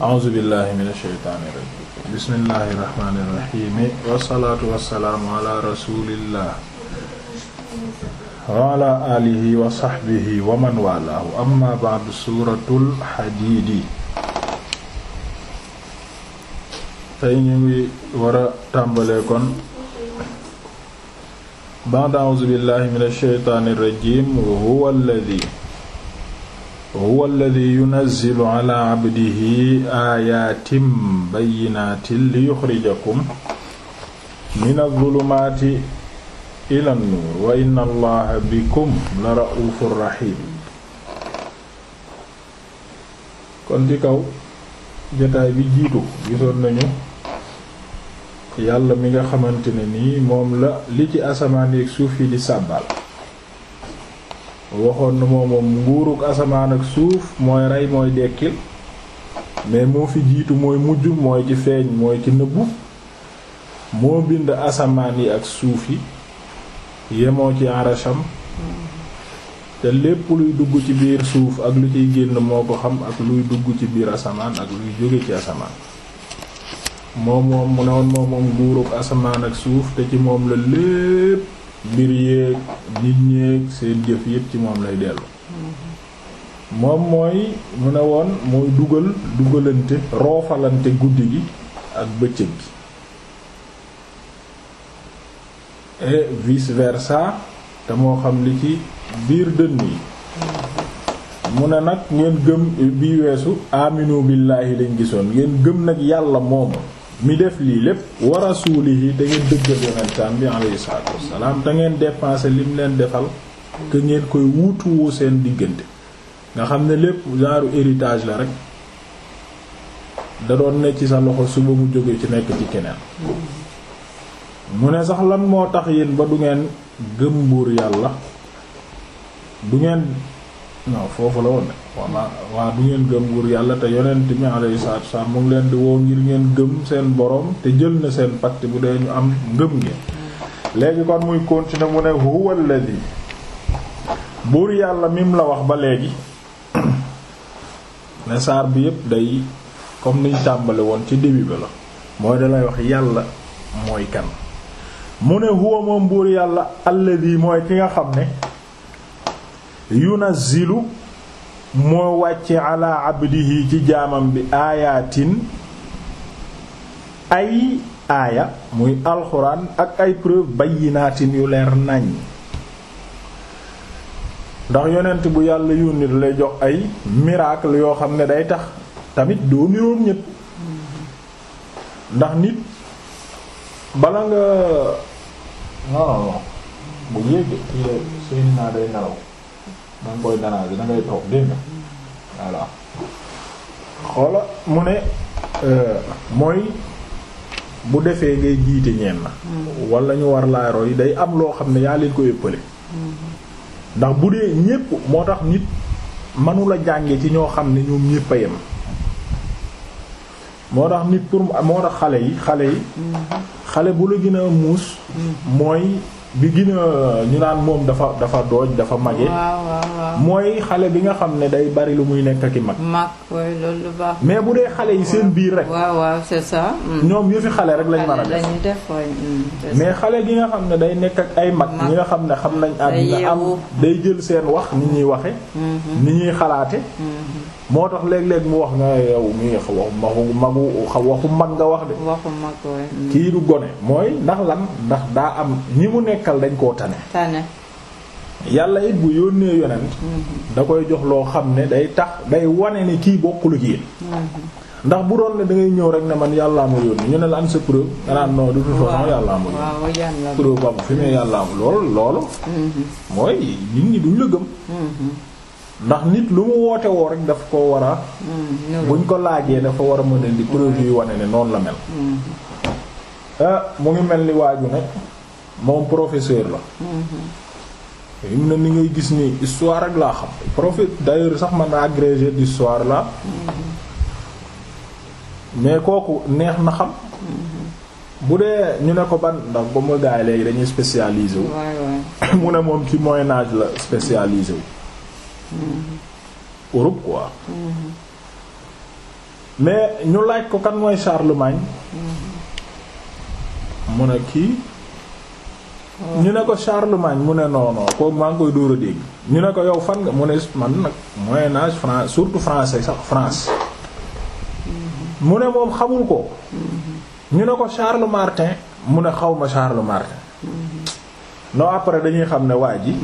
a'uuzu billahi mina shaytaani rajiim bismillahi rahmaani rahiim wassalaatu wassalaamu ala rasulillah wa ala alihi wa sahbihi wa man walaahu amma ba'du suuratul hadiid tey ñu ngi war a tàmbalee kon ba'da a'uuzu billahi mina shaytaani rajiim wa huwa alladhi huwa alladi yunazzilu ala abdihi aayaatin bayyinaatin liyuxrijakum mina zulumaati ila nuur wa inna allaha bikum la ra'uufun rahiim kon ci kaw jotaay bi jiitu gisoon nañu yàlla mi nga xamante ne nii moom la li ci asamaan yeeg suuf yi di sàbbal waxoon na moom moom nguuruk asamaan ak suuf mooy rey mooy dekkil mais moo fi jiitu mooy mujj mooy ci feeñ mooy ci nëbbu moo bind asamaan yi ak suuf yi yemoo ci arasham te lépp luy dugg ci biir suuf ak lu ciy génn moo ko xam ak luy dugg ci biir asamaan ak luy jóge ci asamaan moom moom mu ne woon moom moom nguuruk asamaan ak suuf te ci moom la lépp mbir yéeg nit ñéeg seen jëf yépp ci moom lay dellu moom mooy mu ne woon mooy dugal dugalante roofalante guddi gi ak bëccëg gi et vice versa te moo xam li ci biir dënn yi mu ne nag ngeen gëm bi weesu aminu billahi lañ gisoon ngeen gëm nag yàlla moomu mi def lii lépp war a wa rasuulihi te ngeen dëggal yonentam bi alayhi salaatu wassalaam dangeen ngeen li mu leen defal que ngeen koy wuutuwoo seen diggante nga xam ne lépp genre héritage la rek da doon ne ci sa loxo suba mu jóge ci nekk ci keneen mu ne sax lan moo tax yéen ba du ngeen gëm buur yàlla du ngeen waaw foofu la woon ne waa du ngeen gëm buur yàlla te yonent bi alayhi salaatu wasallam mu ngi leen di woo ngir ngeen gëm seen boroom te jël na seen pacte bu dee ñu am ngëm ngeen léegi kon muy continuer mu ne huwa alladhi buur yàlla mim la wax ba léegi ne saar bi yépp day comme niñ tàmbali woon ci début bi mooy dalay wax yàlla mooy kan mu ne huwa moom buur yàlla alladhi mooy ki nga xam ne yunazzilu moo wàcce ala abdihi ci jaamam bi aayaatin ay aaya muy alxuraan ak ay preuve bayyinaatin yu leer nañ ndax yonent bu yàlla yónni lay jox ay miracle yoo xam ne day tax tamit doo niroon ñépp ndax nit bala nga non non bu yéeg kii la naa day nelaw da nga koy déranger da ngay toog dégg nga xoola mu ne euh, mooy bu defee ngay jiite ñeen na wala ñu war laa roy day am loo xam ne yaa leen ko yëppale ndax bu dee ñépp moo tax nit manula jànge ci ñoo xam ne ñoom ñépp a yem moo tax nit pour moo tax xale yi xale yi mm-hmm. xale bu la gën a muus mm-hmm. mooy bi gën a ñu naan moom dafa dafa dooj dafa mage mooy xale bi nga xam ne day bari lu muy nekk ki mag mais bu dee xale yi seen biir rek waaw waaw c'est mm. ñoom yëfi xale rek lañ mën a def mm, mais xale gi nga xam ne day nekk ak ay mag ñi nga xam ne xam nañ àddina am day jël seen wax ni ñuy waxe mm-hmm. ni ñuy xalaate mm-hmm. moo tax léeg-léeg mu wax nga yow mi waxu mag nga wax de. waxu mag kii du gone mooy ndax lan ndax daa am ñi mu nekkal dañ koo tane. tane. yàlla it bu yónnee yonent mm-hmm. da koy jox loo xam ne day tax day wane ni kii bokkul ak yéen. Mm-hmm. ndax bu doon ne da ngay ñëw rek ne man yàllaa ma yónni ñu ne la am sa preuve. nga naan non de toute façon yàllaa ma yónni. preuve loolu. Mm-hmm. mooy nit ñi duñ la gëm. ndax nit lu mu woote woo rek daf ko war a mm, buñ ko laajee dafa war a mën a indi wane ne noonu la mel mm-hmm. ah, mu ngi mel ni waaju ne moom professeur la yim mm-hmm. na ni ngay gis ni histoire rek laa xam prophète d'ailleurs sax man na agrégé d'histoire la mm-hmm. mais kooku neex na xam bu dee ñu ne ko ban ndax ba mu gaay léegi dañuy spécialisé wu mu ne moom ci moyen âge la spécialisé wu Mm-hmm. Europe quoi. Mm-hmm. mais ñu laaj ko kan mooy Charlemagne. Mm-hmm. mu ne kii. Oh. ñu ne ko Charlemagne mu ne non non kooku maa ngi koy dóor a dégg. ñu ne ko yow fan nga mu ne man nag Moyen Âge France surtout français sax France. mu ne moom xamul ko. ñu ne ko Charles Martin mu ne xaw ma Charles Martin. après dañuy xam ne waa ji.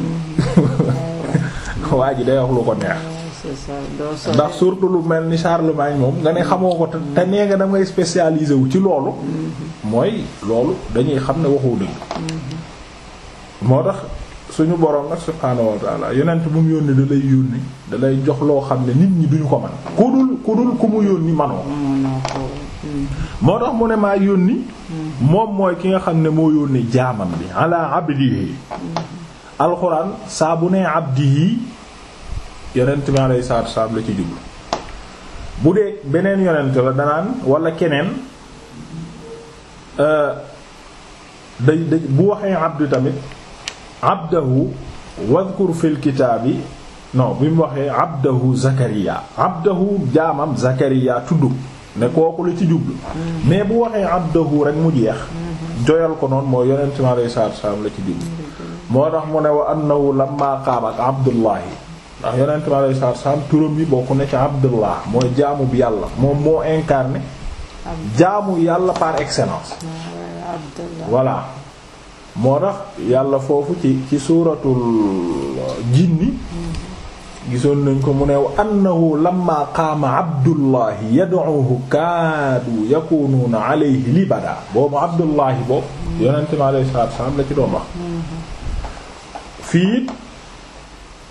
waa ji day wax lu ko neex. ndax surtout lu mel ni Charlemagne moom nga ne xamoo ko te te nee nga da ngay spécialisé wu ci loolu. mooy loolu dañuy xam ne waxoo dëgg. moo tax suñu borom nag subhaanahu wa taala yonent bu mu yónni da lay yónni da jox loo xam ne nit ñi duñu ko man ku dul ku dul ku mu yónni manoo moo tax mu ne maa yónni. moom mooy ki nga xam ne moo yónni jaamam bi ala abdihi alxuraan saa bu nee abdihi. yonent bi alayhi salaatu salaam la ci jublu bu dee beneen yonent la danaan walla keneen euh, day day bu waxee abdu tamit abdahu wadhkur fil kitaabi no bi mu waxee abdahu Zakaria abdahu jaamam Zakaria tudd ne kooku la ci jublu mm-hmm. mais bu waxee abdahu rek mu jeex mm-hmm. joyal ko noonu moo yonent bi alayhi salaatu salaam la ci jublu mm-hmm. moo tax mu ne wa annahu lamma qaama abdullahi ndax yonent bi alayhi salaatu salaam yi bokk na ci abdullah mooy jaamu bi yàlla moom moo incarné jaamu yàlla par excellence ah, voilà moo tax yàlla foofu ci ci suuratul jinni mm-hmm. gisoon nañ ko mu ne annahu lamma qaama abdullahi yad'uhu kaadu yakunuuna alayhi libada boobu abdullahi boobu mm-hmm. yonent alayhi salaatu la ci doon wax mm-hmm. fii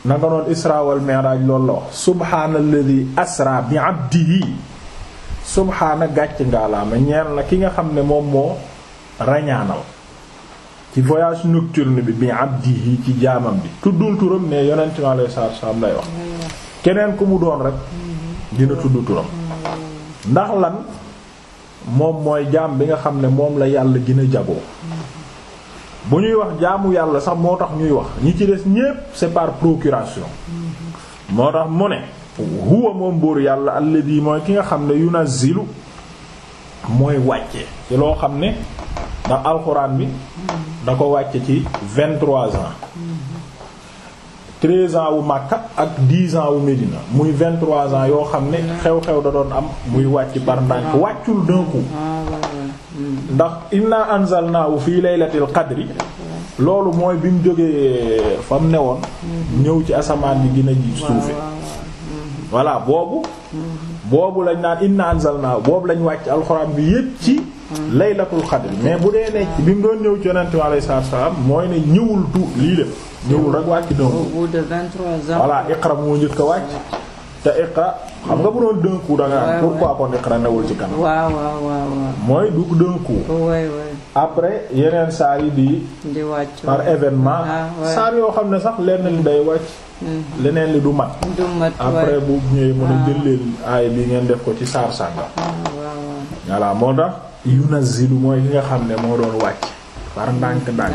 na nga noon isra wal mi'raj loolu la wax subhaanalladi asra bi abdihi gàcc ngaalaama ñeel na ki nga xam ne moom moo rañaanal ci voyage nocturne bi bi abdihi ci jaamam bi tuddul turam ne yonent mi alayhi salaatu salaam lay wax keneen ku mu doon rek dina tudd turam ndax lan moom mooy jaam bi nga xam ne moom la yàlla gën a bu ñuy wax jaamu yàlla sax moo tax ñuy wax ñi ci des ñépp c'est par procuration moo tax mu ne huwa moom buur yàlla alladi mooy ki nga xam ne yunazzilu mooy wàcce ci loo xam ne ndax alxuraan bi da ko wàcce ci vingt-trois ans treize ans wu Makka ak dix ans wu Médina muy vingt-trois ans yoo xam ne xew-xew da doon am muy wàcc par ndànk wàccul d'un ndax inna anzalnaahu fii laylatil qadri loolu mooy bi mu jógee fa mu newoon ñëw ci asamaan bi gën a ji voilà boobu boobu lañ naan inna anzalnaahu boobu lañ wàcc alxuraan bi yépp ci laylatul qadr mais bu dee ne bi mu doon ñëw ci yonent bi alayhi salaatu salaam mooy ne ñëwul tu lii lépp ñëwul rek wàcc doom voilà iqra moo njëkk a wàcc te iqra xam nga bu doon d'un coup da nga naan pourquoi kon iqra ci kan waaw mooy du d'un coup. après yeneen saar yi di. di wàcc par événement. Ah, saar yoo xam ne sax lenn li day wàcc. Mm-hmm. leneen li du mat. du mat après bu ñëwee mën a ah. jël leen aay bi ngeen def ko ci saar sànga. Ah, voilà moo tax. yunazzilu mooy li nga xam ne moo doon wàcc. par ndànk-ndànk.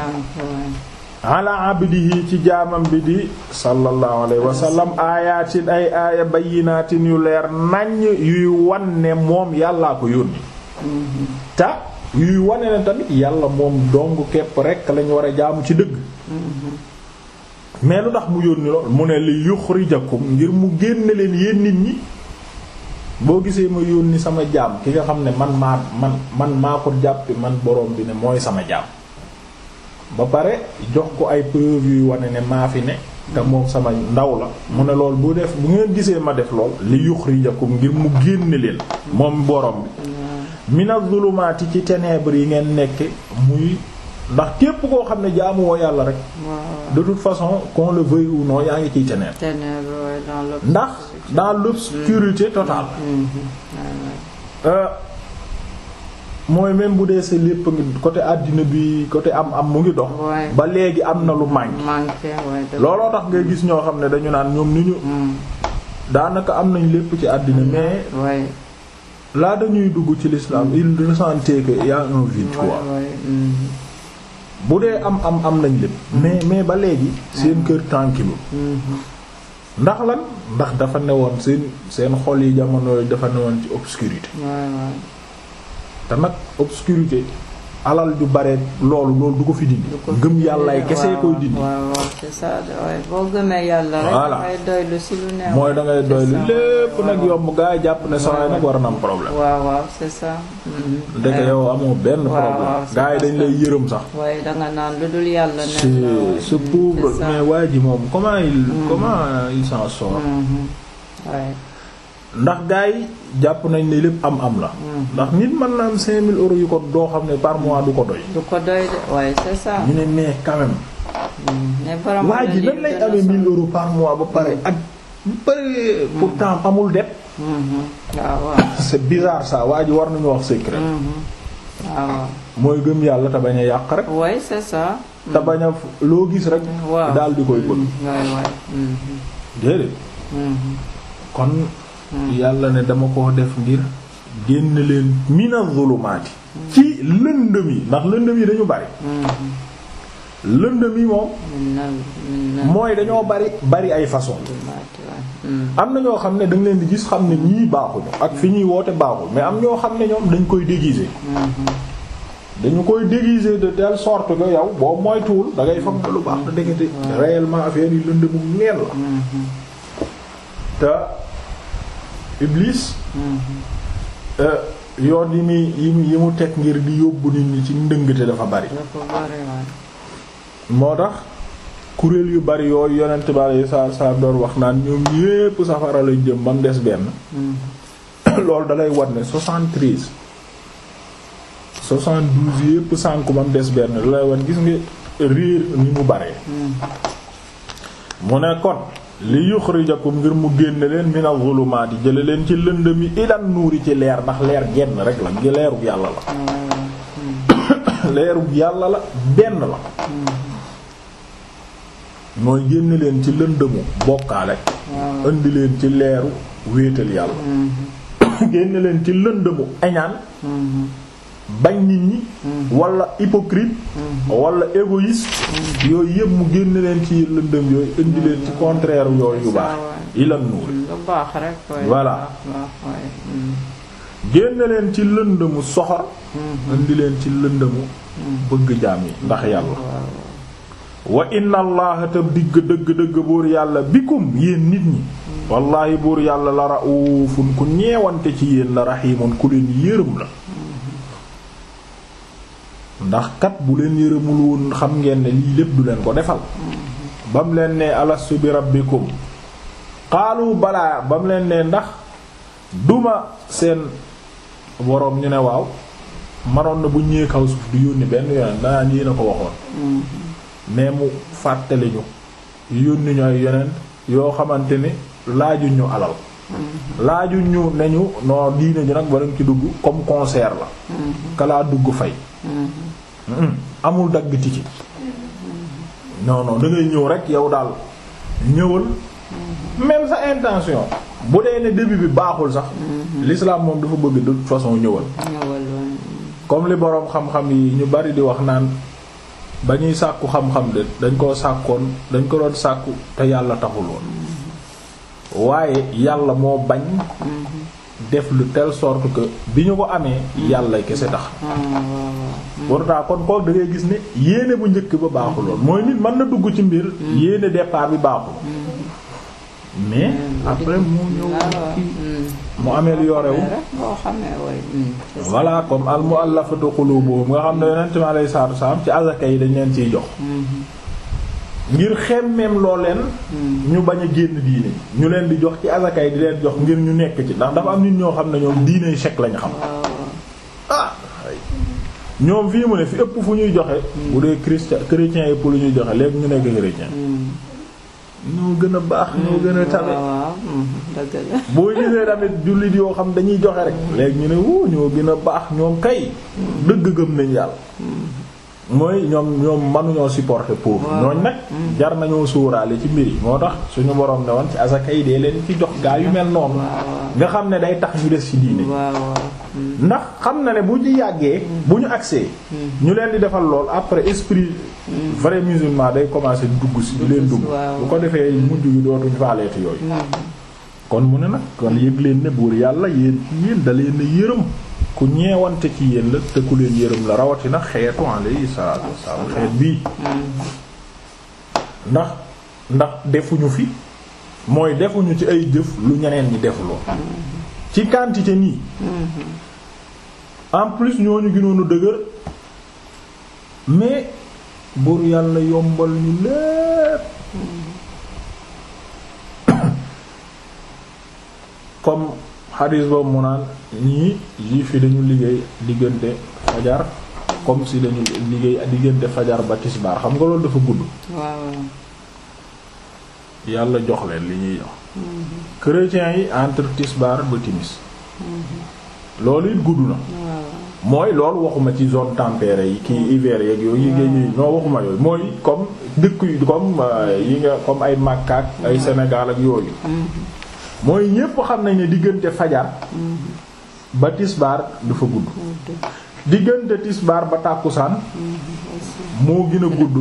ala abdihi ci jaamam bi di sallallahu alayhi wa sallam aayaatin ay aaya bayyinaatin yu leer naññ yuy wan moom yàllaa ko yónni te yuy wane ne tamit yàlla moom dong képp rekk lañu war a jaamu ci dëgg mais lu mu yónni lool mu ne li yuxrijakum ngir mu génn leen yéen nit ñi boo gisee ma yónni sama jaam ki nga xam ne man maa man man maa ko jàppi man borom bi ne mooy sama jaam ba pare jox ko ay preuve yuy wane ne maa fi ne te moom sama ndaw la mu ne lool bu def bu ngeen gisee ma def lool li yuxrijakum ngir mu génn leen moom borom bi mm. mina zulumaati ci ténèbres yi ngeen nekk muy ndax képp koo xam ne jaamu woo yàlla rek de toute façon qu'on le veuille ou non yaa ngi ciy ténèbres ndax dans l'obscurité totale mm. mm-hmm. euh, mooy même bu dee sa lépp ngi côté àddina bi côté am am mu ngi dox ba léegi am na lu manqué looloo tax ngay gis ñoo xam ne dañu naan ñoom ni ñu mm. daanaka am nañ lépp ci àddina mm. mais laa dañuy dugg ci l'islam mm. il ressentait que y a un vide quoi bu dee am am am nañ lépp mais mais ba léegi seen kër tranquille mm-hmm. ndax lan ndax dafa ne woon seen seen xol yi jamono dafa newoon ci obscurité te nag obscurité alal ju bare loolu loolu du ko fi dindi. gëm yàlla ay kese koy dindi. waaw waaw c'est ça boo gëmee yàlla rek. voilà dangay doylu ci lu neex. mooy dangay doylu lépp nag yomb gaa jàpp ne saa nag war na am problème. waaw waaw c'est ça. Mm. ndeke yow amoo benn problème. gaa yi dañ lay yërëm sax. waaye danga naan lu dul yàlla. ne su pauvre mais waa ji moom comment il. Mm. comment il s'en sort. Mm-hmm. ndax gaa jàpp nañ ne lépp am am la. Hmm. ndax nit mën na am 5000 euros yu ko doo xam ne par mois du ko doy. du ko doy de waaye c'est ça. ñu ne mais quand même. Hmm. mais borom waa ji nan lay amee 1000 euros par mois ba pare ak ba pare hmm. pourtant amul dette. waaw ah, waaw. c'est bizarre ça waa ji war nañu wax secret. Ah, mooy gëm yàlla te bañ a yàq rek. waaye c'est ça. te bañ a loo gis rek. daal di koy bëgg. waay waay. kon. yàlla ne dama koo def ngir génn leen mina zulumaati ci lëndëm yi ndax lëndëm yi dañu bari mm-hmm. lëndëm yi moom mooy dañoo bari bari ay façon mm. am na ñoo xam ne dañ leen di gis xam ne ñii baaxuñu ak fi ñuy woote baaxul mais am ñoo xam ne ñoom dañ koy déguiser mm-hmm. dañu koy déguiser de tele sorte que yow boo moytuwul da ngay fag lu baax da déggante mm-hmm. réellement affaire yi lëndëmu neen la te iblis mhm. euh, yoon yi muy yi mu teg ngir di yóbbu nit ñi ci ndëngte dafa bari moo tax kuréel yu bari yooyu yonent bari yu saar saar doon wax naan ñoom yépp safara lañ jëm ba mu des benn mhm. loolu dalay wat ne soixante-treize soixante-douze yépp sànku ba mu des benn dalay wat gis nga riir ni mu bare mhm. mu ne kon li yuxrijakum ngir mu génne leen min az-zulumaati jële leen ci lëndëm yi ilan nuuri ci leer ndax leer genn rek la ngi yàlla la leerub yàlla la benn la mooy génne leen ci lëndëmu bokkaale indi leen ci leeru wéetal yàlla génne leen ci lëndëmu añaan bañ nit ñi mm. wala hypocrite mm. wala égoïste mm. yooy yëpp mu génn leen ci lëndëm yooyu indi leen ci contraire yooyu yu baax ilan nuur voilà génn leen ci lëndëmu soxor mm-hmm. indi leen ci lëndëmu bëgg jaam yi ndax mm-hmm. yàlla wa inna allaha digg dëgg dëgg buur yàlla bikum yéen nit ñi wallaahi buur yàlla la ra'ufun ku ñeewante ci yéen la rahimun ku leen yërëm la ndax kat bu leen yërëmul xam ngeen ne lii lépp du leen ko defal ba leen nee alastu bi rabbikum xaalu balaa ba leen ne ndax duma seen boroom ñu ne waaw manoon na bu ñëwee kaw suuf du yónni benn yonent danaa ñii na ko waxoon mm-hmm. mais mu fàttali ñu yónni ñu ay yonent yoo xamante ni laaju ñu alal mm-hmm. laaju ñu ñu non diine ji nag barañ ci dugg comme concert la mm-hmm. kalaa dugg fay Hmm. amul dagg tiki non non da ñëw rek yow daal ñëwal même sa intention bu dee ne début bi baaxul sax hmm. lislaam moom dafa bëgg de toute façon ñëwal comme li boroom xam-xam yi ñu bari di wax naan ba ñuy sàkku xam-xam de dañ koo sàkkoon dañ ko doon sàkku te yàlla taxuloon hmm. waaye yàlla moo bañ def lu telle sorte que bi ñu ko amee yàlla kese tax pourtant kon kooku da ngay gis ne yéene bu njëkk ba baaxuloon mooy nit mën na dugg ci mbir yéene départ bi baaxul mais après mu ñëw mu amee lu yorewu voilà comme al mu'allafatu qulubuhum nga xam ne yonent mi alayhi salaam ci azaka yi dañ leen ciy jox ngir xemmeem loo leen hmm. ñu bañ a génn diine ñu leen di jox ci azakay di leen jox ngir ñu nekk ci ndax dafa am nit ñoo xam ne ñoom diine chèque lañ xam ah, ah ñoom fii mu ne fi ëpp fu ñuy joxe hmm. bu dee christian chrétien yëpp lu ñuy joxe léegi ñu ne nekk chrétien hmm. ñoo gën a baax ñoo gën a tabe ah, boo gisee tamit jullit yoo xam dañuy joxe rek léegi ñu ne wuu ñoo gën a baax ñoom kay dëgg gëm nañ yàlla mooy ñoom ñoom mënuñoo supporter pauvre ñooñ nag mm. jar nañoo suuraale ci mbir yi moo tax suñu borom ne woon ci asaka yi dee leen ci jox gaa yu mel noonu nga xam ne day tax ñu des ci diine mm. ndax xam na ne bu ñu yàggee mm. bu ñu agsee ñu leen di defal lool après esprit vrai musulman day commencer dugg si leen dugg bu ko defee mujj yu dootuñu faaleeti yooyu kon mu ne nag kon yëg leen ne buur yàlla yéen yéen da leen yërëm ku ñeewante ci yéen la te ku leen yërëm la rawatina xeetu alayhi salaatu wasalaam xeet bii ndax ndax defuñu fi mooy defuñu ci ay jëf lu ñeneen ñi defuloo ci quantité nii en plus ñooñu gënoonu dëgër mais buur yàlla yombal ñu lépp comme xadiis boobu mu ñii yii yi dañu liggéey diggante fajar comme si dañu liggéey diggante fajar ba tisbaar xam nga loolu dafa gudd yàlla jox leen li ñuy jox mhm. chrétiens yi entre tisbaar ba timis mhm. loolu it gudd na mooy loolu waxuma ci zone tempérée yi kii hiver yeeg yooyu yi ngay non waxuma yooyu mooy comme dëkk yu comme euh, yi nga comme ay Makka ak ay mhm. Sénégal ak yooyu mooy ñépp xam nañ ne diggante fajar ba tisbaar dafa gudd diggante tisbaar ba tàkkusaan moo gën a gudd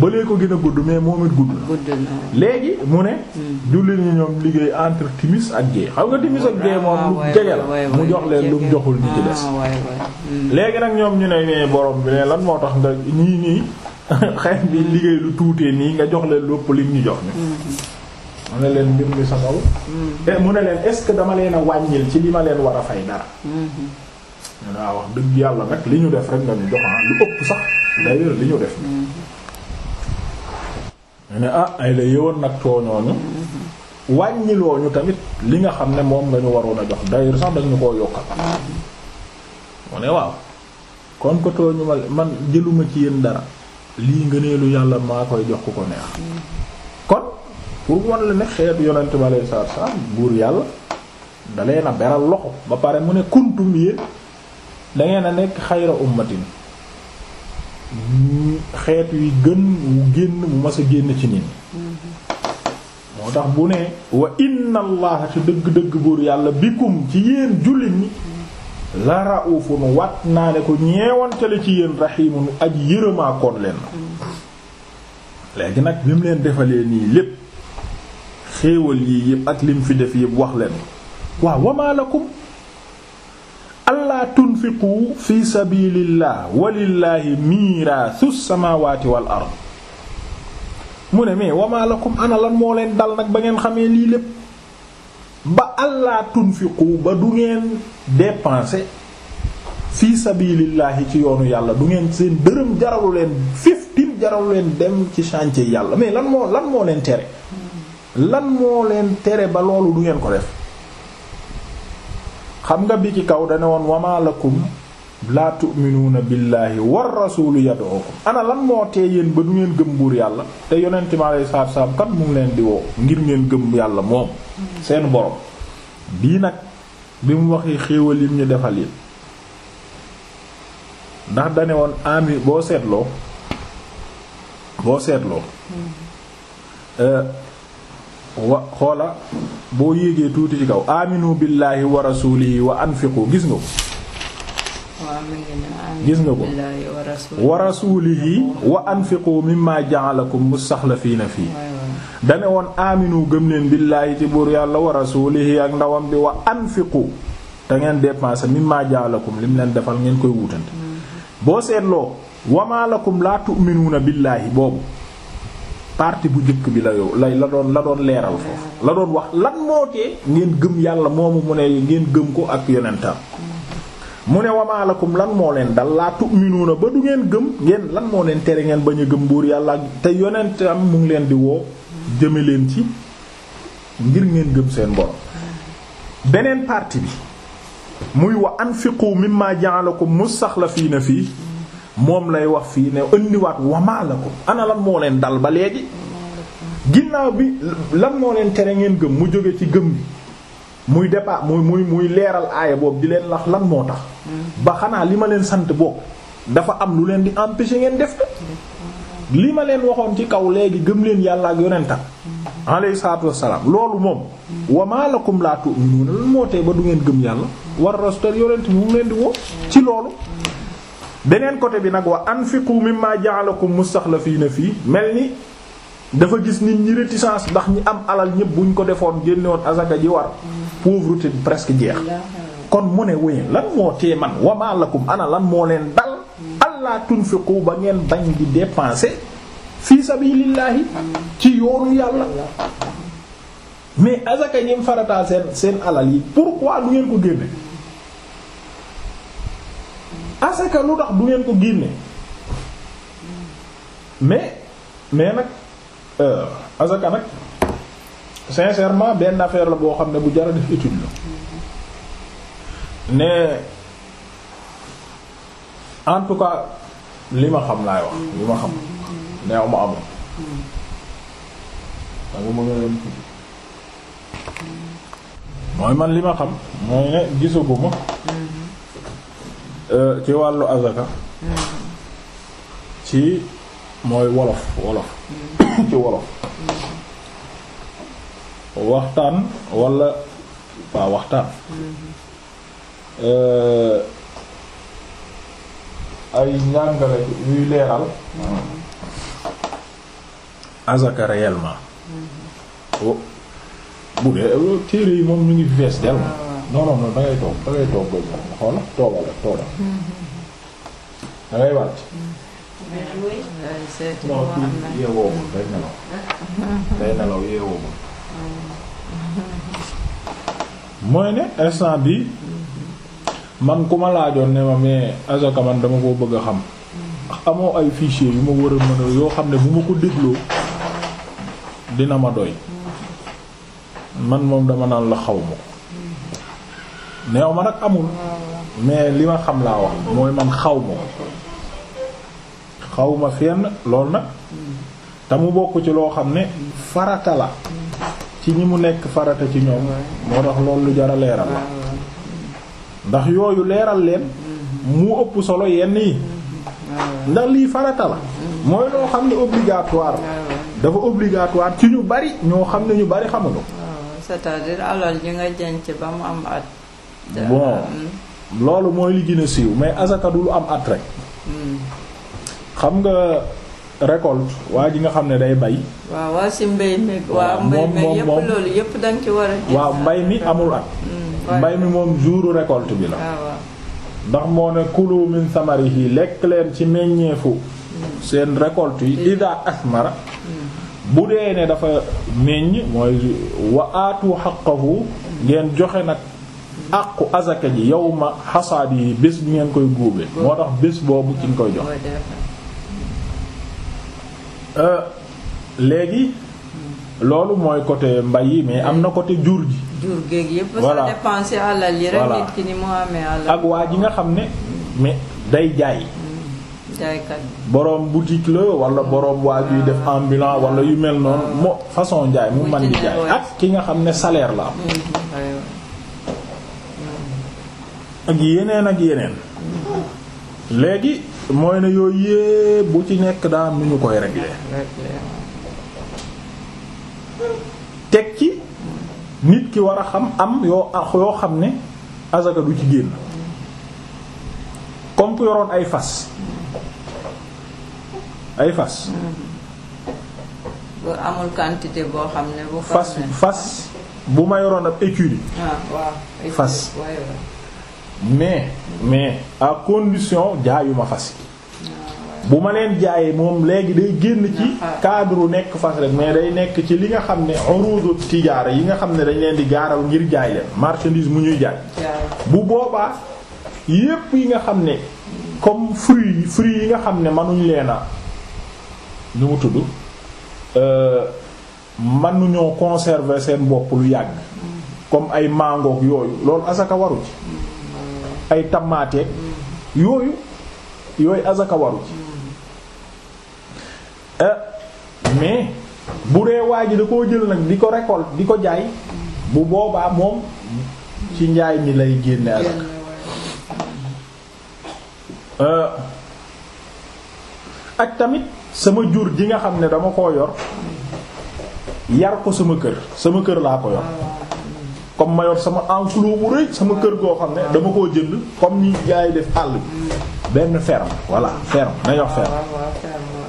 balee ko gën a gudd mais moo it gudd na léegi mu ne hmm. julli ni ñoom liggéey entre timis ak gée xaw nga timis ak gée moom lu ah, jege la mu jox leen lu mu joxul ñi ci des ah, hmm. léegi nag ñoom ñu ne nee borom bi ne lan moo tax nga ñii nii xeet bi liggéey lu tuutee nii nga jox leen lu ëpp li ñu jox ni mu ne leen mbir mi sa kaw mm-hmm. eh, mu ne leen est-ce que dama leen a wàññil ci li ma leen war a fay dara mm-hmm. ñu naa ah, wax dëgg yàlla nag li ñu def rek nga ñu jox ah, lu ëpp sax d'ailleurs li ñu def mm-hmm. ñu ne ah ay la nag tooñooñu wàññiloo tamit li nga xam ne moom nga ñu waroon a jox d'ailleurs sax dañu koo yokkal mu ne waaw kon ko tooñu ma man jëluma ci yéen dara lii nga neelu yàlla maa koy jox ku ko neex pour wan la ne xeetu yonent bi alayhi salaatu salaam buur yàlla dalee na beral loxo ba pare mu ne kuntum yéen da a nekk xayra ummatin xeet yi gën wu génn mu mas génn ci nit moo tax bu ne wa inna ci dëgg-dëgg buur yàlla bikum ci yéen jullit ñi la raufun wat naa ne ko ñeewantale ci yéen raximun aj yërëmaakoon leen mm. léegi nag bi mu leen defalee nii lépp xéewal yii yëpp ak lim fi def yépp wax leen waaw wama lakum allaa tunfiqu fi sabilillah walillahi miiraasu samaawaati wal ard mu ne mais wama ana lan moo leen dal nag ba ngeen xamee lii lépp ba allaa tunfiqu ba du ngeen dépenser fi sabilillahi ci yoonu yàlla du ngeen seen dërëm jaralu leen fiftin jaralu leen dem ci chantier yàlla mais lan moo lan moo leen tere lan moo leen tere ba loolu du ngeen ko def xam nga bi ci kaw dane woon wama lakum laa tu'minuuna billaahi war rasuulu yad'ukum ana lan moo tee yéen ba du ngeen gëm buur yàlla te yonent mi alayhi salaatu salaam kat mu ngi leen di woo ngir ngeen gëm yàlla moom seen borom bii nag bi mu waxee xéewal yim ñu defal yi ndax dane woon ami boo seetloo boo seetloo hmm. euh, wa xoola boo yéegee tuuti ci kaw aminu billahi wa rasulihi wa anfiqu gis nga ko gis nga ko wa rasulihi wa anfiqu mimma ja'alakum mustaxlafiina fii dane woon aminu gëm leen billaahi ci buur yàlla wa rasulihi ak ndawam bi wa anfiqu te ngeen dépenser mimma ja'alakum lim leen defal ngeen koy wutante mm-hmm. boo seetloo wama lakum laa tu'minuuna billaahi boobu partie bu njëkk bi la yow lay la doon la doon leeral foofu la doon wax lan moo tee ngeen gëm yàlla moomu mu ne ngeen gëm ko ak yonentam mu ne ko lan moo leen dal laa tu'minuuna ba du ngeen gëm ngeen lan moo leen tere ngeen bañ a gëm buur yàlla te yonentam mu ngi leen di woo jëme leen ci ngir ngeen gëm seen borom beneen partie bi muy mu sax la fii mustaxlafiina fii moom lay wax fii ne indiwaat wamaa la ko ana lan moo leen dal ba léegi ginnaaw bi lan moo leen tere ngeen gëm mu jóge ci gëm bi muy départ muy muy muy leeral aaya boobu di leen lax lan moo tax hmm. ba xanaa li ma leen sant boobu dafa am lu leen di empêcher ngeen def ko li ma leen waxoon ci kaw léegi gëm leen yàlla ak yonentam hmm. alayhi salaatu wassalaam loolu moom hmm. wa maa lakum laa tu'minuuna lan moo tee ba du ngeen gëm yàlla war rastor yonent bi mu leen di woo ci loolu beneen côté bi nag wa anfiqu mimma ja'alakum ne fii mel ni dafa gis nit ñi réticence ndax ñi am alal ñëpp buñ ko defoon génnewoon asaka ji war pauvreté bi presque jeex kon mu ne wéy lan moo tee man wama lakum ana lan moo leen dal allaa tunfiqu ba ngeen bañ di dépenser fii sabilillahi ci yoonu yàlla mais asaka ñim farataal seen seen alal yi pourquoi lu ngeen ko génne asaka ah, lu tax du ngeen ko génne mais mais nag euh, asaka nag sincèrement benn affaire la boo xam ne bu jara def étude la ne en tout cas li ma xam laay wax li ma xam neew ma amul mooy man li ma xam mooy ne gisaguma Euh, ci wàllu azaka ci mooy wolof wolof mm-hmm. ci wolof mm-hmm. waxtaan walla waa waxtaan mm-hmm. euh, ay njàngale yuy leeral azaka réellement oh, bu dee téere yi moom ñu ngi fees del non non non da ngay toog da ngay toog ba ñu xool toogal ak toogal. da mooy ne instant bi man ku ma laajoon ne ma mais azaka man dama koo bëgg a xam. amoo ay fichier yu ma war a mën yoo xam ne bu ma ko dégloo dina ma doy. man moom dama naan la xaw ma ko. neew ma nag amul mais li ma xam laa wax mooy man xaw ma xaw ma fenn loolu nag te mu bokk ci loo xam ne farata la ci ñi mu nekk farata ci ñoom moo tax loolu lu jara leeral la ndax yooyu leeral leen mu ëpp solo yenn yi ndax lii farata la mooy loo xam ne obligatoire dafa obligatoire ci ñu bari ñoo xam ne ñu bari xamuñu cest à am at bon loolu mooy li gën siiw mais asaka lu am at rek hmm. xam nga récolte waa ji nga xam ne day bay waaw waa si mbay mi loolu yépp danga ci war a waaw mbay mi amul at hmm, mbay mi moom jouru récolte bi la ah, ndax moo ne kulu min samarihi lekk leen ci meññeefu hmm. seen récolte yi ida asmara bu dee ne dafa meññ mooy wa aatu xaqahu ngeen joxe nag àqu azaka ji yawma xasaad yi bés bi ngeen koy góobee moo bés boobu ci koy jox euh, léegi loolu mooy côté mbay yi mais am na côté jur ji jur géeg voilà dépenser alal yi rek nit ak waa ji nga xam ne mais day jaay hmm, jaaykat borom boutique la wala borom waa juy def ambulant wala yu mel noonu moo façon jaay mu man di jaay ak ki nga xam ne saleer la am hmm, ak yeneen ak yeneen léegi mooy ne yooyu yépp bu ci nekk daa am ñu koy régler teg ci nit ki war a xam am yoo xam ne azaka du ci génn comme yoroon ay fas ay fas bu amul quantité fas fas bu ma yoroon ab écurie ah, fas mais mais à condition ma fas yi bu ma leen jaayee moom léegi day génn ci cadre u nekk fas rek mais day nekk ci li nga xam ne urudu tijaara yi nga xam ne dañ leen di gaaral ngir jaay leen marchandise mu ñuy jaay bu boobaa yépp yi nga xam ne comme fruits fruits yi nga xam ne manuñ leen a ñu mu tudd euh, manuñoo conserver seen bopp lu yàgg mm. comme ay mangoog yooyu loolu asaka waru ci ay tamaate yooyu yooyu azaka waru ci eh, mais bu dee waa ji da koo jël nag di ko récolte di ko jaay bu boobaa moom ci njaay mi lay génne azaka eh, ak tamit sama jur ji nga xam ne dama koo yor yar ko sama kër sama kër laa ko yor comme ma yor sama enclos bu rëy sama kër goo xam ne dama koo jënd comme ni gars yi def àll bi benn ferme voilà ferme nañ wax ferme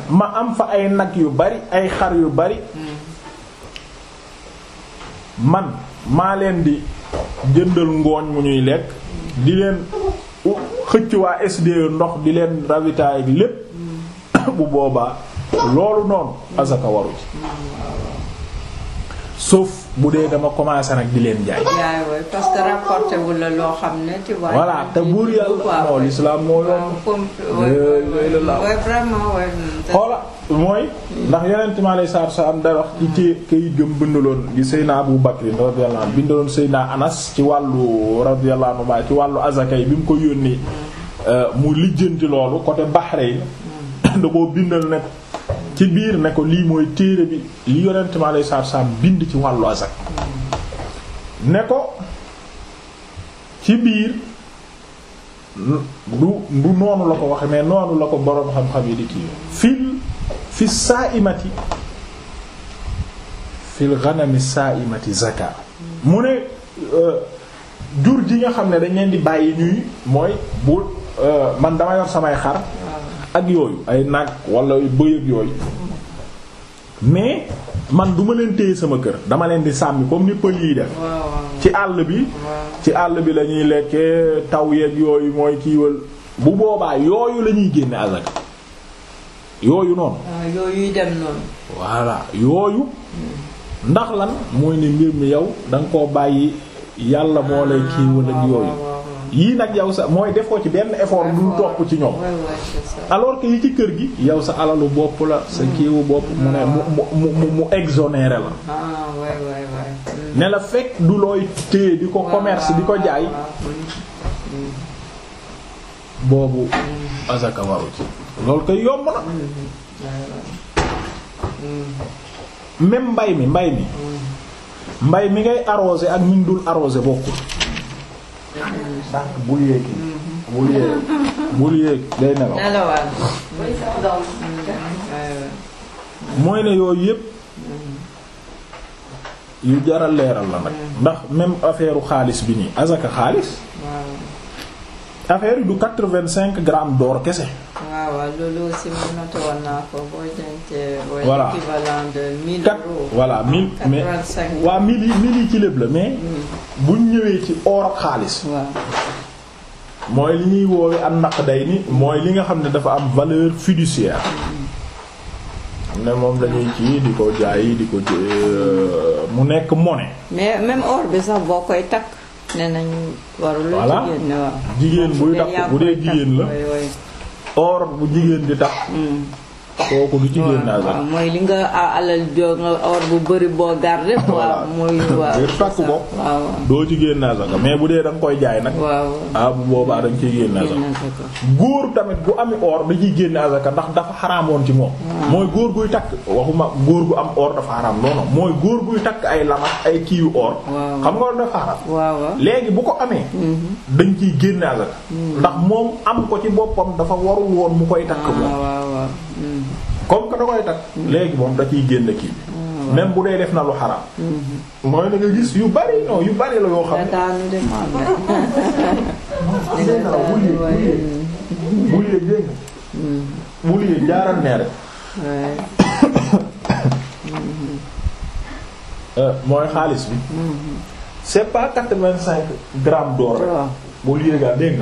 ma am fa ay nag yu bari ay xar yu bari man maa leen di jëndal ngooñ mu ñuy lekk di leen xëcc waa SDE ndox di leen rawitaay bi lépp bu boobaa loolu noonu asaka waru ci mm. sauf bu dee dama commencé nag di leen jaay. jaay parce loo xam ne te buur yàlla moo l'islam moo yomb. xoola mooy. ndax yeneen tamit alayhi salaatu salaam day wax ci ci këyit gëm bindaloon di Seyna Abu Bakr radiyallahu anhu bindaloon Seyna Anas ci wàllu radiyallahu anhu ci wàllu azaka yi bi mu ko yónnee euh, mu lijjanti loolu côté Bahrain da koo bindal nag. ci biir ne ko lii mooy téere bi li yonent mi alayhi salaatu bind ci wàllu azak ne ko ci biir du du noonu la ko wax mais noonu la ko boroom xam-xam yi di kii fil fi saaimati fil ghanami saaimati zaka mu ne euh, jur ji nga xam ne dañ leen di bàyyi ñuy mooy bu euh, man dama yor samay xar ak yooyu ay nag walla bëy ak yooyu mais man duma leen téye sama kër dama leen di sàmmi comme ni pël yi def ci àll bi ci àll bi la ñuy lekkee taw yeeg yooyu mooy kiiwal bu boobaa yooyu lañuy ñuy génne azaka yooyu noonu ah, yooyu dem noonu voilà yooyu ndax lan mooy ne mbir mi yow danga ko bàyyi yàlla moo lay kiiwal ak ah, yooyu yii nag yow sa mooy defoo ci benn effort du topp ci ñoom alors que yi ci kër gi yow sa alalu bopp la sa kiiwu bopp mu ne mu mu mu exonéré la ah, mm. ne la fekk du looy téye di ko commerce di ko jaay mm. boobu mm. azaka waru ci loolu koy yomb na même mbay mi mbay mi mbay mi ngay arrosé ak ñun dul arrosé bokkul sànq bul yéeg bul yéeg bul yéeg day nelaw mooy ne yooyu yépp yu jaral leeral la nag mm. ndax même affaire xaalis bi nii azaka xaalis affaire yi du quatre-vingt-cinq gramme d'or kese. waaw waaw loolu aussi mën na toog naa ko boo jëndee. mais waaw mille yi mille ci lépp la mais. Mm. buñ ñëwee ci or ak xaalis. mooy li ñuy woowee am naq day ni mooy li nga xam ne dafa am valeur fiduciaire. xam ne moom lañuy ci di ko jaay di ko mu nekk monnaie. mais or bi sax boo koy takk. ne nañ warul jigéen buy takk bu dee jigéen la or bu jigéen di takk hmm. kooku du ci génn asaka mooy li nga alal joo nga or bu bëri boo garder. waaw mooy waaw takk ko. doo ci génn asaka mais bu dee da koy jaay nag. waaw ah boobaa dañ nga ciy génn asaka. góor tamit bu ami or da ciy ndax dafa xaraamoon ci moom. mooy góor guy takk waxuma góor gu am or dafa xaraam non mooy góor guy takk ay lamas ay kii yu or. xam nga dafa xaraam. waaw léegi bu ko amee. Mm-hmm. dañ ciy génn asaka. Mm-hmm. ndax moom am ko ci boppam dafa warul mu koy takk ah, moom. comme que da koy takk léegi moom da ciy génn kii bi mm. même bu dee def na lu xaraam mm-hmm. mooy na nga gis yu bari non yu bari la yoo xam ne bu yéeg dégg euh, mooy xaalis bi mm-hmm. c'est pas quatre-vingt-cinq grammes d'or rek bu yéegaa dégg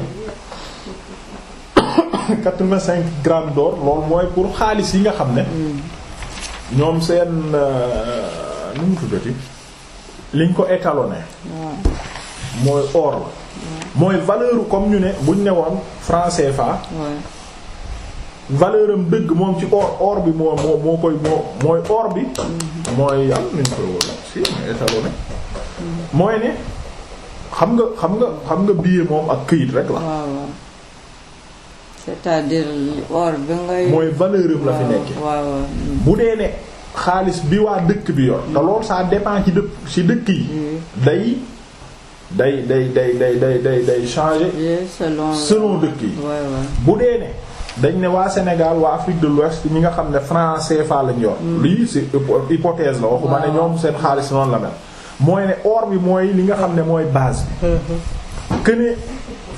quatre-vingt-cinq grammes d'or loolu mooy pour xaalis yi nga xam ne ñoom seen euh, nu mu tuddati liñ ko étalonné mooy or la mooy valeur comme ñu ne buñ ne woon franc CFA valeur am dëgg moom ci or bi moo moo moo koy mooy or bi mm-hmm. mooy yàlla nuñ koy wala si étalonné mm-hmm. mooy ne xam nga xam nga xam nga billet moom ak këyit rek la cest mooy valeur am la fi nekkee. waaw bu dee ne xaalis bi waa dëkk bi yor. te loolu ça dépend ci dëkk ci dëkk yi. Hmm. day day day day day day day day changer. selon selon dëkk yi. bu dee ne. dañ ne waa Sénégal waa Afrique de l'Ouest ñi nga xam ne franc CFA lañ yor. Hmm. lii c'est hypothèse la waxuma ne ñoom seen xaalis noonu la mel. mooy ne or bi mooy li nga xam ne mooy base bi. Hmm, que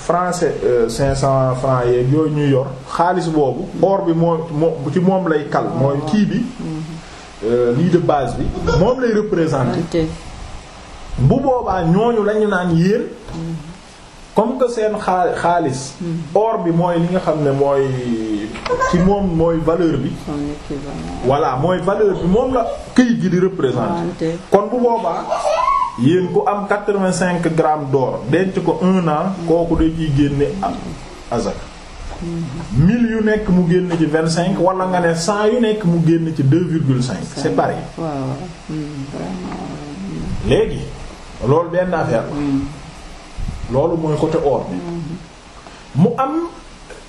français euh, cinq cent francs yeeg yooyu ñuy yor xaalis boobu or bi moo moo ci moom lay kal mooy kii bi euh, lii de base bi moom lay représenter bu boobaa ñooñu lañu naan yéen comme que seen xaalis mm-hmm. or bi mooy li nga xam ne mooy ci moom mooy valeur bi voilà mooy valeur bi moom la këyit gi di représenter ah, kon bu boobaa yéen ku am quatre-vingt-cinq gramme door denc ko un an kooku da ciy génne ak azaka mille yu nekk mu génn ci vingt cinq wala nga ne cent yu nekk mu génn ci deux virgule cinq c'est pareil léegi loolu benn affaire mm. loolu mooy côté or bi mm-hmm. mu am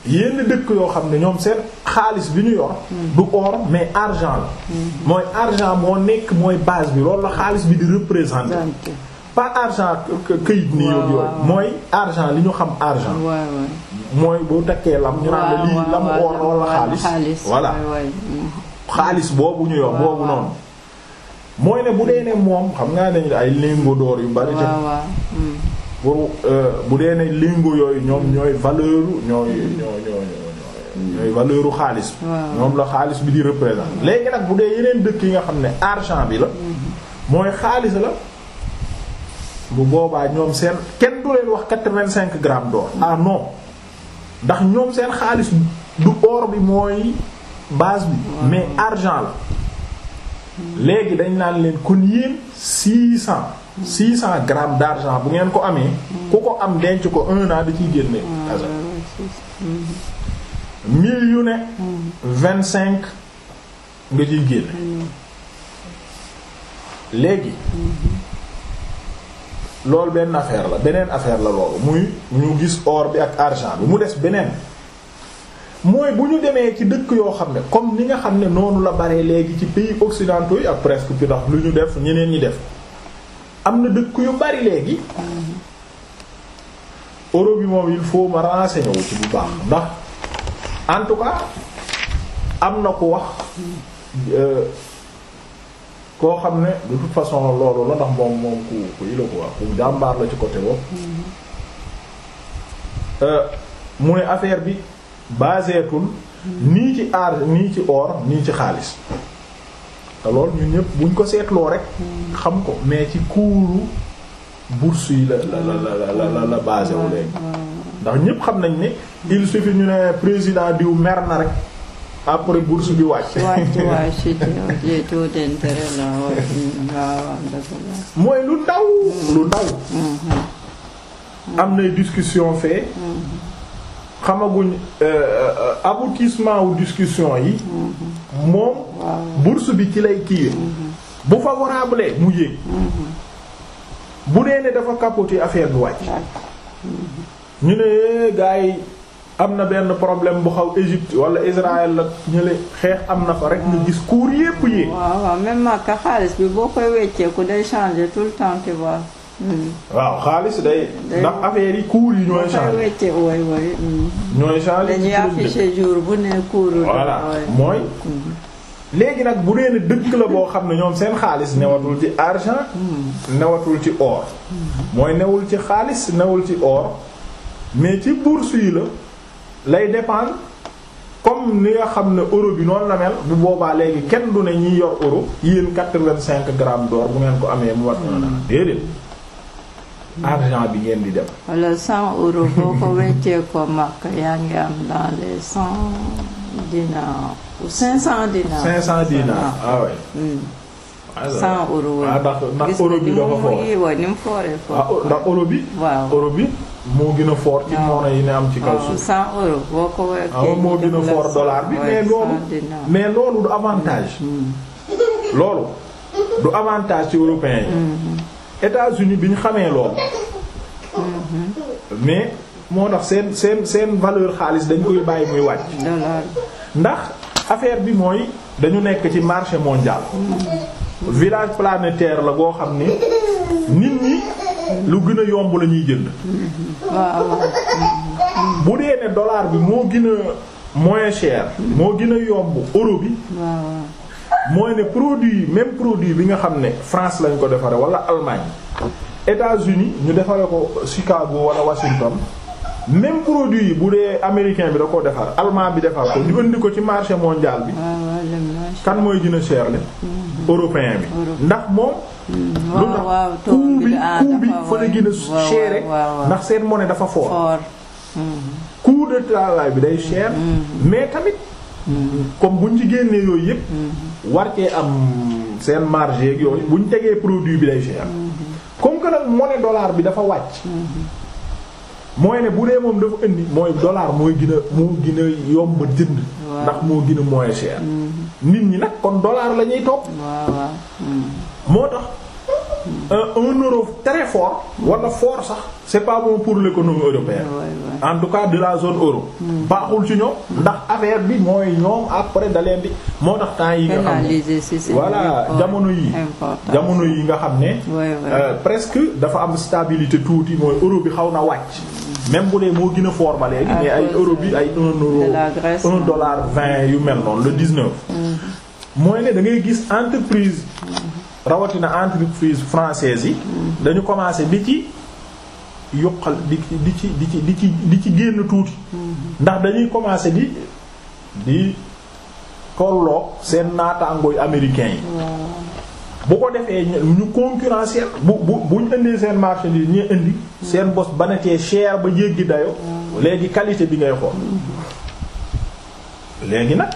yenn dëkk yoo xam ne ñoom seet xaalis bi ñu yor. du or mais argent la. Mm-hmm. mooy argent moo nekk mooy base bi loolu la xaalis bi di représenter. pas argent këyit ni yooyu mooy argent li ñu xam argent mooy boo takkee lam ñu naan la lii lam or walla xaalis voilà mm-hmm. xaalis boobu ñu yor boobu noonu mooy ne bu dee ne moom xam nga dañu ay lingots d'or yu bari te mm. pour euh, bu dee ne lingu yooyu ñoom ñooy valeur ñooy ñooy ñooy xaalis ñoom la xaalis bi di la léegi nag bu dee yeneen dëkk yi nga xam ne argent bi la mhm. mooy xaalis la bu boobaa ñoom seen kenn du leen wax quatre-vingt-cinq grammes d'or ah non ndax ñoom seen xaalis du or bi mooy base bi mais argent la léegi dañ naan leen kon yéen six six cent gramme d'argent bu ngeen ko amee ku ko am denc ko un an di ciy génne azak mille yu ne vingt cinq nga ciy génne léegi loolu benn affaire la beneen affaire la loolu muy mu ñu gis or bi ak argent bi mu des beneen mooy bu ñu demee ci dëkk yoo xam ne comme ni nga xam ne noonu la bare léegi ci pays occidentaux ak presque pi lu ñu def ñeneen ñi def am na dëkk yu bari léegi Europe yi moom il faut ma renseigner wu bu baax ndax en am na ku wax euh, koo xam ne de toute façon loolu la ndax moom moom ku ku yi la wax ku jàmbaar la ci côté boobu euh, mu ne affaire bi baseetul nii ci aar nii ci or nii ci xaalis te loolu ñun ñëpp buñ ko seetloo rek xam ko mais ci kuuru bourse yi la la la la la la basé wu léegi ndax ñëpp xam nañ ni il suffit ñu ne président diw mer na rek après bourse bi wàcc. wàcc wàcc taux d'intérêt la waaw mooy lu ndaw. Mm-hmm. lu ndaw. Mm-hmm. am nay discussion fee. Mm-hmm. xamaguñ euh, euh, euh, aboutissement wu discussion yi. moom bourse bi ci lay kiiwe bu favorable mu yéeg bu nee ne dafa capoter affaire bi wàcc ñu ne eh, gars yi am na benn problème bu xaw Égypte wala Israël la ñu ne xeex am na fa rek nga gis cours yépp yéeg waaw waaw même Makka xaalis boo koy wecceeku day changer tout le temps tu vois Mm. waaw xaalis day. ndax affaire yi cours yi ñooy changer. Mm. ñooy changer dañuy afficher jour bu ne cours. voilà mooy. Mm. léegi nag bu dee ne dëkk la boo xam ne ñoom seen xaalis newatul ci argent. newatul ci or. mooy newul ci xaalis newul ci or mais ci bourse yi la lay dépendre comme ni nga xam ne euro bi noonu la mel bu boobaa léegi kenn du ne ñiy yor euro yéen quatre-vingt-cinq grammes d'or bu ngeen ko amee mu war na déedéet. argent bi ngeen di dem. wala cent euros boo ko weccee ko Makka yaa ngi am dans les cent dinars ou cent dinars. cinq cent dinars cent euros ah, ndax euro bi euro bi. moo gën a fort ci noonu yi ne am ci kaw ah, suuf. cent euros boo ko weccee ah, moo gën fort dollar bi mais loolu mais loolu du avantage. Hmm. loolu du avantage ci européen yi. Hmm, hmm. États-Unis bi ñu xamee loolu mhm. mais moo tax seen seen seen valeur xaalis dañ koy bàyyi muy wàcc ndax affaire bi mooy dañu nekk ci marché mondial mhm. village planétaire la boo xam ni nit ñi lu gën a yomb la ñuy jënd mhm. waaw bu dee ne dollar bi moo gën a moins cher moo gën a yomb euro bi mooy ne produit même produit bi nga xam ne France lañ ko defaree wala Allemagne états uni ñu defare ko Chicago wala Washington même produit yi bu dee américain bi da ko defar allemand bi defar ko ñu ko ci marché mondial bi ah, kan mooy gën a cher le hmm. européen bi ndax moom hmm. lu ah, gën a seen monnaie dafa fort de travail bi day cher hmm. mais tamit comme buñ ci génnee yooyu yépp war cee am seen marge ak yooyu bu ñu tegee produit bi day cher comme que nag monnaie dollar bi dafa wàcc mooy ne bu dee moom dafa indi mooy dollar mooy gën a moo gën yomb jënd ndax moo gën a moins mm-hmm. nit ñi nag kon dollar lañuy ñuy topp mm-hmm. moo tax mm-hmm. euh, un euro très fort wala foor sax c'est pas bon pour l'économie européenne en tout cas de la zone euro. Hmm. baaxul ci ñoom. ndax affaire bi mooy ñoom après da leen di moo tax temps yi nga xam voilà jamono yi jamono yi nga xam ne. Euh, presque dafa am stabilité tuuti mooy euro bi xaw na wàcc. Hmm. même bu dee moo gën a fort ba léegi ay euro bi ay un euro un vingt yu mel noonu le dix-neuf. Hmm. mooy ne da ngay gis entreprise. rawatina entreprise française yi. dañu commencé bi ci. yuqal di di ci di ci di ci di ci génn tuuti mm-hmm. ndax dañuy commencer di di tolloog seen naataangooy américains yi bu ko defee ñu concurrentiel bu bu buñ indee seen marché bi ñu indi mm-hmm. seen bos ba nekkee cher ba jéggi dayo mm-hmm. léegi qualité bi ngay xool léegi nag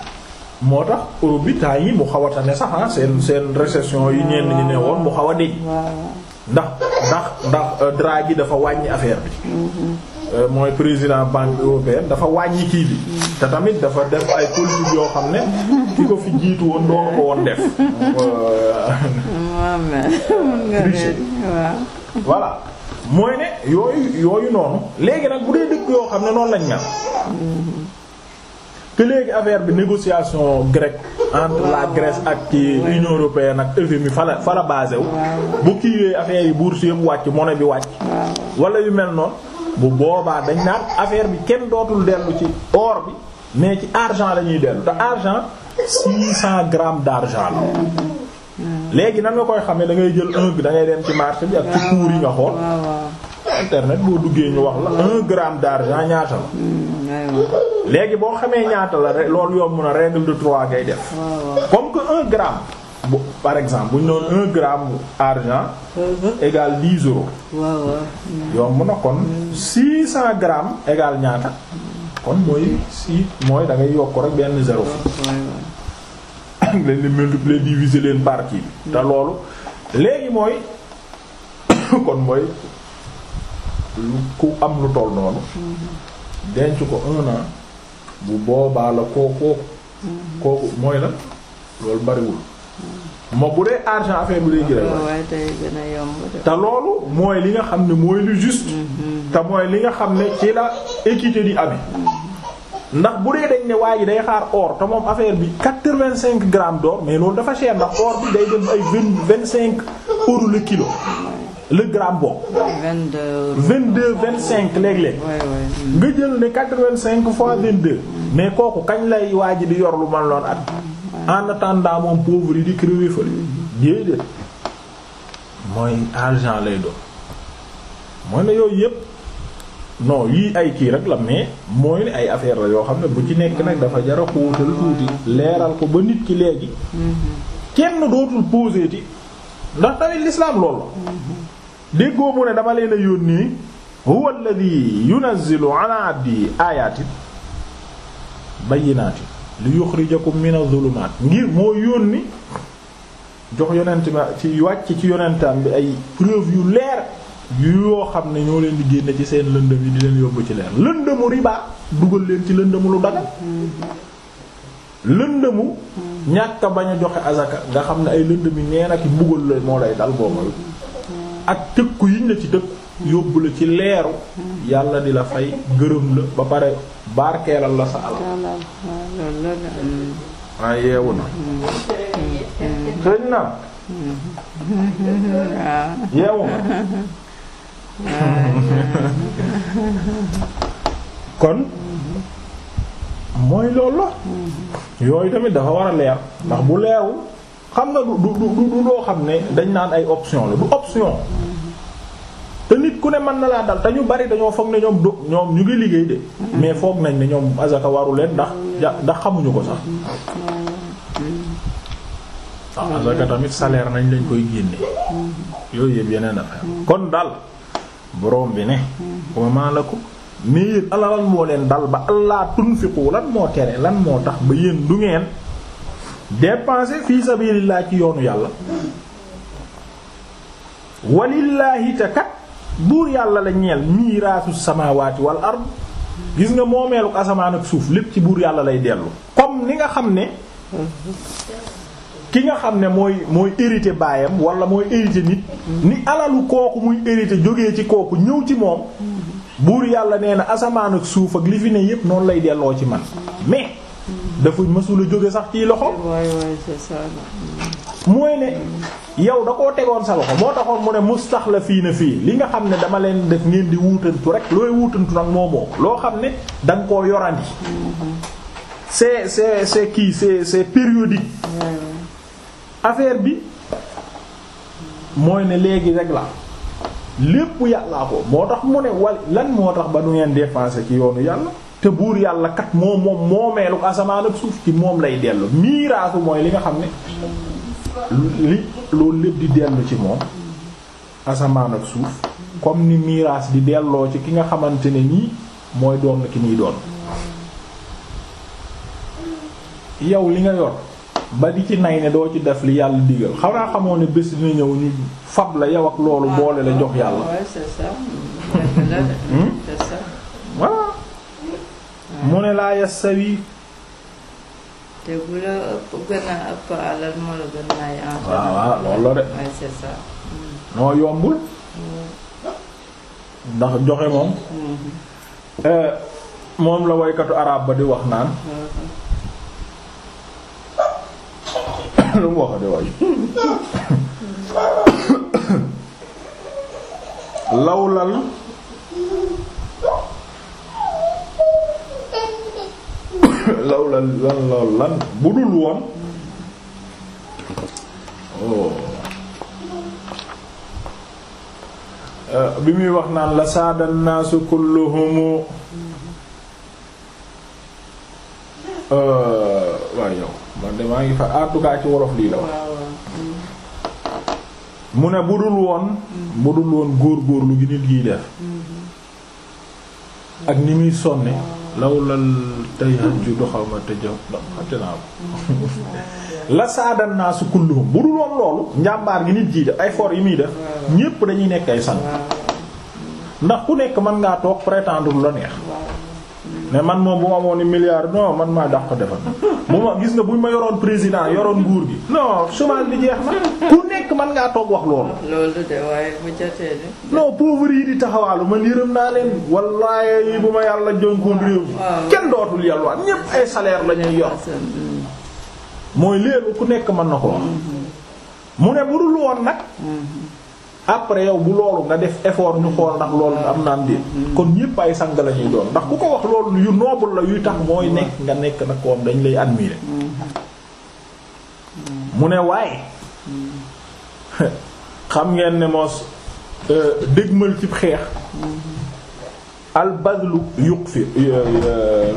moo tax Europe bi temps yi mu xaw a ne sax ah, seen seen récession yi ñenn ñi ne woon mu xaw a ndax ndax ndax euh, gi dafa wàññi affaire bi. Euh, mooy président banque européenne dafa wàññi kii bi. te tamit dafa def ay politique yoo xam ne ki ko fi jiitu woon doon ko woon def. Euh, voilà mooy ne yooyu yooyu noonu léegi nag bu dee dëkk yoo xam ne noonu lañ mel. Mm-hmm. que léegi affaire bi négociation grecque entre la Grèce ak ci Union européenne ak FMI fa la fa la basé wu. bu kiiwee affaire yi bourse yëpp wàcc monnaie bi wàcc. wala yu mel noonu. bu boobaa dañ naan affaire bi kenn dootul dellu ci or bi mais ci argent la ñuy dellu te argent 600 grammes d'argent la. léegi nan nga koy xamee da ngay jël un bi da ngay dem ci marché bi ak ci cours yi nga xool. internet boo duggee ñu wax la un gramme d'argent ñaata la mm, léegi boo xamee ñaata la rek loolu yomb na règle de trois ngay def comme que un gramme bu par exemple bu ñu doon un gramme argent mm-hmm. égale dix euros mm. yomb na kon mm. six cent grammes égale ñaata kon mooy si mooy da ngay yokk rek benn zéro fi leen di leen par kii bi te loolu léegi mooy kon mooy lu ku am lu toll noonu denc ko un an bu boobaa la koo kooku mm-hmm. kooku mooy la loolu bariwul ma mm-hmm. bu dee argent affaire bu oh, day gën a yomb te loolu mooy li nga xam ne mooy lu juste mm-hmm. te mooy li nga xam ne ci la équité di amee ndax bu dee dañ ne waa ji day xaar or te moom affaire bi quatre-vingt-cinq grammes d'or mais loolu dafa cher ndax or bi day dem ay vingt vingt-cinq euros le kilo le gramme boobu. 22 22 25 léeg-léeg. Hmm. nga jël ne 85 fois 22. mais kooku kañ lay waaj di yor lu man loon at. en attendant moom pauvre yi di crever fële. déedéet mooy argent lay doon mooy ne yooyu yépp no yii ay kii rek la mais mooy ne ay affaire la yoo xam ne bu ci nekk nag dafa jar a xóotal tuuti. leeral ko ba nit ki léegi. Mm-hmm. kenn dootul posé ti ndax tamit l'islam loolu déggoo mu ne dama leen a yónni huwa alladhi yunazzilu ala abdi ayatin bayyinatin li yukhrijakum min adh-dhulumat ngir moo yónni jox yonent ma ci wàcc ci yonentam bi ay preuve yu leer yoo xam ne ñoo leen di génne ci seen lëndëm yi di leen yóbbu ci leer lëndëmu riba dugal leen ci lëndëmu lu dagal lëndëmu ñàkk bañ a joxe azaka nga xam ne ay lëndëm yi neen ak mbugal la moo lay dal boobu ak tëkku yiñ la ci dëkku yóbbu la ci leeru yàlla di la fay gërëm la ba pare barkeelal la sa alal ah, yeewu na kon mooy loolu la yooyu tamit dafa war a leer ndax bu leeru xam nga du du du loo xam ne dañ naan ay option la du option te nit ku ne mën na laa dal te ñu bari dañoo foog ne ñoom du ñoom ñu ngi liggéey de mais foog nañ ne ñoom azaka waru leen ndax dax xamuñu ko sax waaw ah, azaka tamit salaire nañ lañ koy génne yooyu yëpp yeneen affaire kon dal borom bi ne wamaa la ko mais yéen alalan moo leen dal ba allah tunfiqu lan moo tere lan moo tax ba yéen du ngeen dépenser fii sabilillah ci yoonu yàlla walillaahi te kat buur yàlla la ñeel miiraasu samaawaati wal ard gis nga moomeelu asamaan ak suuf lépp ci buur yàlla lay dellu comme ni nga xam ne ki nga xam ne mooy mooy hérité baayam wala mooy hérité nit ni alalu kooku muy hérité jógee ci kooku ñëw ci moom buur yàlla nee na asamaan ak suuf ak li fi ne yépp noonu lay delloo ci man mais dafa mësula jóge sax ci loxo mooy ne yow da koo tegoon sa loxo moo taxoon mu ne mustaxla fii na fii li nga xam ne dama leen def ngeen di wuutantu rek looy wuutantu nag moo moo loo xam ne da nga koo yorandi c'est c'est c'est kii c'est c'est périodique affaire bi mooy ne léegi rek la lépp yàllaa ko moo tax mu ne wal lan moo tax ba du ngeen dépensé ci yoonu yàlla te buur yàlla kat moom moom moomeelu asamaan ak suuf ci moom lay dellu miiraasu mooy li nga xam ne li loolu lépp di dellu ci moom asamaan ak suuf comme ni miiraas di delloo ci ki nga xamante ne nii mooy doon ki muy doon yow li nga yor ba di ci nay ne doo ci def li yàlla digal xaw xamoo ne bés dina ñëw ñu fab la yow ak loolu boole la jox yàlla mu ne laa yastawi te bu la ëpp gën a ëpp alal moo la gën a yaay waaw waaw loolu la de moo yombul mm. ndax joxe moom mm-hmm. euh, moom la woykatu arab ba di wax naan mm-hmm. lu mu wax di way mm-hmm. lawlal law la lan law lan bu dul woon oh. euh, bi muy wax naan la saada naasu kulluhum euh, waaw yow man de maa ngi fa en tout cas ci wolof lii la wax mu ne bu dul woon mm-hmm. bu dul woon góor góor lu gi nit giy def mm-hmm. ak ni muy sonne lawlal tahajjud xaw naa ko la saadan naasu kulluhum bu dul woon loolu njàmbaar gi nit jii def ay for yi muy def ñépp dañuy nekk ay sang ndax ku nekk mën ngaa toog prétendre la neex mais man moom bu ma amoon ni milliard non man maa ko defal mu ma gis nga buñ ma yoroon président yoroon nguur gi non chômage bi jeex na ku nekk man ngaa toog wax loolu. loolu de waaye bu jotee de. non pauvre yi di taxawaalu man yërëm naa leen wallaahi bu ma yàlla jonkoon réew mi kenn dootul yalwaan ñépp ay saleer lañuy ñuy yor mooy léegi ku nekk mën na ko wax mm-hmm. mu ne budul woon nag. Mm-hmm. après yow bu loolu nga def effort ñu xool ndax loolu am naan déet mm-hmm. kon yépp ay sang la ñuy doon ndax ku ko wax loolu yu noble la yuy tax mooy nekk nga nekk na koom dañ lay admirer mm-hmm. mu ne waaye mm-hmm. xam ngeen ne moos euh, dégmal ci xeex al badlu yuq fi euh, euh,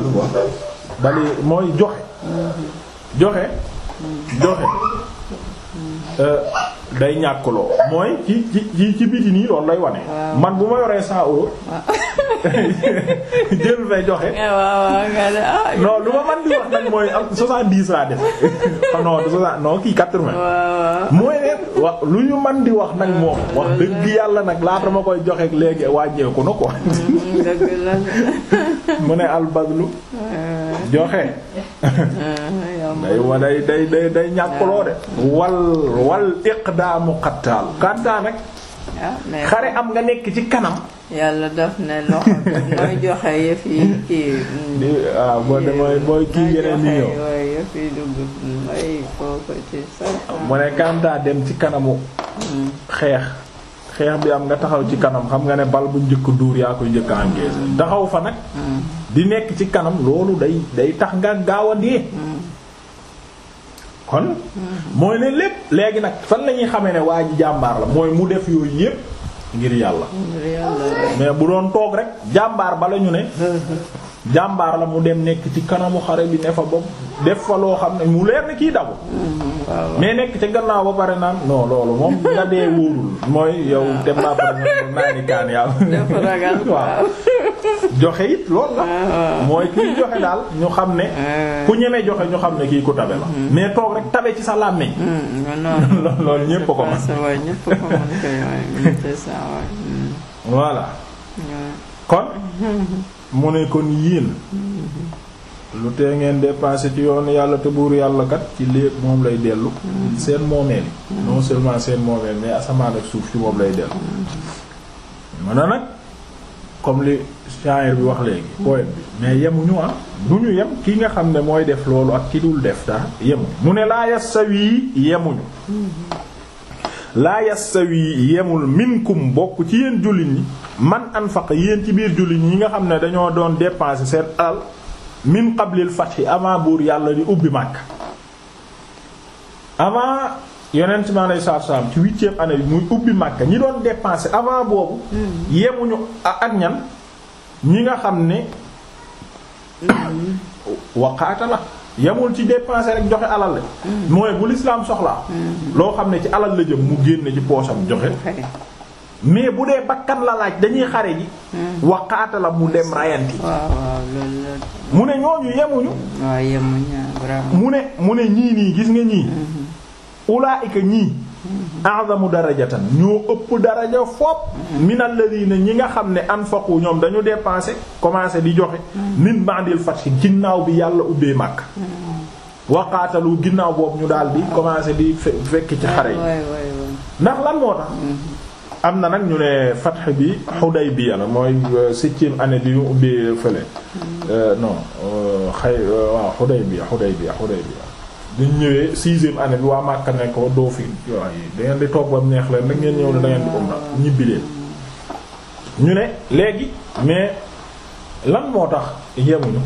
lu mooy joxe joxe joxe day ñàkkloo mooy ci ci ci biti nii loolu lay wane. man bu ma yoree 100 euros. jël fay joxe. Eh, ah, non lu ma man di wax nag mooy am moom ah, wax dëgg yàlla nag laata ma koy joxe léegi wàññeeku na quoi. Mm, mu ne albadlu. Ah. joxe. day day day ñàkkloo de. wal wal iqda aqdaamu qattaal qattaa nag ah, xare am nga nekk ci kanam yàlla daf ne loxo bi mooy joxe yëf yi kii waaw ah, boo damay booy kii yeneen yi yow yëf yi dugg mooy foofu ci sax mu ne kantaa dem ci kanamu hmm. xeex xeex bi am nga taxaw ci kanam xam nga ne bal bu njëkk duur yaa koy njëkk engagé hmm. taxaw fa nag hmm. di nekk ci kanam loolu day day tax nga gaaw a dee kon mooy ne lépp léegi nag fan la ñuy xamee ne waa ji jàmbaar la mooy mu def yooyu yépp ngir yàlla mais bu doon toog rek jàmbaar ba la ñu ne jàmbaar la mu dem nekk ci kanamu xare bi ne fa bopp def fa loo xam ne mu leer ne kii dabu mais nekk ca gannaaw ba pare naan non loolu moom nga dee wóorul mooy yow dem naa pare naa ni kaan yaa waaw joxe it loolu la ah. mooy kii joxe daal ñu xam ne ah. ku ñemee joxe ñu xam ne kii ku tabe la hmm. mais toog rek tabe ci sa làmmiñ hmm, loolu ñépp ko man hmm. voilà kon mu ne kon yiin lu tee ngeen dépensé ci yoon yàlla te buur yàlla kat ci lépp moom lay dellu seen moomeel yi non seulement seen moomeel mais asamaan ak suuf ci moom lay dellu mën na nag comme li shaayir bi wax léegi poète bi mais yemuñu ah du ñu yem ki nga xam ne mooy def loolu ak ki dul def ta yemuñu mu ne laa sa yastawi yemuñu laa sawi yemul minkum bokk ci yéen jullit ñi man anfaqa yéen ci biir jullit ñi nga xam ne dañoo doon dépenser seen alal min qablil fathi avant buur yàlla di ubbi màkk avant yonent mi lay salaatu salaam ci huitième année bi muy ubbi màkka ñi doon dépenser avant boobu hmm. yemuñu ak ñan ñi nga xam ne hmm. waqaata la yamul ci dépenser rek joxe alal la mm. mooy bu lislaam soxlaa mm. loo xam ne ci alal la jëm mu génne ci poosam joxe mais bu dee bakkan la laaj dañuy xare ji mm. waxaata la mu dem rayanti mu ne ñooñu yemuñu mu ne mu ne ñii nii gis nga ñii mm-hmm. ulaa'ika ñii a'zamu darajatan ñoo ëpp daraja foop min alladhina ñi nga xam ne anfaqu ñoom dañu dépensé commencé di joxe min ba'dil fath ginnaaw bi yàlla ubbee màkk waqaatalu ginnaaw boobu ñu daal di commencé di fekk ci xare yi ndax lan moo tax am na nag ñu ne fatx bi bi la mooy euh, septième année bi ñu ubbee fële euh, non euh, xay waaw Hudaybiya Hudaybiya Hudaybiya dañ ñëwee sixième année bi waa Màkka ne ko doo fi waaye di toog neex leen da ngeen ñëw ne da ngeen di umra ñibbi leen ñu ne léegi mais lan moo tax yemuñu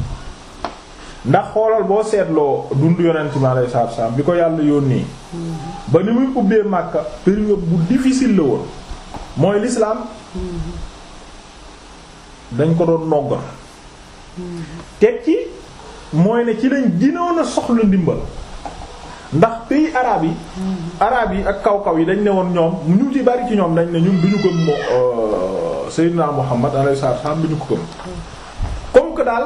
ndax xoolal boo seetloo dund yonent mi alayhi salaatu salaam bi ko yàlla yoon nii ba ni muy ubbee Màkka période bu difficile la woon mooy l'islam dañ ko doon noggal teg ci mooy ne ci lañ gënoon a soxla ndimbal ndax pays arabe yi. arabe yi ak kaw-kaw yi dañ ne woon ñoom ñu ci bari ci ñoom dañ ne ñun du ñu gëm moo euh, Seydina Muhammad alayhi salaam du ñu ko gëm. comme que daal.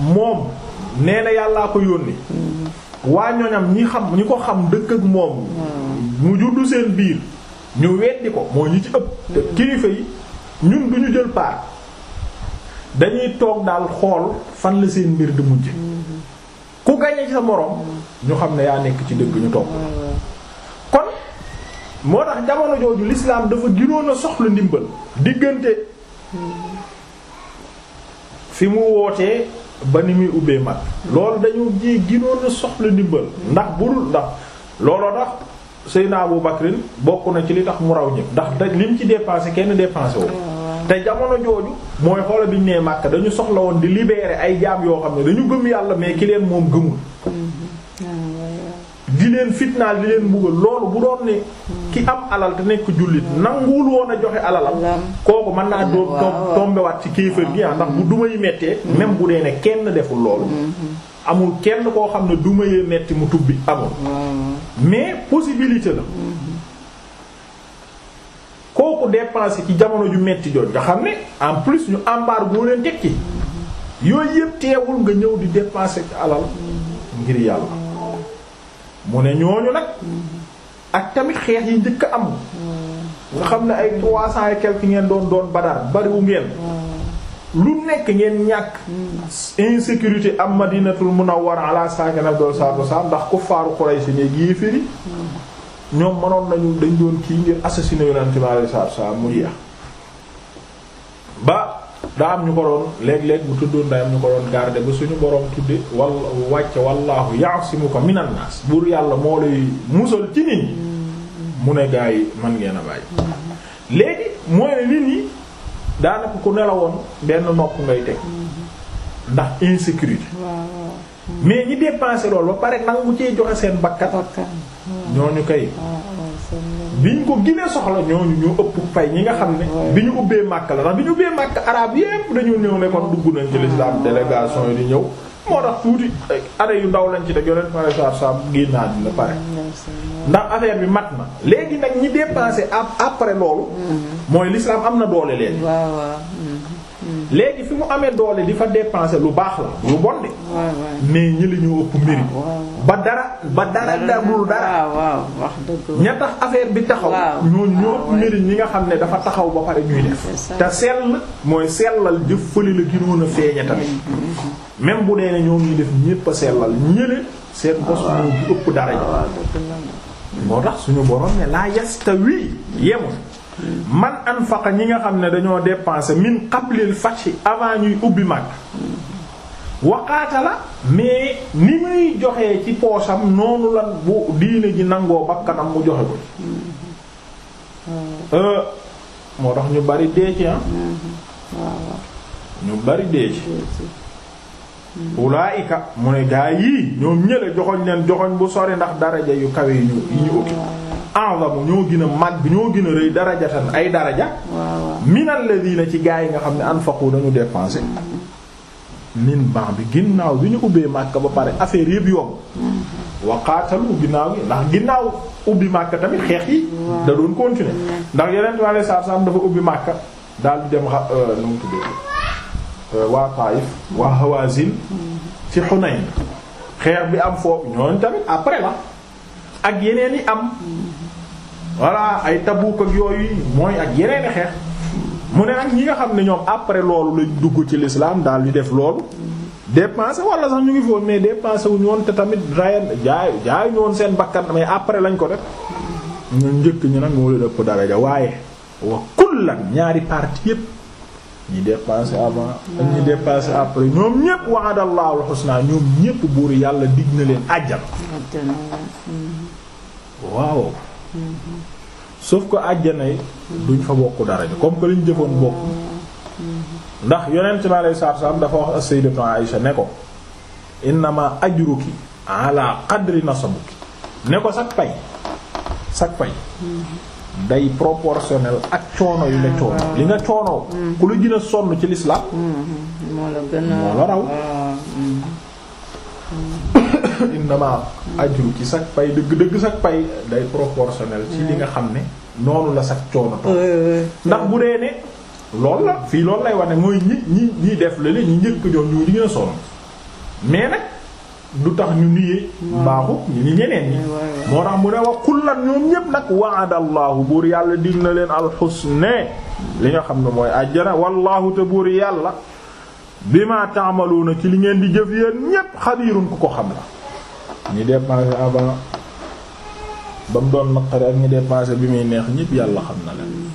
moom nee na yàllaa ko yónni. waa ñoñam ñi xam ñi ko xam dëkk ak moom. mu juddu seen biir. ñu weddi ko moo ñi ci ëpp. te kilifa yi ñun du ñu jël part. dañuy toog daal xool fan la seen mbir di mujj. ku gañe ci sa moroom ñu xam ne yaa nekk ci dëgg ñu topp kon moo tax jamono jooju l'islam dafa ginoon a soxla ndimbal diggante fi mu wootee ba ni muy ubbee mag loolu dañu jee ginoon a soxla ndimbal ndax burul ndax looloo tax Seydina Abu Bakrin bokk na ci li tax mu raw ñëpp ndax da lim ci dépensé kenn dépensé woo te jamono jooju mooy xoola bi ñu nee Makka dañu soxla woon di libérer ay jaam yoo xam ne dañu gëm yàlla mais ki leen moom gëmul di leen fitnaal di leen mbugal loolu bu doon ne ki am alal te nekk jullit nanguwul woon a joxe alalam kooku mën naa doo tombewaat ci kéefër gi ah, ndax bu duma yi mettee mm-hmm. même bu dee ne kenn deful loolu mm-hmm. amul kenn koo xam ne duma yee metti mu tubbi amul mm-hmm. mais possibilité la kooku dépensé ci jamono ju metti jooju nga xam ne en plus ñu embargo leen tekki yooyu yëpp teewul nga ñëw di dépensé ci alal ngir yàlla mu ne ñooñu nag ak tamit xeex yi njëkk am nga xam ne ay trois cent et quelque ngeen doon doon badar bariwu ngeen lu nekk ngeen ñàkk insécurité am madinatul munawwara ala saakina abdol saatu saam ndax ku faaru Quraysh ne yéeféri ñoom mënoon nañu dañ doon kii ngir assassiner yonent bi alayhi mu jeex ba daa am ñu ko doon léeg-léeg bu tuddoon daa am ñu ko doon garder ba suñu borom tudde wal wàcce wallaahu ya'simuka minan naas buur yàlla moo lay musal ci nit ñi mu ne gaa yi mën a bàyyi léegi mooy ne nit daanaka ku nelawoon benn nopp ngay teg ndax insécurité mais ñi dépensé loolu ba pare nangu cee joxe seen bakkat ñooñu kay biñ ko ginee soxla ñooñu ñu ñu ëpp fay ñi nga xam ne bi ñu ubbee Makka la ndax bi ñu ubbee Makka arab yépp dañu ñëw ne kon dugg nañ ci l'islam délégation yi di ñëw moo tax tuuti année yu ndaw lañ ci def yoneen pare sar sam génnaa di la pare ndax affaire bi mat na léegi nag ñi dépensé après loolu mm-hmm. mooy l'islam am na doole leen léegi fi mu amee doole di fa dépenser lu baax la lu bon de mais ñi la ëpp mbiri ba dara ba dara dagul dara ña tax affaire bi taxaw ñooñ ñoo ëpp mbiri ñi nga xam ne dafa taxaw ba pare ñuy def te sell mooy sellal jëf fële la ginoon a feeña tamit mm, mm, mm. même bu dee ne ñoo ngi def ñépp a sellal ñële seen bos moo bu ëpp dara ji moo tax suñu borom ne laa yastawi yemul man an anfaqa ñi nga xam ne dañoo dépensé min qablil fathi avant ñuy ubbi mag waqaata la mais ni muy joxee ci poosam noonu lan bu diine ji nangoo bakkanam mu joxe ko euh, moo tax ñu bari dee ci ah ñu bari dee ci ulaayika mu ne gaa yii ñoom ñële joxoñ leen joxoñ bu sori ndax daraja yu kawe yi ñu yi a'zamu ñoo gën a mag ñoo gën a rëy darajatan ay daraja min alladhina ci gaa yi nga xam ne anfaqu dañu dépensé min ban bi ginnaaw bi ñu ubbee Makka ba pare affaire yëpp yomb wa qaatalu ginnaaw ndax ginnaaw ubbi Makka tamit xeex yi da doon continuer ndax yeneen wàllu saabsaab dafa ubbi Makka daal di dem xa euh, nu euh, waa Taïf waa Hawazin ci Hunayn xeex bi am foofu ñooñu tamit après la ak yeneen yi am voilà ay Tabuk ak yooyu mooy ak yeneeni xeex mu ne nag ñi nga xam ne ñoom après loolu lañ dugg ci lislaam daal di def loolu dépensé wala sax ñu ngi fi woon mais dépensé wuñu woon te tamit rayen jaay jaay ñu woon seen bakkan mais lañ ko def ñun njëkk ñu nag moo leen ëpp daraja waaye wa kullan ñaari parti yépp ñi dépensé avant ak ñi dépensé après ñoom ñépp wa'adallahu al-husna ñoom ñépp buur yàlla dig na leen àjjal mm-hmm. waaw sauf que àjjana yi duñ fa bokk dara ñu comme que liñ jëfoon bokk ndax yonent bi alayhi salaatu salaam dafa wax as-sayyidatu Aïsha ne ko innama ajruki ala qadri nasabuki ne ko sak pay sak pay day proportionnel ak coono yu la coono li nga coono ku la gën sonn ci lislaam mm-hmm. mm-hmm. moo la raw innama ajru ci sag pay dëgg dëgg sag pay day proportionnel ci li nga xam ne noonu la sag coono toog ndax bu dee ne loolu la fii loolu lay wax ne mooy ñi ñi ñi def la ñi njëkk ñoom ñoo di gën sonn mais nag du tax ñu nuyee baaxu ñu ni ñeneen ñi moo tax mu ne wa kullan ñoom ñépp nag wa'adallahu buur yàlla dig na leen alxusne li nga xam ne mooy àjjana wallahu te buur yàlla bima ta'maluna ci li ngeen di jëf yéen ñépp xabiirun ku ko xam la ñi dépensé avant ba mu doon naqari ak ñi dépensé bi muy neex ñépp yàlla xam na leen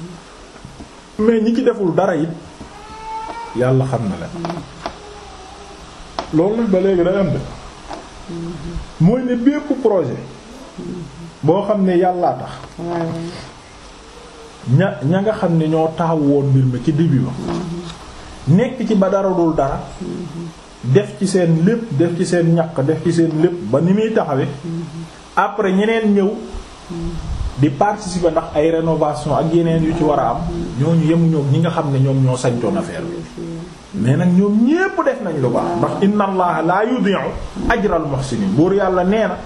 mais ñi ci deful dara yi yàlla xam na leen loolu nag ba léegi day am de mooy ne bépp projet boo xam ne yàllaa tax ña ña nga xam ne ñoo taxaw woon mbir mi ci début ba nekk ci ba dara dul dara def ci seen lépp def ci seen ñaq def ci seen lépp ba ni muy taxawee après ñeneen ñëw di participer ndax ay renovation ak yeneen yu ci war a am ñooñu yemu ñoom ñi nga xam ne ñoom ñoo sañtoon affaire bi mais nag ñoom ñépp def nañ lu baax ndax laa yu la yudi'u ajral muhsinin buur yàlla nee na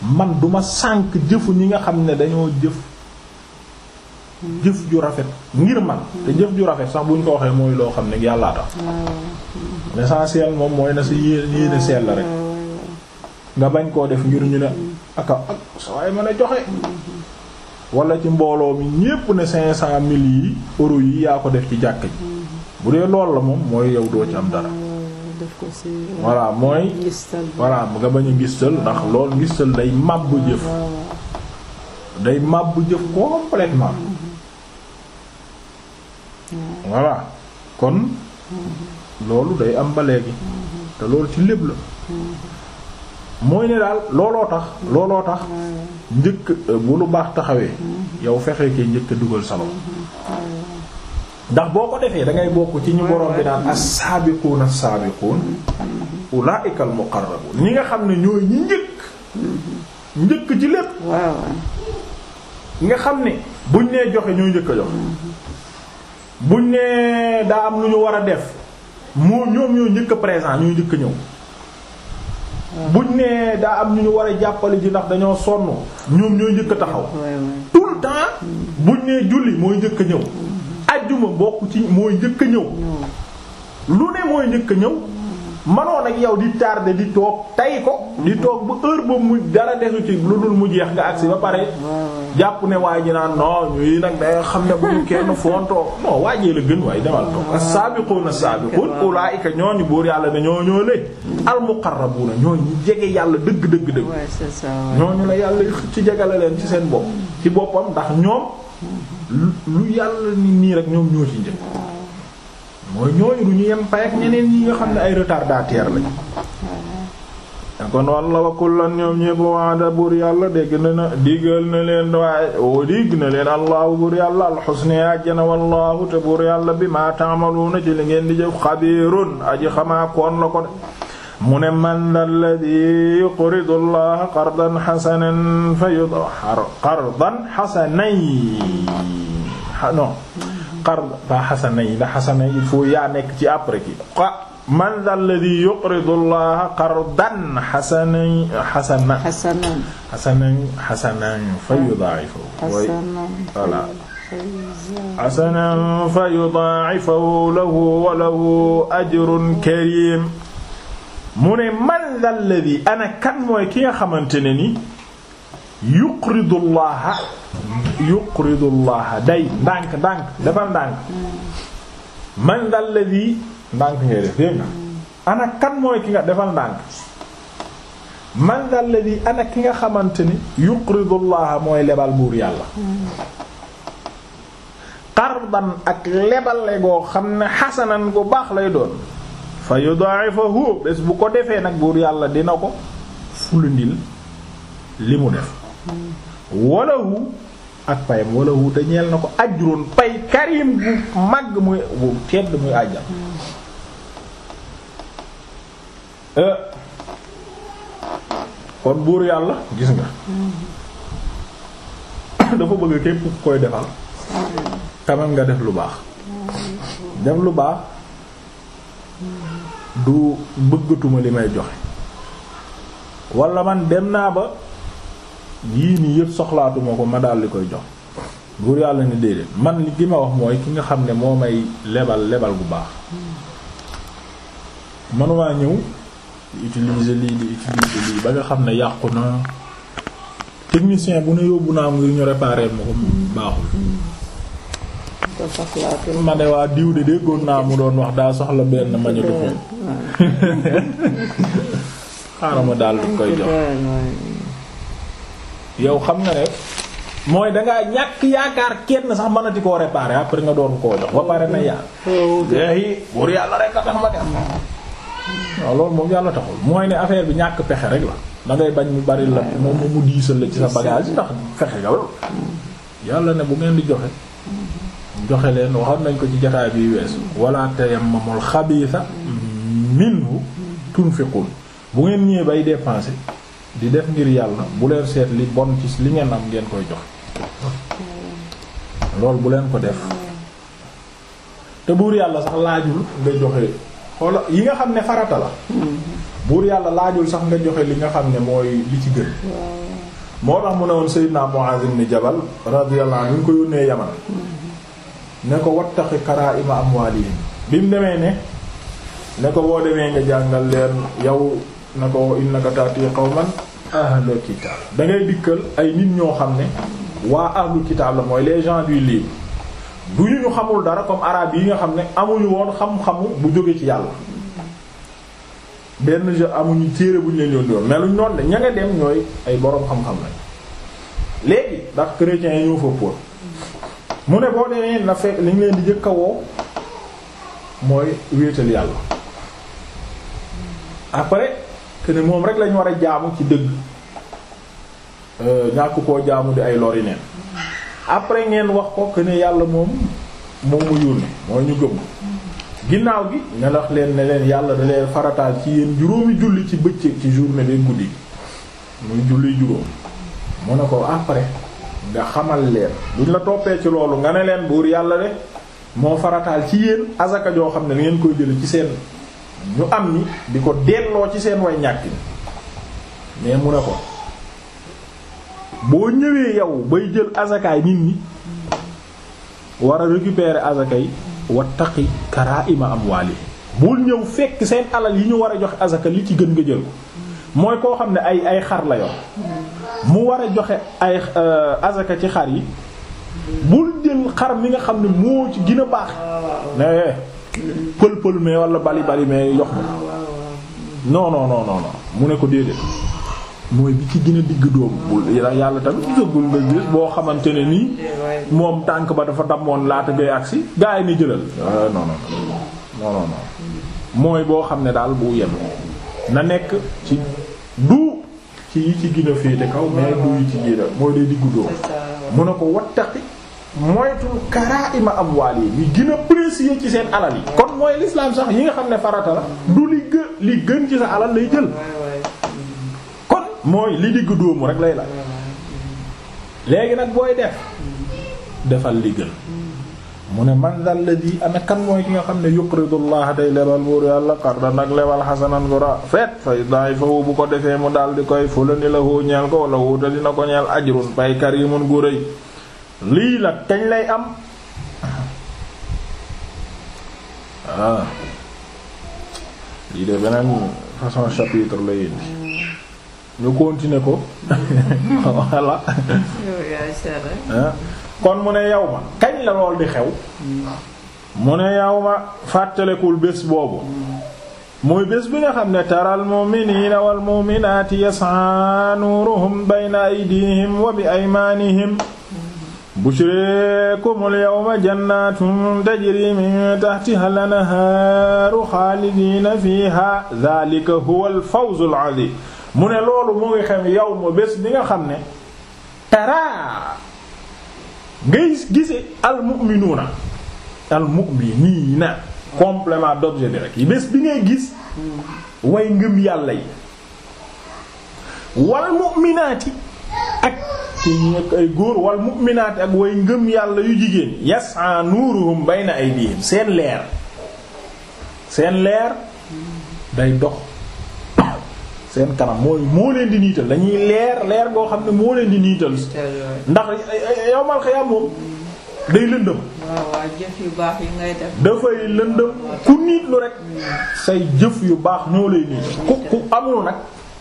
man duma sànk jëfu ñi nga xam ne dañoo jëf jëf ju rafet ngir man te jëf ju rafet sax buñ ko waxee mooy loo xam ne yàllaata yàllaa tax mm-hmm. l'essentiel moom mooy na si yéene sell rek mm-hmm. nga bañ koo def ngir ñu ne mm-hmm. aka ak ah, sawaay mën joxe wala ci mbooloo mi ñépp ne cinq cent mille yi euro yi yaa ko def ci jàkk ji bu dee lool la moom mooy yow doo ci am dara uh, voilà mooy voilà nga bañ gis sël ndax lool gistal day màbb jëf day màbb jëf complètement voilà kon loolu day am ba léegi te loolu ci lépp la mooy ne daal looloo tax looloo tax njëkk euh, bu lu baax taxawee yow fexee kee njëkk dugal sa ndax boo ko defee da ngay bokk ci ñu borom bi naan as-sabiqun as-sabiqun ulaa'ikal muqarrabun ñi nga xam ne ñooy ñi njëkk ci lépp nga xam ne buñ nee joxe ñoo njëkk a buñ nee daa am lu ñu war a def moo ñoom ñoo njëkk présent ñoo njëkk a ñëw buñ nee daa am ñu ñu war a jàppale ji ndax dañoo sonn ñoom ñooy njëkk a taxaw tout le temps buñ nee julli mooy njëkk a ñëw ajjuma bokk ci mooy njëkk a ñëw lu ne mooy njëkk a ñëw manoon ak yow di tardé di toog tay ko di toog bu heure ba mu dara desu ci lu dul mu jeex nga agsi ba pare jàpp ne waa ji naan non ñuy nag da xam ne bu ñu kenn fontoo non waajee la gën waaye demal toog as-sabiquna as-sabiqun ulaika ñooñu buur yàlla na ñoo ñoo lé al-muqarrabuna na ñoo jege yàlla dëgg dëgg dëgg ñu la yàlla ci jegale leen ci seen bopp ci boppam ndax ñoom lu yàlla ni nii rek ñoom ñoo ci njëkk mooy ñooñu du ñu yem pay ñeneen ñi nga xam ne ay retardataire lañu. kon walla wa kullan ñoom ñépp waada buur yàlla dégg digal na leen waaye oo digg na leen allahu buur yàlla alxusne ajjana wallahu te buur yàlla bi maa taamaluuna ci li ngeen di jëf xabiirun aji xamaa koon la ko de mu ne man da alladi yuqridu allaha qardan xasanan fa yud qardan xasanan xard ba xasana yi da xasana yi foo yaa nekk ci après ki man dal ladhi yuqridu allaha qardan xasanan xasanan xasanan xasanan fa yudaa'ifahu voilà xasanan fa yudaa'ifahu lahu wa lahu ajrun karim mu ne man dal ladhi ana kan mooy ki nga xamante ne ni yuqridu llaha yuqridu llaha day ndànk ndànk dafa ndànk man dal ladhi ndànk ngay def dégg nga kan mooy ki nga defal ndànk man dal ladhi ana ki nga xamante ni yuqridu llaha mooy lebal buur yàlla qardan ak lebale goo xam ne xasanan gu baax lay doon fa yudaa'ifahu bés bu ko defee nag buur yàlla dina ko fulundil li mu def walahu ak payam walahu te ñeel na ko ajrun pay karim bu màgg muy bu tedd muy àjjal euh, kon buur yàlla gis nga dafa bëgg képp koy defal tamit nga def lu baax def lu baax du bëggatuma li may joxe wala man dem naa ba yii nii yëpp soxlaatuma ko ma daldi koy jox buur yàlla ne déedéet man li gi ma wax mooy ki nga xam ne moo may lebal lebal bu baax manumaa ñëw di utiliser lii di utiliser lii ba nga xam ne yàqu na technicien bu ne yóbbu naa ngir ñu réparer ma ko baaxul ma ne waa diw de déggoon naa mu doon wax daa soxla benn magnétophone xaaral ma daal koy jox yow xam nga ne mooy dangaa ñàkk yaakaar kenn sax mënati koo réparer après nga doon koo jox ba pare na yaa deexi yàlla rek waaw loolu moom yàlla taxul mooy ne affaire bi ñàkk pexe rek la da ngay bañ mu bari la moom mu diisal la ci sa bagage ndax fexe nga yàlla ne bu ngeen di joxe joxe leen waxoon nañ ko ci jotaay bi weesu wala tayammamul xabiisa minhu tunfiqun bu ngeen ñëwee bay dépenser di def ngir yàlla bu seet li bon ci li ngeen am ngeen koy jox loolu bu leen ko def te buur yàlla sax laajul nga joxe xoola yi nga xam ne farata la buur yàlla laajul sax nga joxe li nga xam ne mooy li ci gën moo tax mu ne woon Seydina Muaz ibn Jabal radiyallahu anhu ñu ko yónnee Yaman ne ko wattaqi karaa'ima amwaalihim bi mu demee ne ne ko boo demee nga jàngal leen yow na ko innaka taati qawman ahlul kitab da ngay dikkal ay nit ñoo xam ne waa ahlul kitab la mooy les gens du bu ñu ñu xamul dara comme arabe yi nga xam ne amuñu woon xam-xamu bu jóge ci yàlla benn je amuñu téere bu ñu leen yoon doon mais luñ ña nga dem ñooy ay boroom xam-xam lañ léegi ndax chrétiens yi ñoo fa mu ne boo demee na fekk li ñu leen di jëkka woo mooy wéetal yàlla après que moom rek lañ war a jaamu ci dëgg euh, ñàkk koo jaamu di ay lori neen après ngeen wax ko que ne yàlla moom moom mu yónni moo ñu gëm ginnaaw gi nga wax leen ne leen yàlla da leen farataal ci yéen juróomi julli ci bëccëg ci journée bi guddi muy julli juróom mu ne ko après nga xamal leen buñ la toppee ci loolu nga ne leen buur yàlla de moo farataal ci yéen azaka joo xam ne ngeen koy jële ci seen ñu am ni di ko delloo ci seen way ñàkk ni mu ne ko boo ñëwee yow bay jël yi nit ñi war a récupérer azakaay wattaqi karaa'ima amwaali bul ñëw fekk seen alal yi ñu war a joxe azaka li ci gën nga jël ko mooy koo xam ne ay ay xar la yor mu war a joxe ay euh, azaka ci xar yi bul jël xar mi nga xam ne moo ci gin a baax ne eh, pël pël mais wala bali bali mais jox ma non non non non mu ne ko déedéet mooy bi ci gën a digg doom bul yàlla tamit gisagul nga gis boo xamante ne nii moom tànk ba dafa damoon laata ngay agsi gaa yi ni jëlal euh, non non non non non mooy boo xam ne daal bu yem na nekk ci du ci yi ci gën a féete kaw mais du yi ci gën a mooy day diggu doom mu ne ko wattaqi moytul karaa'ima amwaal yi li gën ci seen alal yi. kon mooy l'islam sax yi nga xam ne farata la du li li gën ci sa alal lay jël kon mooy li digg dóomu rek lay la léegi nag booy def defal li gën mu ne man dal la di ana kan mooy ki nga xam ne yuqridu Allah day lebal buur yàlla qardan ak lebal xasanan gu rafet fay daay fawu bu ko defee mu daal di koy fulani la hoo ko wala wuute dina ko ñeel ajrun pay karimun gu rëy lii la kañ lay am ah. lii de beneen façon chapitre la yéndi ñu continuer ko kon mu ne yow ma kañ la lool di xew mu ne yow ma fàttalekul bés boobu muy bés bi nga xam ne taral mu'minina wal mu'minati yas'a nuruhum bayna aydihim wa bi aymanihim bushreekumul yawma jannaatun tajri min tahtiha al-anhaaru xaalidiina fiihaa zaalika huwal fawzul aziim mu ne loolu mu ngi xam yow bés bi nga xam ne taraa ngay gise almu'minuuna almu'miniina complément d'objet bi rek bés bi ngay gis way ngëm yàlla yi wal mu'minaati ak ci ñekk ay góor wal mu'minaat ak way ngëm yàlla yu jigéen bay na ay aydihim seen leer seen leer day dox seen kanam mooy moo leen di niital dañuy leer leer goo xam ne moo leen di niital ndax yowmal xiyaam moom day lëndëm yu baax yi ngay def dafay lëndëm ku niitlu rek say jëf yu baax ñoo lay niital ku ku amul nag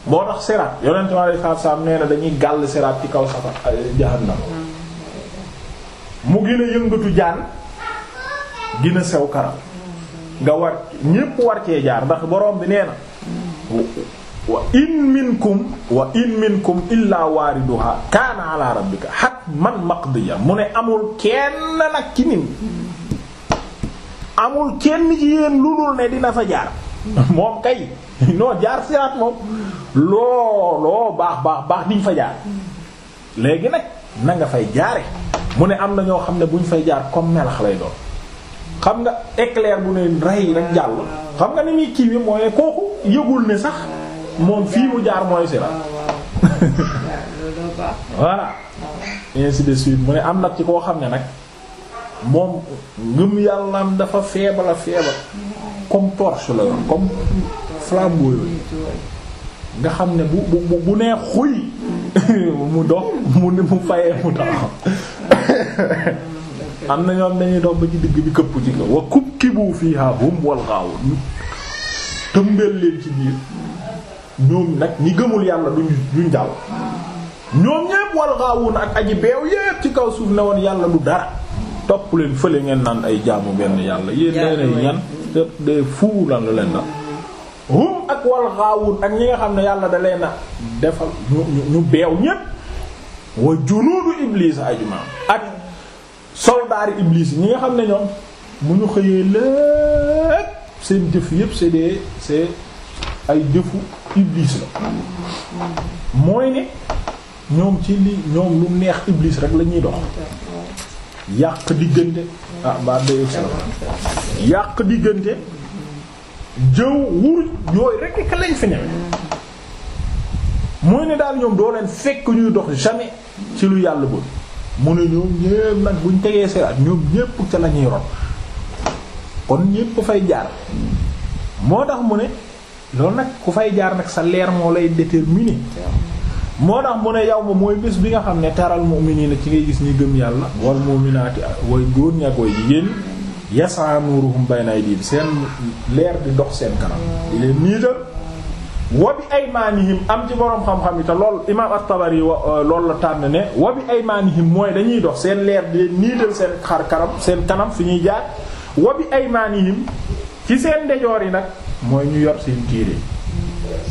moo tax siraat yonent mi alayhi salaatu salaam nee na dañuy gàll siraat ci kaw mu gën a yëngatu jaan gën sew karam nga war ñépp war cee jaar ndax borom bi nee na wa in minkum wa in minkum illaa waariduha kaana ala rabbika hatman maqdiya mu ne amul kenn nag ci nin amul kenn ci yéen lu dul ne dina fa jaar moom kay non jaar siraat moom loo baax baax baax di fa jaar léegi nag na nga fay jaare mu ne am na ñoo xam ne bu fay jaar comme melax lay doon xam nga éclair bu ne rey rek jàll xam nga ni muy kii bi mooy kooku yëgul ne sax moom fii mu jaar mooy siraat voilà ainsi de suite mu ne am nag ci koo xam ne nag moom ngëm yàllaam dafa feebala feebal comme torche la yoon comme flambeau yooyu nga xam ne bu bu bu nee xuy mu dox mu ni mu fayee mu taxaw am na ñoom dañuy dox ba ci digg bi këpp ci kaw wa kub kibu fiha hum tëmbeel leen ci biir ñoom nag ñi gëmul yàlla duñ duñ ñoom ñépp wal ghaawun ak aji beew yépp ci kaw suuf ne woon yàlla du dara topp leen fële ngeen naan ay jaamu benn yàlla yéen day ne ñan des fou lan la leen dal hum ak wal xaawun ak ñi nga xam ne yàlla dalee na a defal ñu ñu beew ñépp wa junuudu iblis ajmaam ak soldaari iblis ñi nga xam ne ñoom mu ñu xëyee lépp seen jëf yépp c'est des c'est ay jëfu iblis la mooy ne ñoom ci li ñoom lu neex iblis rek la ñuy dox yàq diggante ah yàq diggante jëw wuruj yooyu rek ka fi ñëwee mooy ne daal ñoom doo leen fekk ñuy dox jamais ci lu yàlla bon mu ne ñoom ñépp nag buñ tegee siraat ñoom ñépp ca lañuy ron kon ñépp fay jaar moo tax mu ne loolu nag ku fay jaar nag sa leer moo lay déterminer moo tax mu ne yow ma mooy bés bi nga xam ne taral mu'minina ci ngay gis ñi gëm yàlla wal mu'minaati way góor ñi ak way jigéen yasaa nuruhum bayna aydihim seen leer di dox seen kanam di leen niital wa bi aymanihim am ci boroom xam-xam yi te lool imam at-Tabari wa euh, loolu la tànn ne ay bi aymanihim mooy dañuy dox seen leer di leen niital seen xar kanam seen kanam fi ñuy jaar wa bi aymanihim ci seen ndejoor yi nag mooy ñu yor seen téere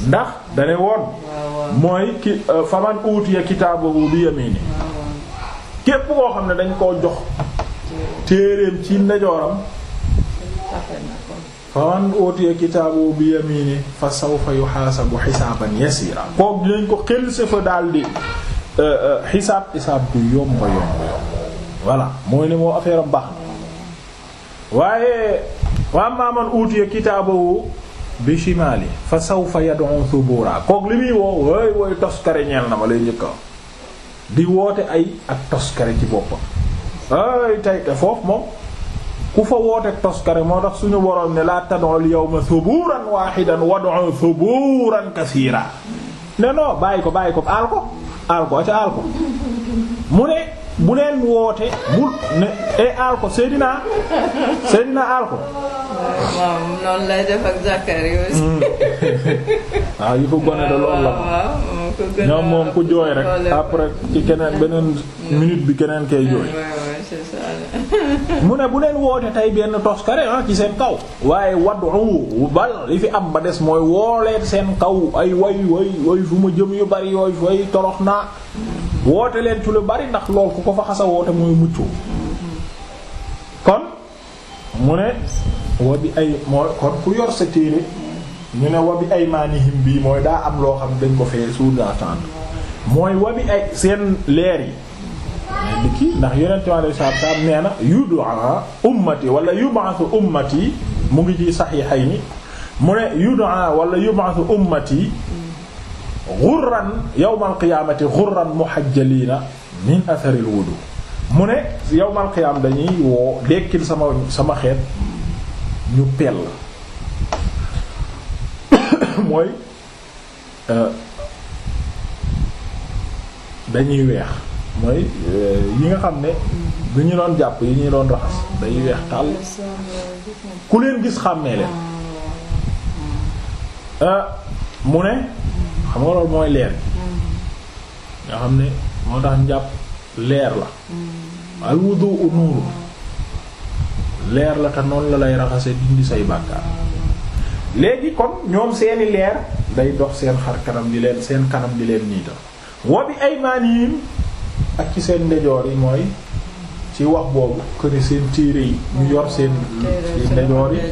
ndax dane woon mooy ki euh, faman utiya kitaabahu bi yamini képp koo xam ne dañ koo jox téereem ci ndejooram faman utiya kitaabu bi yamini fa sawfa yuhaasabu xisaaban yasiira kook dinañ ko xel sëfa daldi euh, euh, xisaab xisaab bi yomba yomba yomba waaye fa sawfa yad'u li muy woo wooy toskare ñeel na ma lay njëkka di woote ay ak toskare ci boppa ay tey te foofu moom ku fa wooteeg toskare moo tax suñu boroom ne laa tad'ul yawma thuburan wahidan wad'u thuburan kaseera ne non bàyyi ko bàyyi ko aal ko aal ko mu ne bu leen woote bul ne e aal ko Seydina Seydina aal ko. waaw noonu lay def ak Zakari aussi. waaw yi ko gone de loolu la. moom ku jooy rek après ci keneen beneen mm. minute bi keneen kay jooy. Mm, mu ne bu leen woote tey benn toskare ah ci seen kaw. waaye waddu bal li fi am ba des mooy wooleet seen kaw ay way way way fu ma jëm yu bari yooyu way torox naa. woote leen ci lu bari ndax lool ku ko fa xasa woote mooy muccoo kon mu ne wa bi ay mooy kon ku yor sa téere ñu ne wa bi ay maanihim bii mooy daa am loo xam dañ ko fee sous-entendre mooy wa ay seen leer yi mais dikki ndax yeneen mi alei satu nee na yudaa ummati wala yub'athu ummati mu ngi ci sax saxiixayni mu ne yudaa wala yub'athu ummati xurran yawmal qiyaamati xurran muhajjaliina min atharil wudu mu ne yawmal qiyaam dañuy woo dekkil sama sama xeet ñu pell mooy euh, dañuy weex mooy euh, yi nga xam ne du ñu doon jàpp yi ñuy doon raxas dañuy weex tàll ku leen gis xàmmee leen euh, mu ne xam nga loolu mooy leer mm. nga xam ne moo tax njàpp leer la mm. al wudu'u nuuru leer la te noonu la lay raxase dindi say bàkkaar léegi kon ñoom seeni leer day dox seen xar kanam di leen seen kanam di leen niital wa bi aymaanihim ak ci seen ndejoor yi mooy ci wax boobu këni seen téere yi ñu yor mm. seen ndejoor yi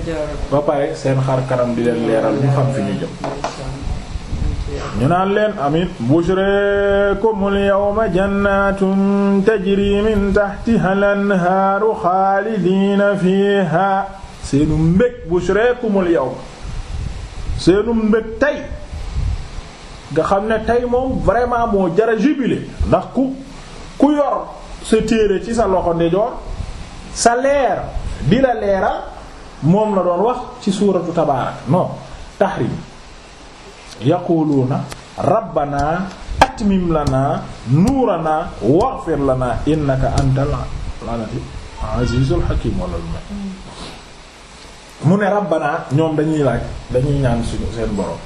ba pare seen xar kanam di leen leeral ñu xam fi ñu jëm ñu naan leen amit bushreekumul yawma jannatun tajri min tahtiha al-anhaaru xaalidiina fiiha seenu mbég bushreekumul yawma seenu mbég tey nga xam ne tey moom vraiment moo jara jubilé ndax ku ku yor sa téere ci sa loxo ndejoor sa leer di la leeral moom la doon wax ci suuratu tabaarak non tahrim yaquluuna rabbana atmim lana nuurana waghfir lana innaka antal azizul hakim wala lu mu ne rabbana ñoom dañuy laaj dañuy ñaan suñu seen borom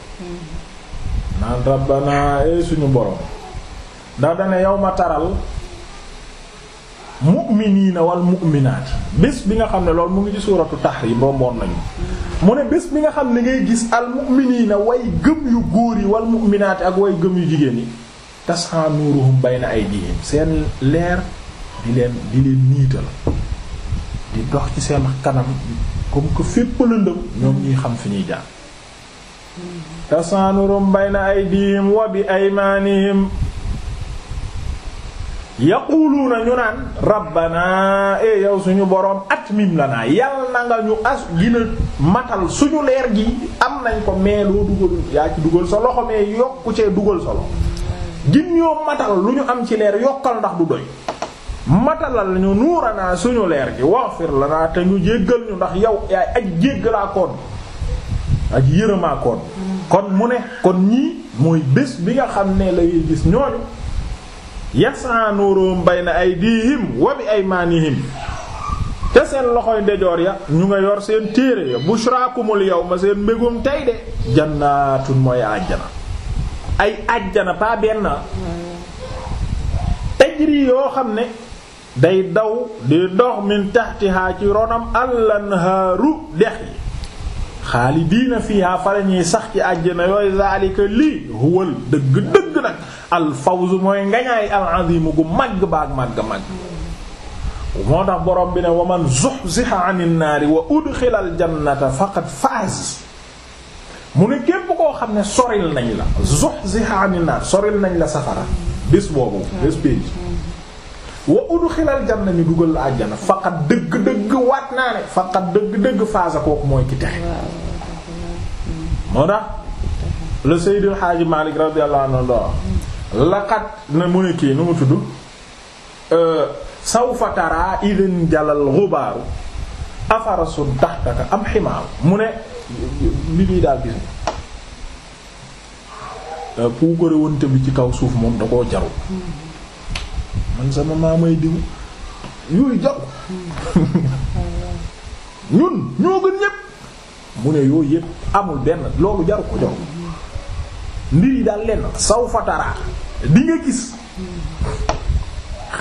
naan rabbana ee eh, suñu borom ndax dana yow ma taral mu'miniina wal mu'minaati bés bi nga xam ne loolu mu ngi ci suuratu tahrim romboon nañu mu ne bés bi nga xam ne ngay gis al mu'miniina way gëm yu góor yi wal mu'minaati ak way gëm yu jigéen yi tas'a nuruhum bayna aydihim seen leer di leen di leen ci seen kanam comme que xam fi ñuy jaar tas'a yaquluuna ñu naan rabbana e yow suñu boroom atmim lanaa yal na nga ñu as gina matal suñu leer gi am nañ ko mais loo dugal yaa ci dugal sa loxo mais yokku cee dugal sa loxo gin ñoo matal lu ñu am ci leer yokkal ndax du doy matalal ñu nuuranaa suñu leer gi waghfir lanaa te ñu jéggal ñu ndax yow yaay aj jéggalaa koon aj yërëmaa mm. kon mu ne kon ñii mooy bés bi nga xam ne lay gis ñooñu yas'a nuruhum bayna aydihim wa bi aymanihim te seen loxoy ndejoor ya ñu nga yor seen téere ya bushrakumul yawma seen mbégum tey de jannaatun mooy àjjana ay àjjana pa benn tajri yoo xam ne day daw di dox min tahtiha ci ronam al-anhaaru dex yi xaalidiina fiha fa la ñuy sax ci àjjana yooyu zaalika lii huwal dëgg-dëgg nag alfawzu mooy ngañaay alazimu gu màgg baag màgg-màgg moo tax borom bi ne wa man zuhziha anin naari wa udxila al jannata faqad faaz mu ne képp koo xam ne soril nañ la zuhziha nañ la safara bés boobu bés pénc wa udxilal janna ñu dugal la àjjana faqat dëgg-dëgg waat naa ne faqat dëgg-dëgg faasa kooku mooy ki moo tax le Seydil Hadji Malick radiyallahu anhu laqad na mu ne kii nu mu tudd euh, sawfa taraa idin jalal xubaaru afarasu daxtaka am ximaaru mu ne li daal gis nga puukare euh, wante bi ci kaw suuf moom da koo jaru man sama maamay diw yooyu jaru ñun ñoo gën ñépp mu ne yooyu yëpp amul benn loolu jaru ko jaru mbir yi daal lenn saw fataraa di nga gis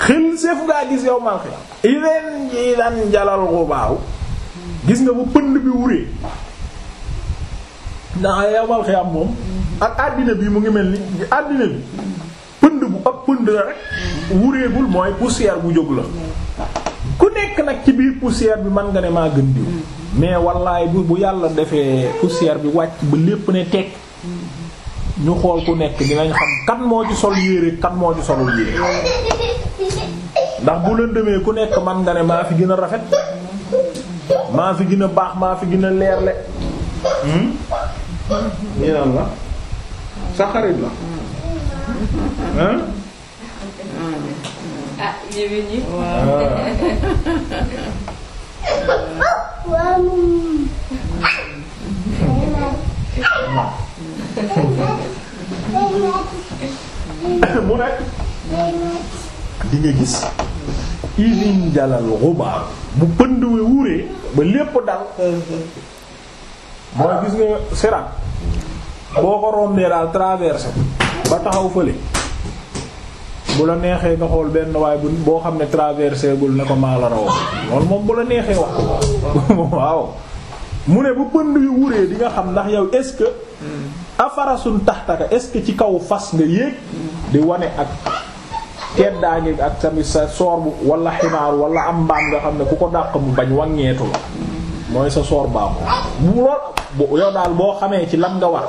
xil seef ngaa gis yow man xi ileen ji daan jalal xubaaw gis nga bu pënd bi wuree ndax yow man moom ak àddina bi mu ngi mel ni àddina bi pënd bu ab pënd la rek wureegul mooy poussière bu jóg la ku nekk nag ci biir poussière bi man nga ne maa gën diw mais wallaay bu bu yàlla defee poussière bi wàcc ba lépp ne teg ñu xool ku nekk dinañ xam kan moo ci sol yére kan moo ci solul yére ndax bu lëndëmee ku nekk man nga ne maa fi gën a rafet maa fi gën a baax maa fi gën a leerle hmm? ñu la sa xarit la hein ah, mu ne di nga gis ilin jalal xubaar bu pënd wi wuree ba lépp dal mooy gis nga sirat boo ko rombee daal traversé ba taxaw fële bu la neexee nga xool benn waay bu boo xam ne traversé gul ne ko maa la raw loolu moom bu la neexee wax ko waaw mu ne bu pënd yu wuree di nga xam ndax yow est-ce que afarasun taxtaka est-ce que ci kaw fas nga yéeg di wane ak teddaa ngi ak tamit sa soor bu wala ximaar wala am mbaam nga xam ne ku ko dàq mu bañ waññeetu la mooy sa soor baaxul bu lool yow daal boo xamee ci lan nga war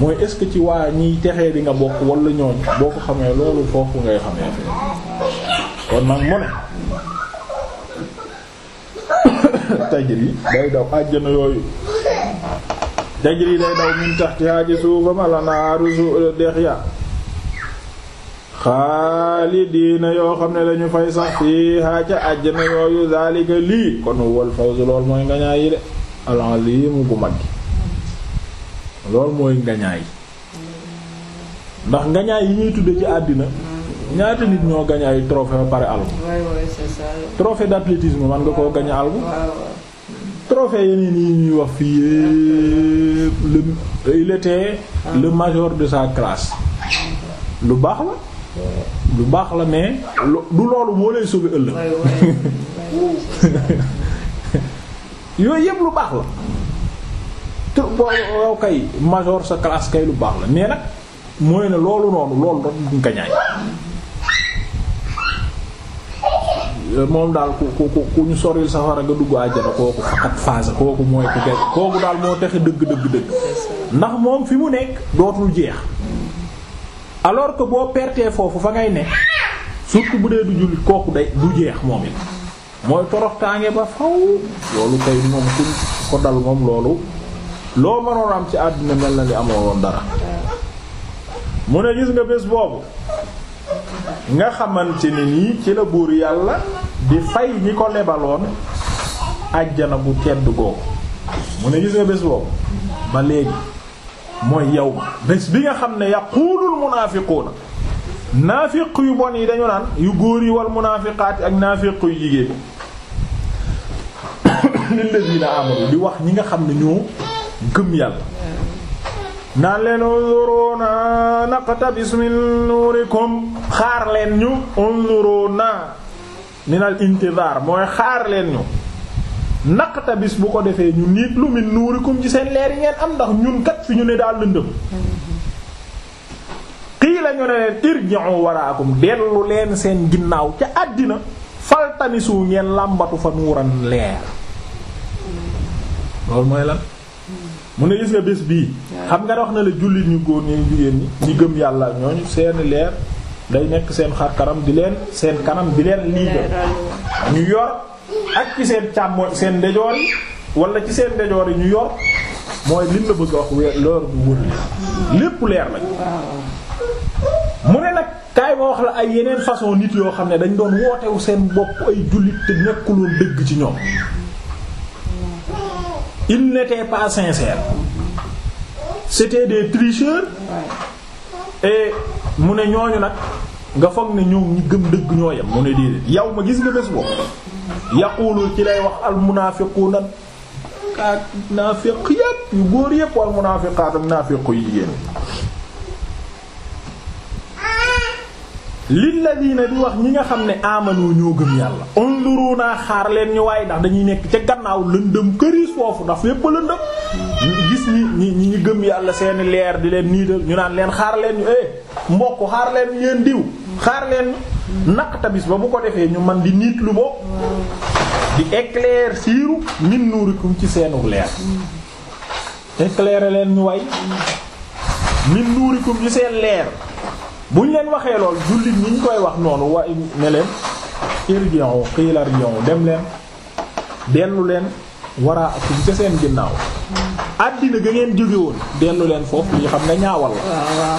mooy est-ce que ci waa ñiy texee di nga bokk wala ñooñ boo ko xamee loolu foofu ngay xamee kon nag mu ne tajri day daw àjjana yooyu tajri day daw min tahtiha ci suufam alanaaru su dex ya xaalidiina yoo xam ne dañu fay sax fiihaa ca àjjana yooyu zalika lii kon wal fawzu lool mooy nga ñaa yi de al azimu bu mag loolu mooy ngañaay ndax ngañaay yi ñuy tudd ci àddina ñaata nit ñoo gañ ay trophée ba pare albu trophée d'athlétisme man nga koo gañ albu trophée yeneen yi ñuy wax fii yépp le il ah. le major de sa classe lu baax la lu baax la mais du loolu moo lay sauver ëllëg yooyu yépp lu baax la te boo kay major sa classe kay lu baax la mais nag mooy ne loolu noonu loolu rek duñ ko ñaay euh, moom daal ku ku ku ñu soril safara nga dugg àjjana kooku faqat phase kooku mooy ku ge kooku daal moo texe dëgg dëgg dëgg ndax moom fi mu nekk dootul jeex alors que boo pertee foofu fa ngay ne surtout bu dee du jullit kooku day du jeex moom it mooy toroxtaange ba faw moom loolu loo mënoon am ci àddina mel na ni amoon woon dara mu ne gis nga bés boobu nga xamante ni nii ci la buur yàlla di fay ñi ko lebaloon ajjana bu tedd googu mu ne gis nga bés boobu ba léegi mooy yow bés bi nga xam ne yaqulul munaafiquuna naafiq yu bon yi dañu naan yu góor yi wal munaafiqaati ak naafiq yu jigéen lilladiina amanu di wax ñi nga xam ne ñoo gëm yàlla naan leen unzuruna naqtabis min nuurikum xaar leen ñu unzuruna minal intizaar mooy xaar leen ñu naqtabis bu ko defee ñu niit lu min nuurikum ci seen leer yi ngeen am ndax ñun kat fi ñu ne daal lëndëm xii lañu ne leen irji'u waraakum dellu leen seen ginnaaw ca àddina faltamisu ngeen làmbatu fa nuuran leer loolu mooy lan mu ne gis nga bés bii xam nga wax na la jullit ñu góor ñi jigéen ñi gëm yàlla ñooñu seeni leer day nekk seen xar kanam di leen seen kanam di leen liiga ñu yor ak ci seen càmmoñ seen ndejoor yi wala ci seen ndejoor yi ñu yor mooy lim la bëgg a wax weer loor bu wër lépp leer lañ mu ne nag kaay ma wax la ay yeneen façon nit yoo xam ne dañ doon wootewu seen bopp ay jullit te nekkuloon dëgg ci ñoom ils n'étaient pas ci c'était des tricheurs et mu ne ñooñu nag nga foog na ñoom ñi gëm dëgg ñoo yem mu ne déedéet yow ma gis nga bés boobu yaqulu ci lay wax al munaafiquuna ak naafiq yépp yu góor yépp wal munaafiqaat ak naafiq yu jigéen la lilladiina di wax ñi nga xam ne amanu ñoo gëm yàlla unzuruna xaar leen ñu waaye ndax dañuy nekk ca gannaaw lëndëm këriis foofu ndax yépp lëndëm gis ñi ñu ñi gëm yàlla seeni leer di leen niital ñu naan leen xaar leen ñu eh mbokk xaar leen ñu leen diw xaar leen naq tabis ba bu ko defee ñu man di niit lu bo di éclaircir min nuurikum ci seenu leer éclairer leen ñu way min nuurikum ci seen leer buñ leen waxee lool jullit ñi ñu koy wax noonu wa ne leen irji'u qila irji'u dem leen dellu leen waraa akum ca seen ginnaaw àddina ga ngeen jóge woon dellu leen foofu lii xam nga ñaawal la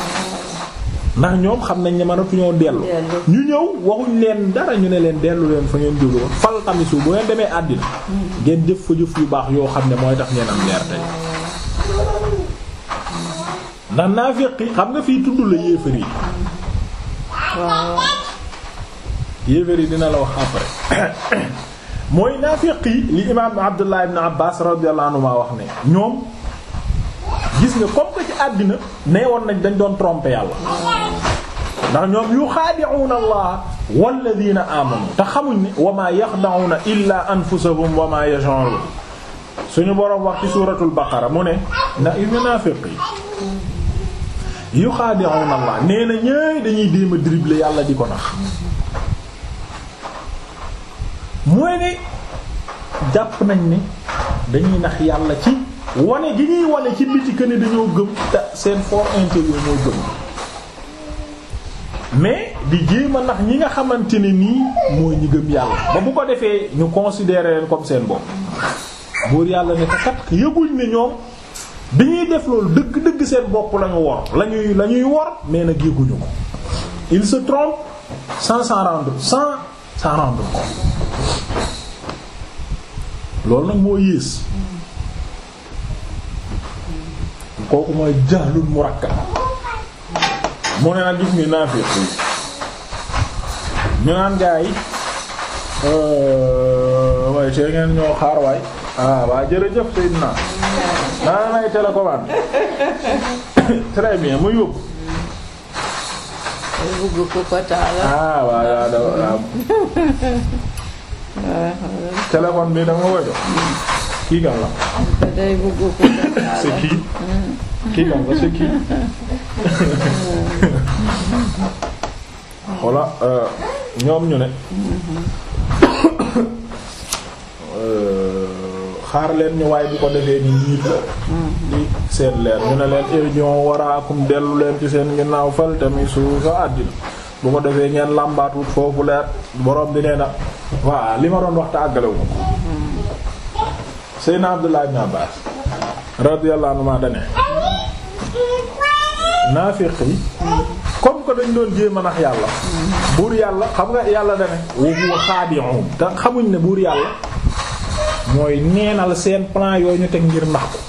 ndax ñoom xam nañ ne mënatuñoo dellu ñu ñëw waxuñ leen dara ñu ne leen dellu leen fa ngeen jóge woon fal tamisu bu ngeen demee àddina mm. ngeen jëf fa jëf yu baax yoo xam ne mooy tax ngeen am leer ndax naafiq yi xam nga fii tudd la yéefar yi dina la wax après mooy naafiq yi li imaam Abdullah ibn Abbas radiyallahu anhu wax ne ñoom gis nga comme que ci àddina nee woon nañ dañ doon tromper yàlla ndax ñoom yuxaadi'uuna allah walladina amanu te xamuñ ne wa maa yaxda'uuna illa anfusahum wa maa yash'uruun suñu boroom wax ci suuratul baqara mu ne na yu naafiq yi yu yuxaadi'una Allah nee na ñooy dañuy déem a dribbler yàlla di ko nax mooy ne jàpp nañ ne dañuy nax yàlla ci wane gi ñuy wane ci biti ne dañoo gëm te seen fort intérieur ñoo gëm mais di jéem a nax ñi nga xamante ne nii mooy ñu gëm yàlla ba bu ko defee ñu considérer leen comme seen bopp buur yàlla ne te kat yëguñ ne ñoom. bi ñuy def loolu dëgg-dëgg seen bopp la ñu wor la ñuy la ñuy wor mais nag yëguñu ko il se trompe cent s'en rendre sans s'en rendre loolu nag moo yées kooku mooy jahlul murakkab mu ne nag gis ngi naafiq yi ñu naan gaa yi euh, waaye ngeen ñoo xaar waay ah waa jërëjëf Seydina naa nay télécommande très bien ma yóbbu. bëgg ko ko taala. ah waaw yaa da waaw. téléphone bi da nga koy xaar leen ñu waaye bu ko defee ni yiit la mm-hmm. di seet leer ñu ne leen irjon eh, waraakum dellu leen ci seen ginnaaw fal tamit su sa àddina bu ko defee ngeen làmbaat wut foofu leer borom bi nee waa li ma doon wax te àggalewu ma ko mm-hmm. Seydina Abdullah ibn Abbas radiyallahu comme que dañ doon jéem a nax yàlla mm-hmm. buur yàlla xam nga yàlla dane wa huwa xaadi'un te xamuñ ne buur yàlla mooy neenal seen plan yooyu ñu teg ngir nax ko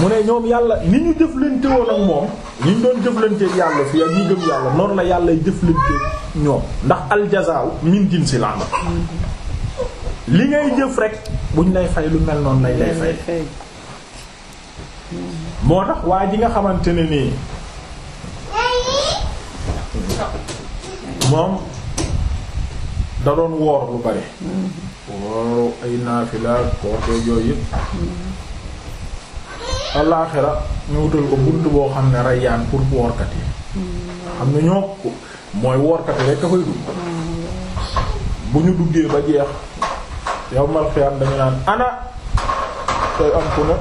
mu ne ñoom yàlla ni ñu jëflante woon ak moom li ñu doon jëflanteeg yàlla fii ak ñi gëm yàlla noonu la yàlla jëflanteeg ñoom ndax aljazaaw min jinsi lama li ngay jëf rek buñ lay fay lu mel noonu lañ lay fay moo tax waa ji nga xamante ne nii moom da doon woor lu bari woow ay naafila kookee yooyu yëpp alaaxira ñu wutal ko bunt boo xam ne rayyaan pour woorkat yi xam ne ñoo mooy woorkat rekk a fay dugg bu ñu duggee ba jeex yow mal xiyaam dañu naan ana tey am ku ne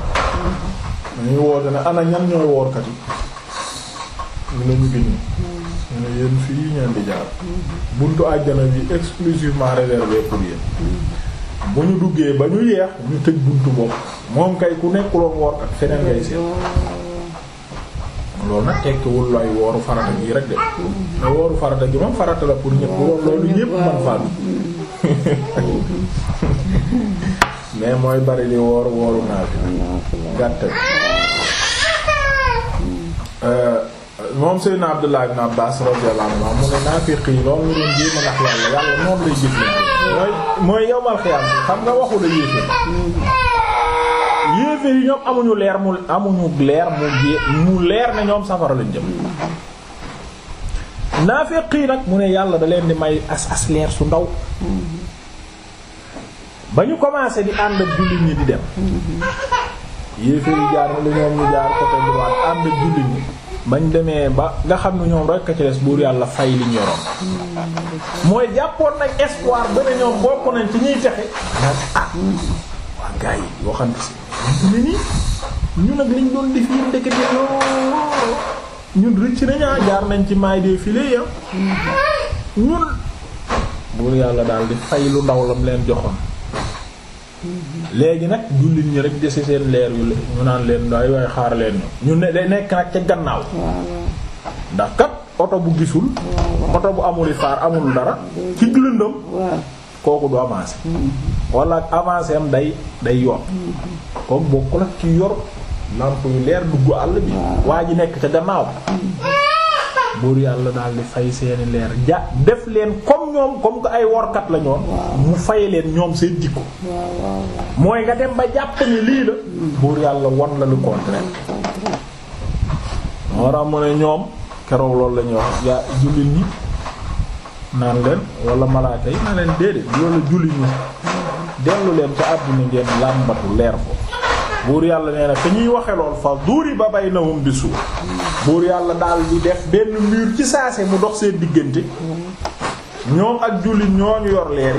dañuy woote ne ana ñan ñooy woorkat yi ñu la ñu ne yéen fii ñeen di jaar buntu àjjana bi exclusivement réservé pour yéen bu ñu duggee ba ñu yeex ñu tëj buntu boobu moom kay ku nekkuloon woor ak feneen ngay seet loolu nag tekkiwul lay wooru farata gi rek de te wooru farata gi farata la pour ñëpp loolu ñëpp man faa mais mooy bari di wooru wooru naa fi gàtt bi moom Seydina Abdullah ibn Abbas radiyallahu anhu mu ne naafiq yi loolu la doon jéem a nax yàlla yàlla noonu lay jëf mooy mooy yowmal xiyaam xam nga waxu la yéeféer yéeféer yi ñoom amuñu leer mu amuñu leer mu jé mu leer ne ñoom safara lañ jëm naafiq yi nag mu ne yàlla da leen di may as as leer su ndaw ba ñu commencé di ànd ak jullit ñi di dem yéeféer yi jaar na li ñoom ñu jaar côté droit ànd ak jullit ñi bañ demee ba nga xam ne ñoom rekk ci des buur yàlla fay liñ yoroon mooy jàppoon nag espoir ba ne nañ ci ñuy texe ah waa gars xam ni ñu nag liñ doon def yi ndekete yoo ñun rëcc nañaa ah jaar nañ ci maay des filets ya buur yàlla daal di fay lu ndaw lam leen joxoon léegi nag jullit ñi rek dese seen leer yu ñu naan leen daay waaye xaar leen ñu ne day nekk nag ca gannaaw ndax kat oto bu gisul oto bu amul i faar amul dara ci lëndëm kooku du avancé wala ak avancé day day yoon kon bokk la ci yor lamp yu leer dugg àll bi waa ji nekk ca gannaaw buur yàlla daal di fay seeni leer ja def leen comme ñoom comme que ay workat la mu fay leen ñoom seen jikko mooy nga dem ba jàpp ni lii la mm. buur yàlla won la lu contraire mm, moo tax mu ñoom keroog loolu la wax yaa jullit ñi naan leen wala malaaka yi naan leen déedéet loolu jullit ñi mm. dellu leen ca àdduna ngeen làmbatu leer ko buur yàlla nee na te ñuy waxe lool fa duriba baynahum bi suur buur yàlla daal di def benn miir ci saase mu dox seen diggante ñoom ak jullit ñooñu yor leer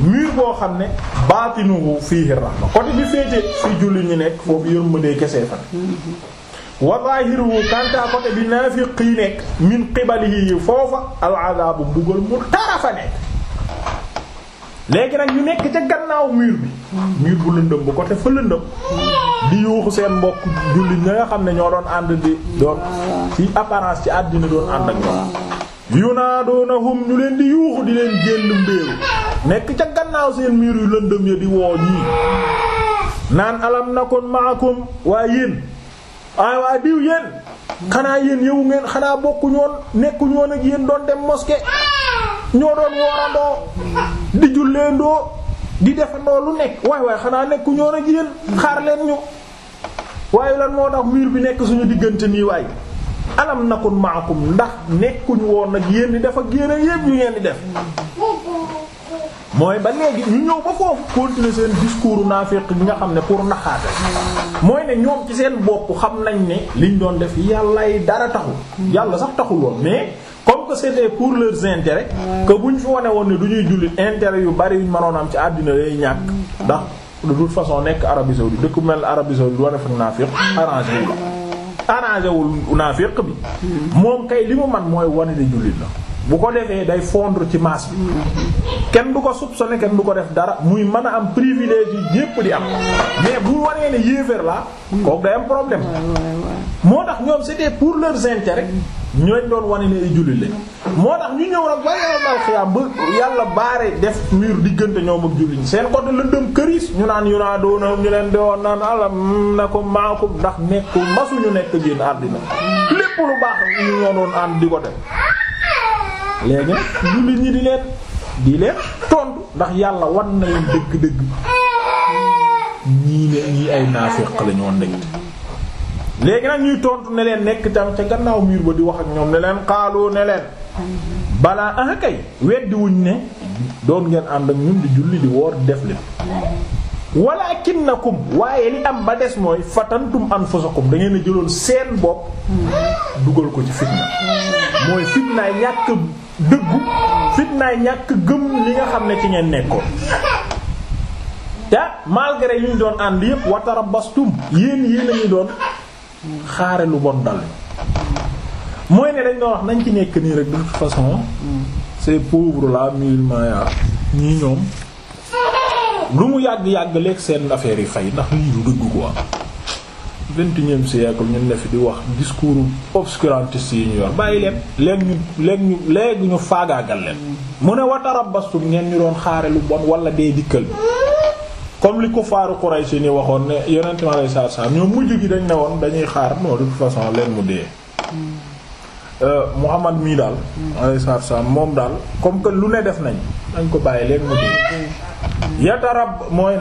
yi mur boo xam ne baatinuhu fiihi rahma côté bi féete fi jullit ñi nekk foofu yërmande kese fa wa zahiruhu bi naafiqi nekk min qibalihi foofa al adabu mbugal mu tarafa nekk léegi nag ñu nekk ca gannaaw mur bi mur bu lëndëm bu côté fa lëndëm di yuuxu seen mbokk jullit ña nga xam ne ñoo doon ànd di doon ci apparence ci àddina doon ànd ak ñoom yunaadunahum ñu leen di yuuxu di leen génn mbéeru ca gannaaw seen mur yu lëndëm ya di woo ñii naan alam nakun maakum waa yéen ay waa diw yéen xanaa yéen yow ngeen xanaa bokku ñoon nekku ñoon ak yéen doon dem mosquée ñoo doon woorandoo di leendoo di defandoo lu nekk waay waaye xanaa nekku ñoo ak yéen xaar leen ñu waaye lan moo tax miir bi nekk suñu diggante nii waay alam na nakun maakum ndax nekkuñu woon nag yéen di def ak yéen ak yéen ñu di def mooy ba léegi ñu ñëw ba foofu continuer seen naa naafiq gi nga xam ne pour naxaate mooy ne ñoom ci seen bopp xam nañ ne liñ doon def yàllaay dara taxul yàlla sax taxul woon mais comme que c'était pour leurs intérêts que bu ñu fi wane woon ni du ñuy jullit intéret yu bari yuñ mënoon am ci àddina lay ñàkk mm, ndax de toute façon nekk Arabie saoudite dëkk mel Arabie saoudite wane fa naafiq arrangé wu la arrangé wul naafiq bi mm. moom kay li mu man mooy wane ne jullit la bu ko defee day fondre ci masse bi mm. kenn du ko soupçonné kenn du ko def dara muy mën a am privilège yi yépp di am mais bu waree ne yéeféer la kooku day am problème moo tax ñoom c'était pour leurs intérêts ñooñ doon wane ne ay jullit lañ moo tax ñu ñëw nag ba yowmal xiyaam ba yàlla baare def mur diggante ñoom ak jullit seen côté lëndëm këriis ñu naan yu naa doona ñu leen doon naan alam na ko maakum ndax nekku masuñu nekk génn àddina lépp lu baax ñu ñoo di ko def léegi jullit ñi di leen di leen tontu ndax yàlla wan na leen dëgg-dëgg ñii ne ñii ay naafiq lañoon nekk léegi nag ñuy tontu neleen leen nekk tam ca gannaaw miir ba di wax ak ñoom ne leen xaaloo ne leen balaa ah kay ne doon ngeen ànd ak ñun di julli di woor di def leen walaakinnakum waaye li am ba des mooy fatantum anfusakum da ngeen di jëloon seen bopp dugal ko ci fitna mooy fitnaay ñàkk dëggu fitnaay ñàkk gëm li nga xam ne ci ngeen nekkoon te malgré yi doon ànd yépp watarabastum yéen yéen lañu doon xaare lu bon dal mooy ne dañ doon wax nañ ci nekk nii rek de toute façon ces pauvres là musulmans ya ñii ñoom lu mu yàgg-yàgg léeg seen affaire yi fay ndax lii du dëgg quoi vingt-et-unième siècle ñun ne fi di wax discours obscurantiste yi ñu yor bàyyi leen léegi ñu léegi ñu léegi ñu faagaagal leen mu ne watarabastum ngeen ñu doon xaare lu bon wala dee dikkal bi comme li kuffaaru Quraysh ni waxoon ne yonent mi alayhi salaatu salaam ñoo mujj gi dañ ne woon dañuy xaar non de toute façon leen mu dee. Euh, Muhammad mii daal. alayhi salaatu salaam moom daal comme que lu ne def nañ dañ ko bàyyi leen mu dee. rab mooy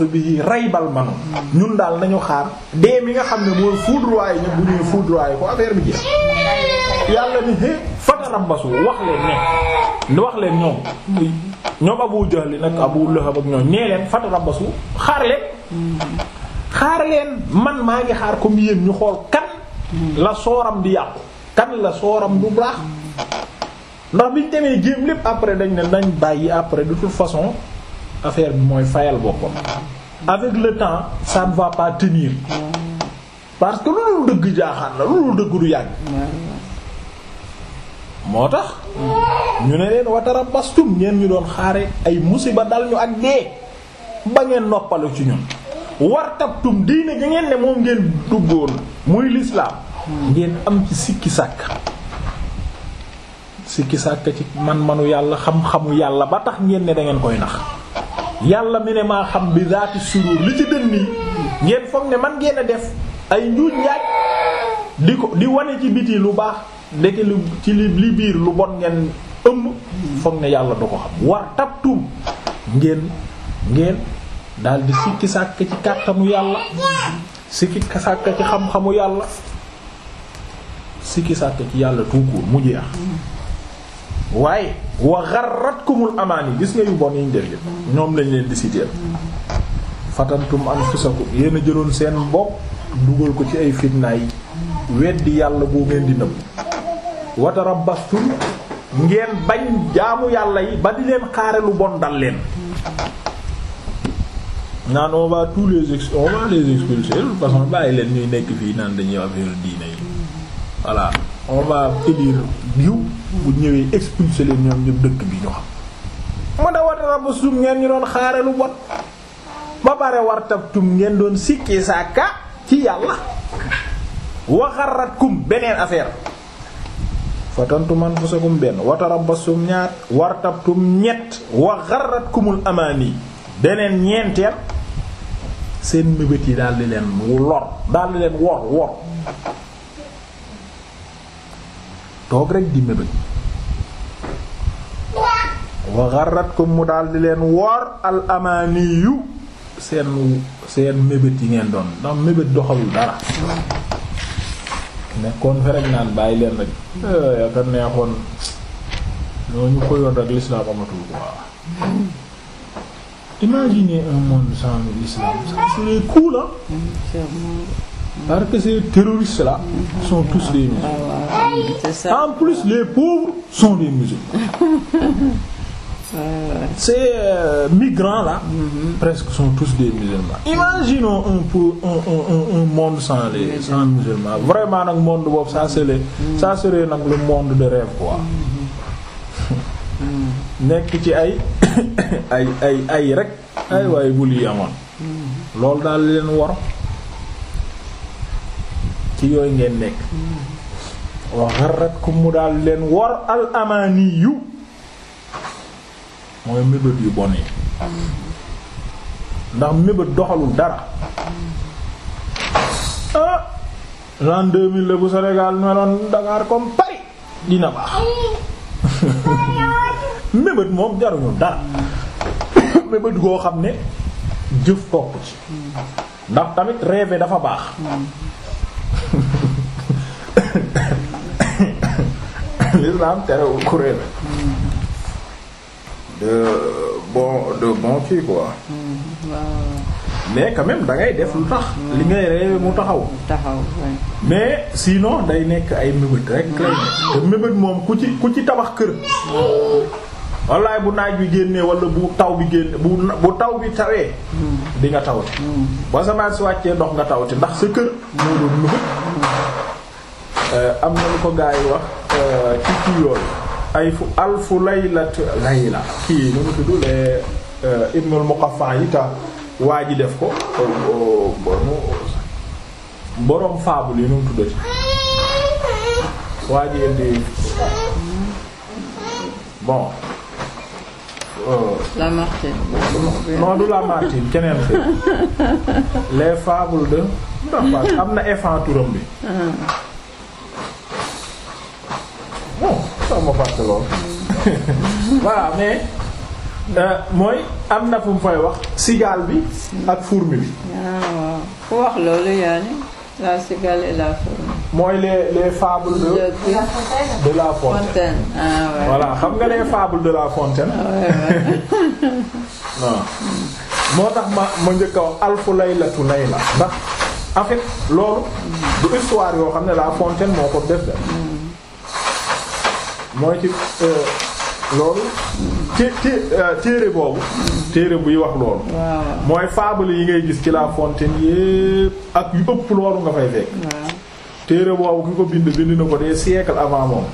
bi bihi raybal manun ñun daal nañu xaar dee mi nga xam ne mooy foudroyé ñëpp bu ñuy foudroyé ko affaire bi jeex. yàlla ni hé fatarabbasu wax leen ne wax leen ñoom. ñoom Abu Jahl nag Abu Lahab ak ñoom nee leen fatarabbasu xaar leen xaar leen man maa ngi xaar comme yéen ñu xool kan la sooram di yàqu kan la sooram du baax ndax biñ demee jéem lépp après dañ ne nañ bàyyi après de toute façon affaire bi mooy fayal boppam avec le temps ça ne va pas tenir parce que loolu dëgg jaaxaan la loolu dëgg du yàgg moo tax ñu ne leen watara bastum ngeen ñu doon xaare ay musiba dal ñu ak dee ba ngeen noppalu ci ñun wartabtum diine ja ngeen ne moom ngeen duggoon muy lislaam ngeen am ci sikki sàkk sikki sàkk ci man manu yàlla xam-xamu yàlla ba tax ngeen ne da koy nax yàlla mi ne maa xam bi zaati suruur li ci dënn yi ngeen foog ne man ngeen a def ay njuuj njaaj di ko di wane ci biti lu baax ndeke lu ci li li biir lu bon ngeen ëmb foog ne yàlla du ko xam war tabtum ngeen ngeen daal di sikki sàkk ci kàttanu yàlla sikki sàkk ci xam-xamu yàlla sikki yàlla tuukuur mu jeex waaye wa gharratkumul amaani gis nga yu bon yiñ def ñoom lañ leen di citer fatantum anfusakum yéen a jëloon seen bopp dugal ko ci ay fitnaay weddi yàlla boo ngeen di nëbb watarabastum ngeen bañ jaamu yàlla yi ba di leen xaare lu bon dal leen naan on va tous les ex on va les bàyyi leen ñuy nekk fii naan dañuy affaire diine yi voilà on va élire diw bu ñëwee expulser leen ñoom ñëpp dëkk bi ñu xam mu da watarabastum ngeen ñu doon xaare lu bon ba pare wartabtum ngeen doon sikki sàkka ci yàlla waxaratkum beneen affaire fatantum anfusakum benn wa tarabbastum ñaar wartabtum ñett wa gharratkumul amaani beneen ñeenteel seen mébét yi daal di leen lor daal leen wor wor toog rek di mébét wa gharratkum mu daldi leen wor al amaani yu seen seen mébét yi ngeen doon ndax mébét doxalul dara nekkoon fa rek naan bàyyi leen rek eh, yaakaar neexoon ñooñu xëyoon rek l'islam amatul quoi imaginez un monde sans l'islam ça serait cool hein parce que ces terroristes là sont tous des musulmans ah, en plus les pauvres sont des musulmans Euh, ces euh, migrants là. Mm-hmm. presque sont tous des musulmans. imaginons un peu un un un monde sans les mm-hmm. sans musulmans vraiment nag monde boobu ça serait mm-hmm. ça serait nag le monde de rêve quoi. nekk ci ay ay ay ay rek ay waaye bu lii amoon loolu daal leen war ci yooyu ngeen nekk wa gharratkum mu daal leen war al amaani yu mooy mébét yu bon yi ndax mébét doxalul dara ah l'an 2000 la bu Sénégal meloon Dakar comme Paris dina baax mébét moom jaruñu dara mébét goo xam ne jëf topp ci ndax tamit rêver dafa baax l'islam terewul ku rêver de bon de bon kii quoi. Mm-hmm. mais quand même da ngay def lu tax. li ngay rêvé mu taxaw. taxaw mais sinon day nekk ay mébét rek. te mébét moom ku ci ku ci tabax kër. wallaay bu naaj bi génnee wala bu taw bi génn bu taw bi tawee. Mm. di nga tawte. Mm. ba semence si wàccee ndox nga taw tawte ndax sa kër. moo doon mébét. Mm. Euh, am na lu ko gaa yi wax euh, ci kii ay fu alfu laylat layla kii nu mu tudd les euh, Ibnul Muqaffa yi ta waa ji def ko oh, oh, boroom faabul yi nu mu tuddati waa ji indi bon. Euh, Lamartine. non du Lamartine keneen fi les fables de. ndax am na effet bi. Ah. bon. tax ma fàtte lool voilà mais euh, mooy am na fu mu fay wax cigale bi ak fourmi bi. waaw wax loolu yaa ni la cigale la fourmi. mooy les les fables de. de la fontaine ah, voilà xam nga les fables de la fontaine. Ah, moo tax ma ma njëkk a wax alfu laylatu layla ndax en loolu du histoire yoo xam ne la fontaine moo ko def de. mooy ci euh, loolu ci ci euh, téere boobu téere buy wax loolu mooy faabale yi ngay gis ci La Fontaine yépp ak yu ëpp loolu nga fay fekk téere boobu ki ko bind bind na ko des siècles avant moom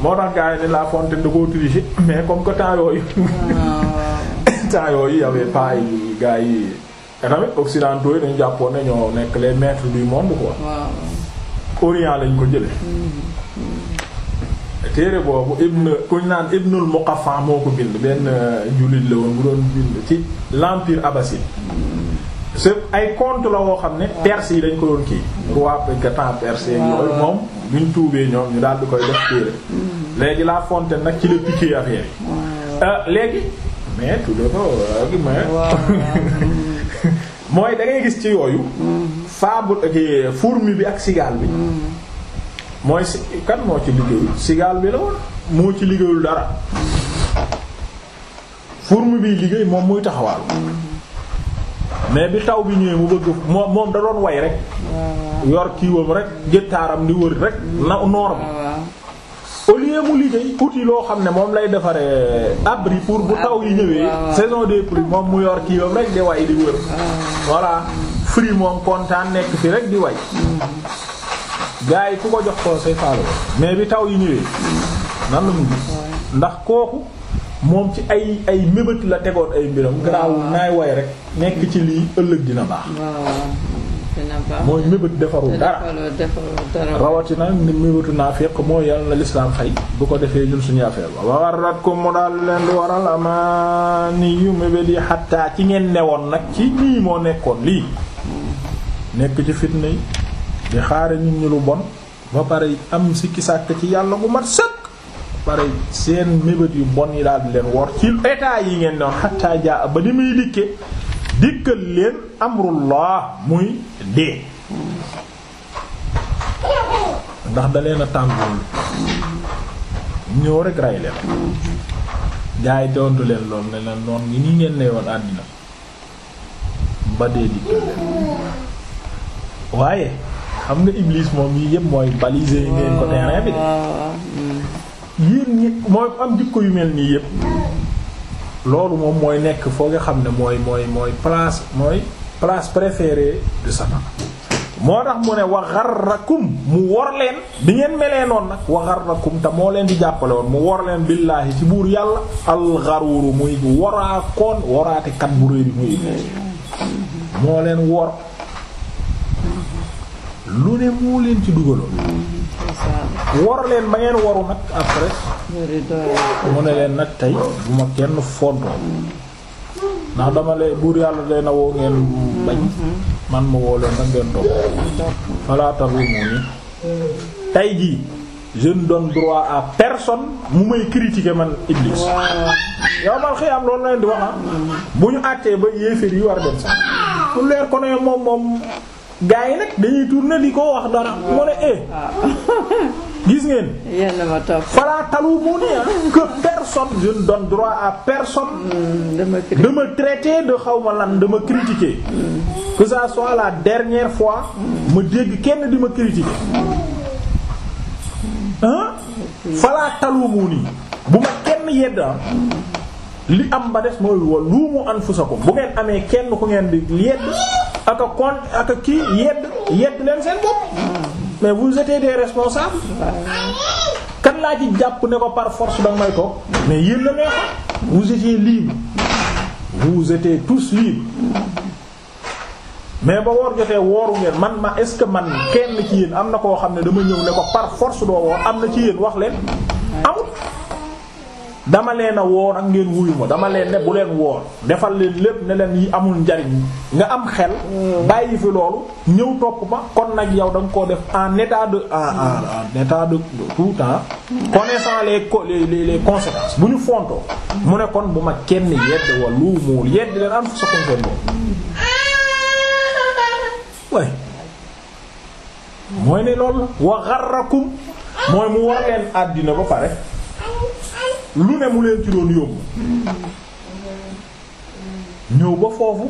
moo tax gaa yi ne La Fontaine da koo tricher mais comme que temps yooyu temps yooyu y'avait pas yi gaa yi tamit occidentaux yi dañu ne ñoo nekk les maîtres du monde quoi orient lañ ko jële mm-hmm. téere boobu ibn kuñ naan ibnul Muqaffa moo ko bind benn euh, jullit la woon bu doon bind ci l'empire abbasside c'est ay conte la woo xam ne perse yi dañ ko doon kii roi temps perse yooyu ah. moom buñ tuubee ñoom ñu daal di koy def téere mm. léegi laa fonte nag ci la piqué affaire euh, léegi mais tudde ko euh, mais mooy da gis ci yooyu mm. fable ak fourmi bi ak cigale bi mm. mooy si kan moo ci liggéey liggéeyul sigaal bi la woon moo ci liggéeyul dara mu bi liggéey moom muy taxawaal mais bi taw bi ñëwee mu bëgg moom moom da doon way rek yor kiiwam rek géttaaram di wër rek na noor bi au mu liggéey outil loo xam ne moom lay defaree abri pour bu taw yi ñëwee saison des pluies moom mu yor kiiwam rek di way di wër voilà fruit moom kontaan nekk fi rek di way mm-hmm. gars yi ku ko jox conseil faalo mais bi taw yi ñëwee nan la mu gis ndax kooku moom ci ay ay mébét la tegoon ay mbiram garaawul naay way rek nekk ci lii ëllëg dina baax mooy mébét defarul dara rawatina ni mébétu naa fekk mooy yàlla na lislaam fay bu ko defee ñun suñu affaire a wawarat ko mu daal leen di waral amaani yu mébét yi xattaa ci ngeen newoon nag ci nii moo nekkoon lii nekk ci fitna yi di xaare nit ñi lu bon ba pare am sikki sàkk ci yàlla bu mat sëkk pare seen mébét yu bon yi daal di leen wor ci état yi ngeen doon xattaa jaa ba ni muy dikke dikkal leen amrullah muy dee ndax da leen a tàngool ñëw rek ray leen gaa yi doontu leen lool ne leen noon ngi nii ngeen ne woon àddina ba dee dikkal leen waaye xam nga Iblis moom yii yëpp mooy balisé ngeen ko terrain bi de mm. yéen ñi mooy am jikko yu mel nii yëpp loolu moom mooy nekk foo nga xam ne mooy mooy mooy mooy place préférée de Satan moo tax mu ne wa gharrakum mu wor leen di ngeen melee nag wa gharrakum te moo leen di jàppale woon mu wor leen billaahi ci buur yàlla al gharuuru muy waraakoon waraatekat bu réy bi muy mm-hmm. moo leen wor lu ne moo leen ci dugaloon. war leen ba ngeen waru nag après. mu ne leen nag tey bu ma kenn foddoo ndax dama leen buur yàlla leen a woo ngeen bañ. man ma woo leen nag ngeen toog. xalaatal wu mu tey jii je ne donne droit a personne mu may critiquer man Iblis. yow man xëy am loolu leen di wax ah. bu ñu àttee ba yéeféer yi war dem sax. pour leer ko ne moom moom. gaa yi nag dañuy tourner di ko wax dara ah. mu ne eh. Ah. gis ngeen. yéen ma topp. fala ah, que personne je droit à personne. de hmm, traité de me xaw ma lan dama me critiquer. Hmm. que ça soit la dernière fois. Hmm. ma dégg kenn di ma critiquer. ah. fala nii bu ma kenn yedd li am ba des mooy wala luumu anfusakum bu ngeen amee kenn ku ngeen di yedd. ak a compte ak a kii yedd yedd leen seen bopp mais vous étiez des responsables kan laa ci jàpp ne ko par force danga may ko mais yéen la neexoon vous étiez libres vous étiez tous libres mais ba woor jotee wooru ngeen man ma est-ce que man kenn ci yéen am na koo xam ne dama ñëw ne ko par force doo woor am na ci yéen wax leen amul dama leen a woor ak ngeen wuyu ma dama leen ne bu leen woon defal leen lépp ne leen yi amul njariñ nga am xel bàyyi fi loolu ñëw topp ma kon nag yow da nga koo def en état de en en état de temps connaissant les les les conséquences bu ñu fontoo mu ne kon bu ma kenn yedd wala lu muul yedd leen am fa sa konkon boobu way mooy ne loolu la wa mooy mu war leen àddina ba pare lu ne mu leen ci doon yóbbu ñëw ba foofu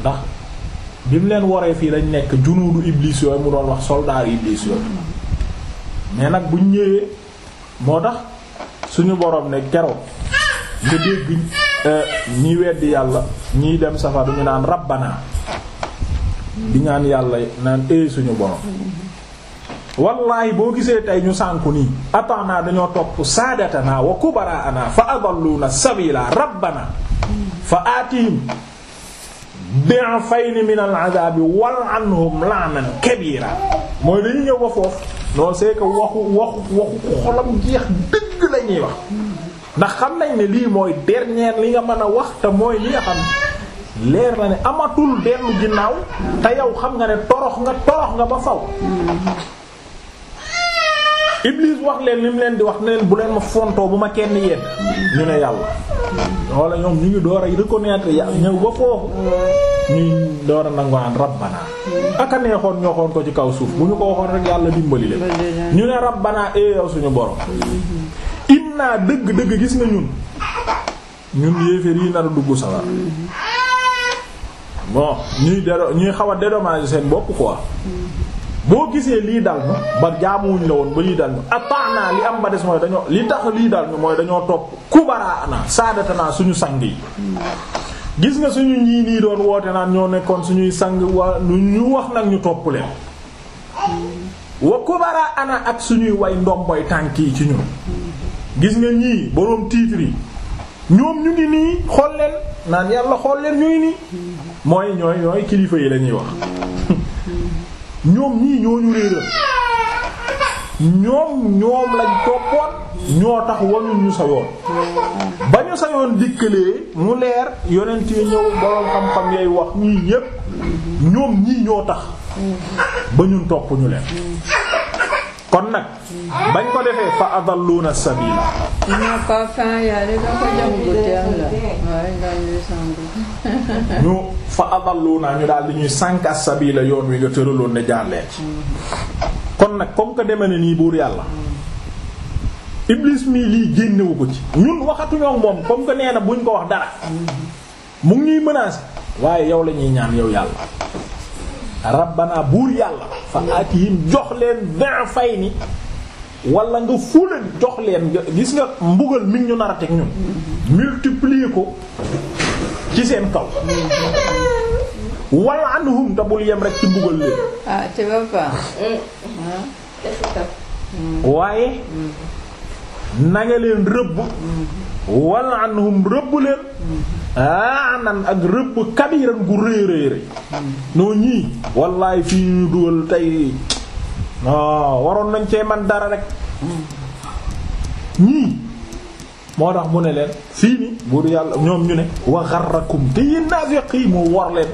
ndax bi mu leen waree fii lañ nekk junuudu iblis yooyu mu doon wax soldat iblis yooyu mais nag buñ ñëwee moo tax suñu boroom ne keroog nga dégg euh, ñi weddi yàlla ñiy dem safar ñu naan rabbana di ñaan yàlla naan éey eh, suñu borom wallaahi boo gisee tey ñu sànku nii ataanaa dañoo topp saadatanaa wa kubaraanaa fa adalluuna sabila rabbana fa aatihim bi'fayni min al'adabi wal anhum la'nan kabira mooy dañu ñëw ba foofu non c'est waxu waxu ku xolam jeex dëgg la wax ndax xam nañ ne lii mooy dernier li nga mën a wax te mooy li nga xam leer na ne amatul dellu ginnaaw te yow xam nga ne torox nga torox nga ba faw Iblis wax leen li mu leen di wax ne bu leen ma fontoo bu ma kenn yedd ñu ne yàlla walla ñoom ñu ngi door a reconnaître yàlla ñëw ba foofu ñu doora a nanguwaan rabbanaa aka neexoon ñu waxoon ko ci kaw suuf bu ñu ko waxoon rek yàlla dimbali leen ñu ne rabbanaa ee yow suñu borom inna dëgg dëgg gis nga ñun ñun yéeféer yi nar a dugg sawar bon ñuy dédo ñuy xaw a dédommager seen bopp quoi boo gisee lii dal ñu ba jaamuwuñ la woon ba lii dal ñu ataana li am ba des mooy dañoo li tax lii dal ñu mooy dañoo topp kubaraana saadatanaa suñu sang yi gis nga suñu ñii nii doon woote ñoo nekkoon suñuy sang wa lu ñu wax nag ñu topp wa kubara ana ak suñuy way ndomboy tànk yi ci ñun gis nga ñii boroom titre yi ñoom ñu ngi nii xool leen naan yàlla xool leen ñuy nii mooy ñooy kilifa yi lañuy wax ñoom ñii ñoo ñu réeral ñoom ñoom lañ toppoon ñoo tax wañu ñu sa yoon ba ñu sa yoon dikkalee mu leer yonent yi ñëw boroom xam-xam yay wax ñii ñépp ñoom ñii ñoo tax ba ñun topp ñu leen kon nag bañ ko defee fa adalluna sabila ñu fa adalluna ñu daal di ñuy sànk as la yoon wi nga tëraloon ne jaar ci kon nag comme que deme na nii buur yàlla iblis mi lii génnewu ko ci ñun waxatuñoo moom comme que nee na buñ ko wax dara mm-hmm. mu ngi ñuy waaye yow lañuy ñaan yow yàlla rabbana buur yàlla fa atihim jox leen vingt fay ni wala nga fuuleen jox leen gis nga mbugal mi ñu nar teg ñun multiplier ko ci seen kaw wala anhum te bul yem rek ci mbugal leen ah, hmm. ah. waaye hmm. na nga leen rëbb wal anhum rëbb leen aanan ak rëbb kabiran gu réeréeré noo ñii wallaay fii ñu dugal tey waaw waroon nañ cee man dara rekk ñii moo tax mu ne leen fii ni buur yàlla ñoom ñu ne wa xarrakum te yéen naafiq yi moo war leen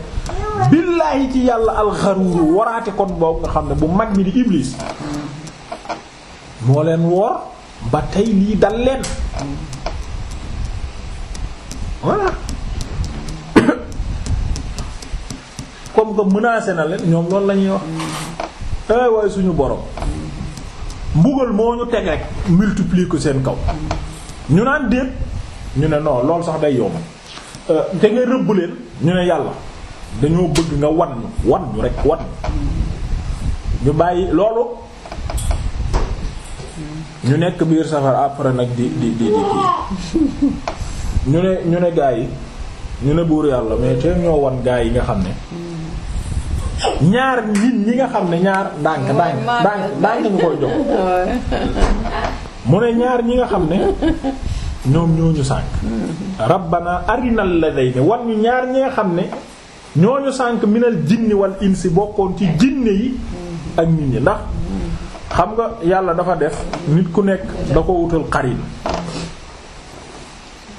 billaahi ci yàlla alxaruuru waraate kon boobu nga xam ne bu mag mi di iblis moo leen woor ba tey lii dal leen voilà comme que menacé na leen ñoom loolu la wax ay eh waaye suñu borom mbugal moo ñu teg rek multiplier ko seen kaw ñu naan déet ñu ne non loolu sax day yomb eh, te nga rëbb leen ñu ne yàlla dañoo bëgg nga wan ñu wan ñu rek wan ñu bàyyi loolu ñu nekk biir safara après nag di di di di ñu ne ñu ne gaa yi ñu ne buur yàlla mais te ñoo wan gaa yi nga xam ne ñaar ñi nga xam ne ñaar ndànk ndànk ndànk ndànk ñaar ñi nga xam ne ñoom ñoo ñu sànk rabbana arinal ladayni wan ñu ñaar ñi nga xam ne ñoo ñu sànk minal jinni wal insi bokkoon ci jinne yi ak nit ñi ndax xam nga yàlla dafa def nit ku nekk da ko wutal xarin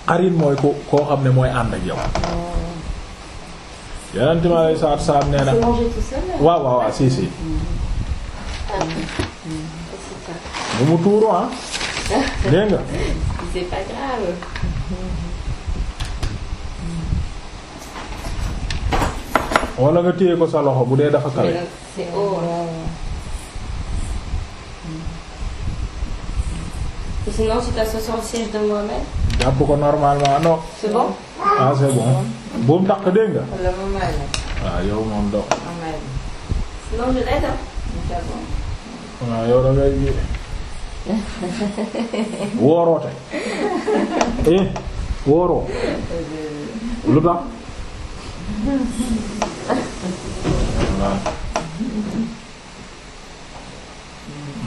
xarin mooy ko koo xam ne mooy ànd ak yow yeneen time alay saatu salaam nee bu mu tuuru ah dégg nga c'est nga téye ko sa loxo bu dee dafa kawe sinon si tas soixante de Mohamed. jàpp ko normalement non. c'est bon. ah c'est bon. waaw ah, yow moom dox. moom ah, yow da ngay ji. wooroo eh, wooroo. lu tax.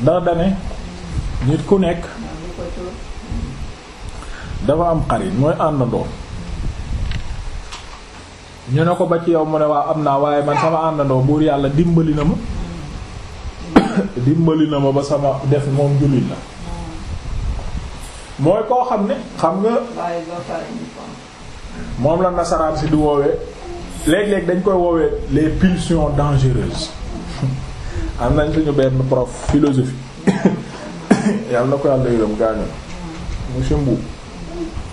ndax dane nit ku nekk. dafa am xarit mooy àndandoo ñu ne ko ba ci yow mu ne waa am naa waaye man sama àndandoo buur yàlla dimbali na ma dimbali na ma ba sama def moom jullit la mooy koo xam ne xam nga moom la nasaraan si di woowee léeg-léeg dañ koy woowee les pulsions dangereuses am nañ suñu benn prof philosophie yàlla na ko yàlla yërëm gaañu monsieur Mbour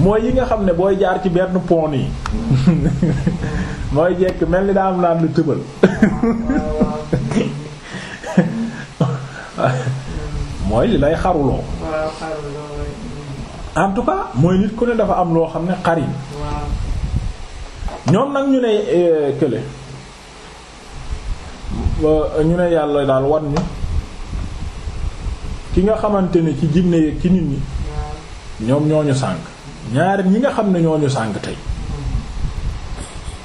mooy yi nga xam ne booy jaar ci benn pont yi mooy jekk mel ni daa am naan lu tëbal mooy li lay xaruloo en tout cas mooy nit ku ne dafa am loo xam ne xarin ñoom nag ñu ne euh, kële ñu ne yàlla daal war ñu ki nga xamante ne ci jinne ci nit ñi ñoom ñoo ñu sànk ñaari ñi nga xam ne ñoo ñu sànq tey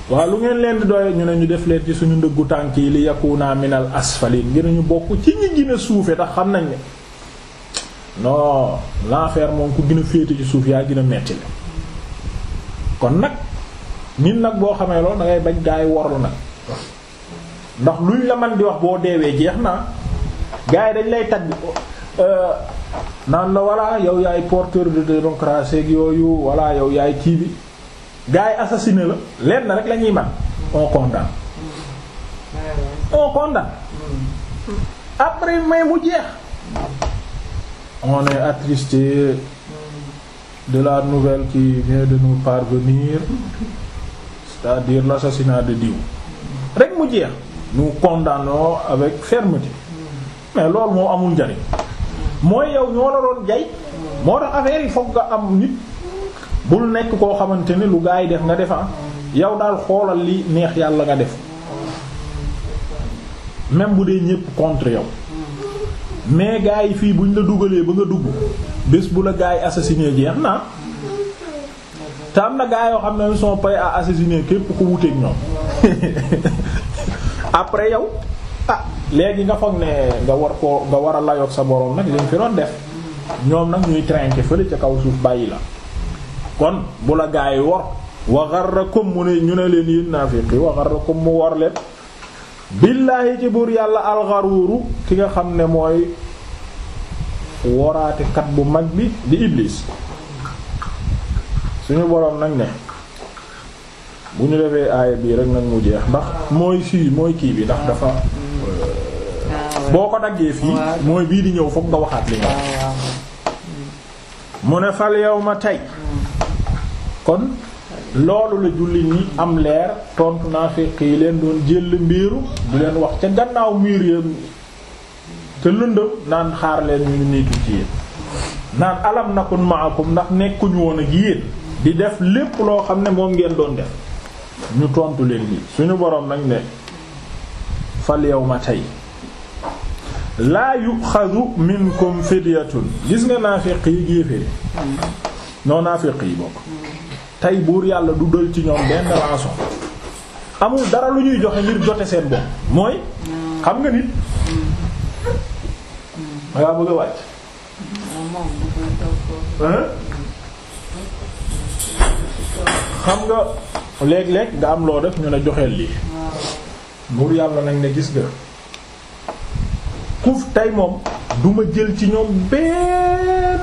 waaw lu ngeen leen di doye ñu ne ñu def leen ci suñu ndëggu tànk yi li yakuna minal asfalin ngir ñu bokk ci ñi gën a suufe tax xam nañ ne non l'enfer moom ku gën a ci suuf yaa gën a metti la kon nag nit nag boo xamee loolu dangay ngay bañ gaay worlu nag ndax luñ la man di wax boo deewee jeex na gaay dañ lay tagg euh, naan la voilà yow yaay porteur de démocratie ak yooyu voilà yow yaay kii bi gars yi assassiné la leen na rek lañuy ñuy man on condamne on condamne après mais mu jeex on est attristé de la nouvelle ci vient de nous parvenir c'est-à-dire l'assassinat de Diou rek mu jeex nous condamnons avec fermeté mais loolu moo amul njariñ mooy yow ñoo la doon jay moo tax affaire yi foog nga am nit bul nekk koo xamante ni lu gaa yi def nga def ah. yow daal xoolal li neex yàlla nga def même bu dee ñépp contre yow mais gaa yi fii buñ la dugalee ba nga dugg bés bu la gaa yi assassiné jeex na te am na gaa yoo xam ne ils sont prêts à assassiner képp ku wuteeg ñoom après yow ah léegi nga foog ne nga war ko nga war a layoog sa borom nag liñ fi doon def ñoom nag ñuy trinquer fële ci kaw suuf bàyyi la kon bu la gaa yi wor wa gharrakum mu ne ñu ne leen yéen naafiqi wa gharrakum mu wor leen billaahi ci buur yàlla alxaruuru ki nga xam ne mooy woraate kat bu mag bi di iblis suñu boroom nag ne bu ñu defee aaya bii rek nag mu jeex ndax mooy fii mooy kii bi ndax dafa Ah, boo ko daggee fii ah, mooy bii di ñëw fokk nga waxaat li nga ah, ne fal yow ma tey kon loolu la julli ñi am leer tontu naa fekk yi leen doon jël mbiiru du leen wax ca gannaaw miir yam te lëndëm naan xaar leen ñu niitu ci naan alam nakun maakum ndax nekkuñu woon ak yéen di def lépp loo xam ne moom ngeen doon def ñu tontu leen lii suñu boroom nag ne fal yawma tey laa yuxadu minkum fidyatun gis nga naafiq yi géeféri non naafiq yi bokk tey buur yàlla du dël ci ñoom benn rançon amul dara lu ñuy joxe ngir jote seen bopp mooy xam nga nit dangaa bëgg a wàcc xam nga léeg-léeg nga am loo def ñu ne joxeel lii buur yàlla nag ne gis nga kuuf tey moom duma jël ci ñoom benn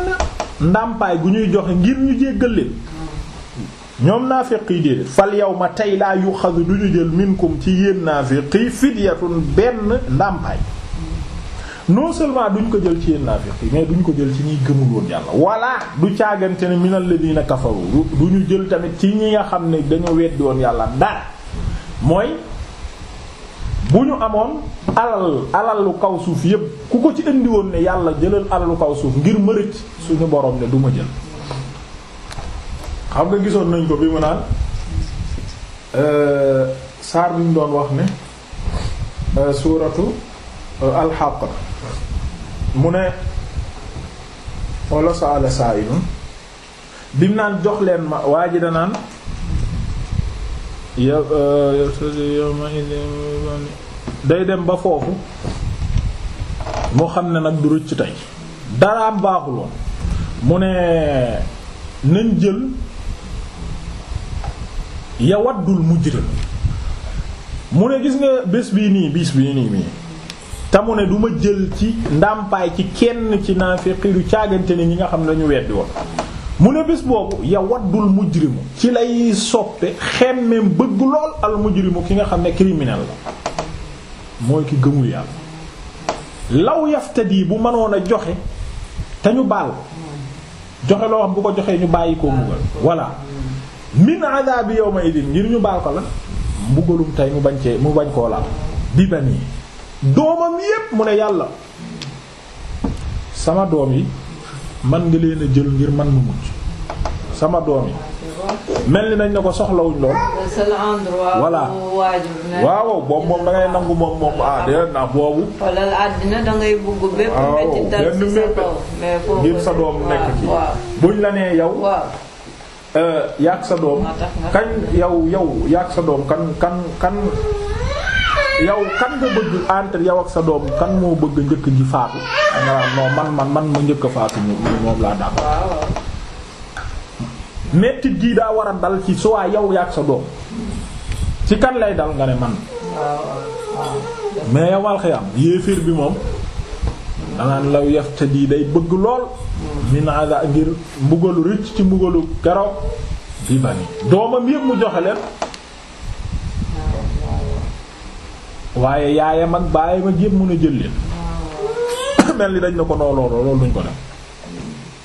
ndàmpaay gu ñuy joxe ngir ñu jéggal leen ñoom naafiq yi déedéet fal yow ma tey laa yuxadu du ñu jël minkum ci yéen naafiq yi fidyatun benn ndàmpaay non seulement duñ ko jël ci yéen naafiq yi mais duñ ko jël ci ñuy gëmul woon yàlla walla du caagante ne minal ladina kafaru du ñu jël tamit ci ñi nga xam ne dañu weddi woon yàlla dara mooy bu ñu amoon alal alalu kaw suuf yépp ku ko ci indiwoon woon ne yàlla jëlal alalu kaw suuf ngir ma rëcc suñu boroom ne du ma jël xam nga gisoon nañ ko bi mu naan euh, saar bi ñu doon wax ne euh, suuratu euh, alxaq mu ne wala saala sa'ilun bi mu naan jox leen ma waa ji da naan ya day dem ba foofu moo xam ne nag du rëcc tey daraam baaxuloon mu ne nañ jël yawaddul mujrim mu ne gis nga bés bii nii bis bii nii mii te ne du jël ci ndàmpaay ci kenn ci naafiq du caagante ni ñi nga xam ne dañu weddi woon mu ne bés boobu yawaddul mujrimu ci lay soppe xemmeem bëgg lool al mujrimu ki nga xam ne criminel la mooy ki gëmul yàlla law yaftadi bu mënoon a joxe te ñu baal joxe loo xam bu ko joxee ñu bàyyi koo mbugal voilà min adabi yawma idin ngir ñu baal ko la mbugalum tey mu bañ cee mu bañ koo laal bi bani doomam yépp mu ne yàlla sama doom yi man nga leen jël ngir man mu mucc sama doom yi mel ni nañ ne ko soxlawuñ lool. voilà waaw boobu moom da ngay nangu moom moom ah déedéet naa boobu. xoolal àddina da ngay bugg sa kaw ngir sa doom nekk ci buñ la yow. Euh, yaag sa doom kañ yow yow sa doom kan kan kan yow kan nga bëgg kan moo bëgg njëkk ji faatu. xanaa non man man man ma njëkk a faatu moom laa d'accord. mettit gii daa war a dal ci soit yow yaag sa doom ci kan lay dal nga ne man mais yow alxiyam yéeféer bi moom danaan law yaftadi day bëgg lool min ada ngir mbugalu rëcc ci mbugalu garaw bi bani doomam yépp mu joxe leen waaye yaayam ak baayam ak yépp mën a jël leen mel ni dañ na ko noo loolu loolu ko def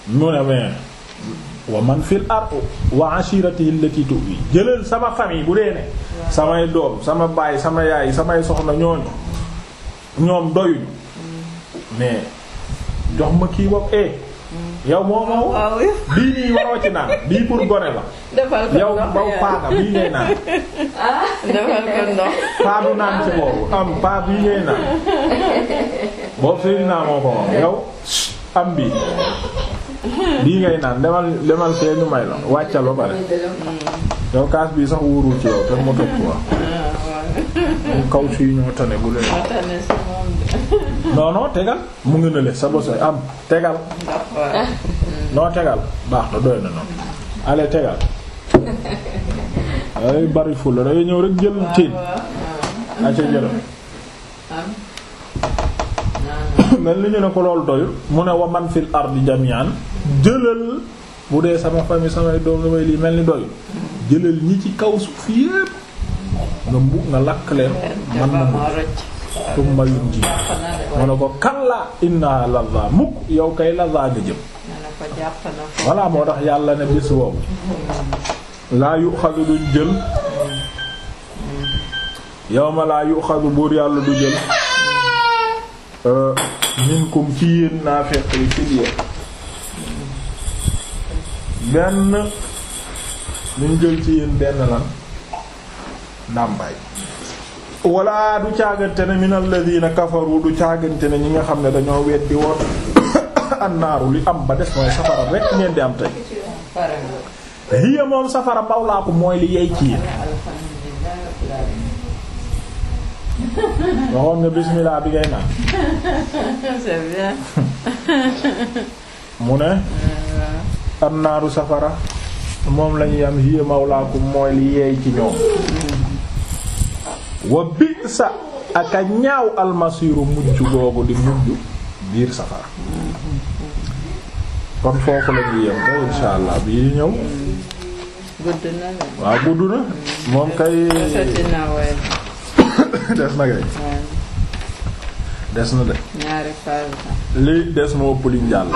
mu ne mais wa man fil ard wa ashiratihi allati tu'wi jëlal sama famille bu dee ne samay doom sama baay sama yaay samay soxna ñooñu ñoom doyuñu mais jox ma kii bopp eh. yow moom moom bii nii waroo naan bii pour gone la. defal ko ndox paaka ah, bii ngay naan. boobu am paa naan naa moo ko wax yow am bii. bii ngay naan demal demal fee ñu may la wàccal ba pare yow kaas bii sax wóorul ci yow te mu tëb quoi kaw si ñoo tane bu leen non non tegal mu ngi nële sa bos am tegal non tegal baax na doy na noonu ale tegal ay bari fulla dangay ñëw rek jël tiit a ca jëlam mel ni ñu ne ko loolu doyul mu ne wa man fil ardi jami'an jëlal bu dee sama famille samay doom damay lii mel ni doyul jëlal ñi ci kaw suuf yépp nga mbu nga lakk leen man na mu summa yunji mu ne ko kalla inna lazaa mukk yow kay lazaa nga jëm voilà moo tax yàlla ne bis boobu laa yu xasu duñ jël yow ma laa yu xasu buur yàlla du jël Euh, minkum ci yéen naafeq yi ci biir benn ñu jël ci yéen benn lan ndàmbaay wala du caagante ne min alladina kafaru du caagante ne ñi nga xam ne dañoo weddi woon annaaru li am ba des mooy safara rek ngeen di am tey hiya moom safara mawlaaku mooy li yey ci yéen waxoon nga bismillah bi ngay naan. mu ne. Euh, naaru safara. moom lañuy am hiya mawlaakum mooy li yeey ci ñoom. Mm-hmm. wa bi'sa ak a ñaaw almasiiru mujj googu di mujj biir safara. Mm-hmm. kon foofu la yem kay insha allah bii ñëw. Mm-hmm. gudd gudd na moom kay. des na kay des na de li des moo ëpp liñ jàll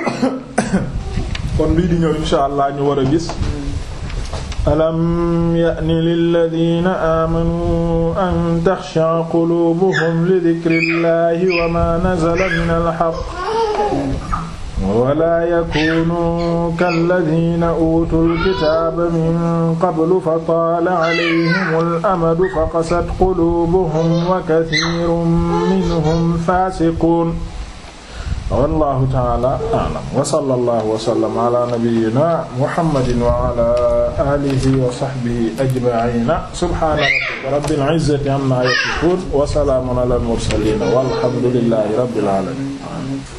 kon bii di ñëw insha allah ñu war a gis mm. alam ya'ni lilladina aamanu an taxsha qulubuhum li dhikrillahi wa ma nazala min al haqq mm. wala yakunu kalladina utul kitaaba min qablu fa taala alayhim alamadu fa qasat qulubuhum wa kathirun minhum faasiqun wallahu taala a'lam wa sallallahu wa sallama ala nabiyyina muhammadin wa ala alihi wa sahbihi ajma'ina subhana rabbika rabbil izzati amma yasifun wa salaamun ala al mursalin walhamdulillahi rabbil alamin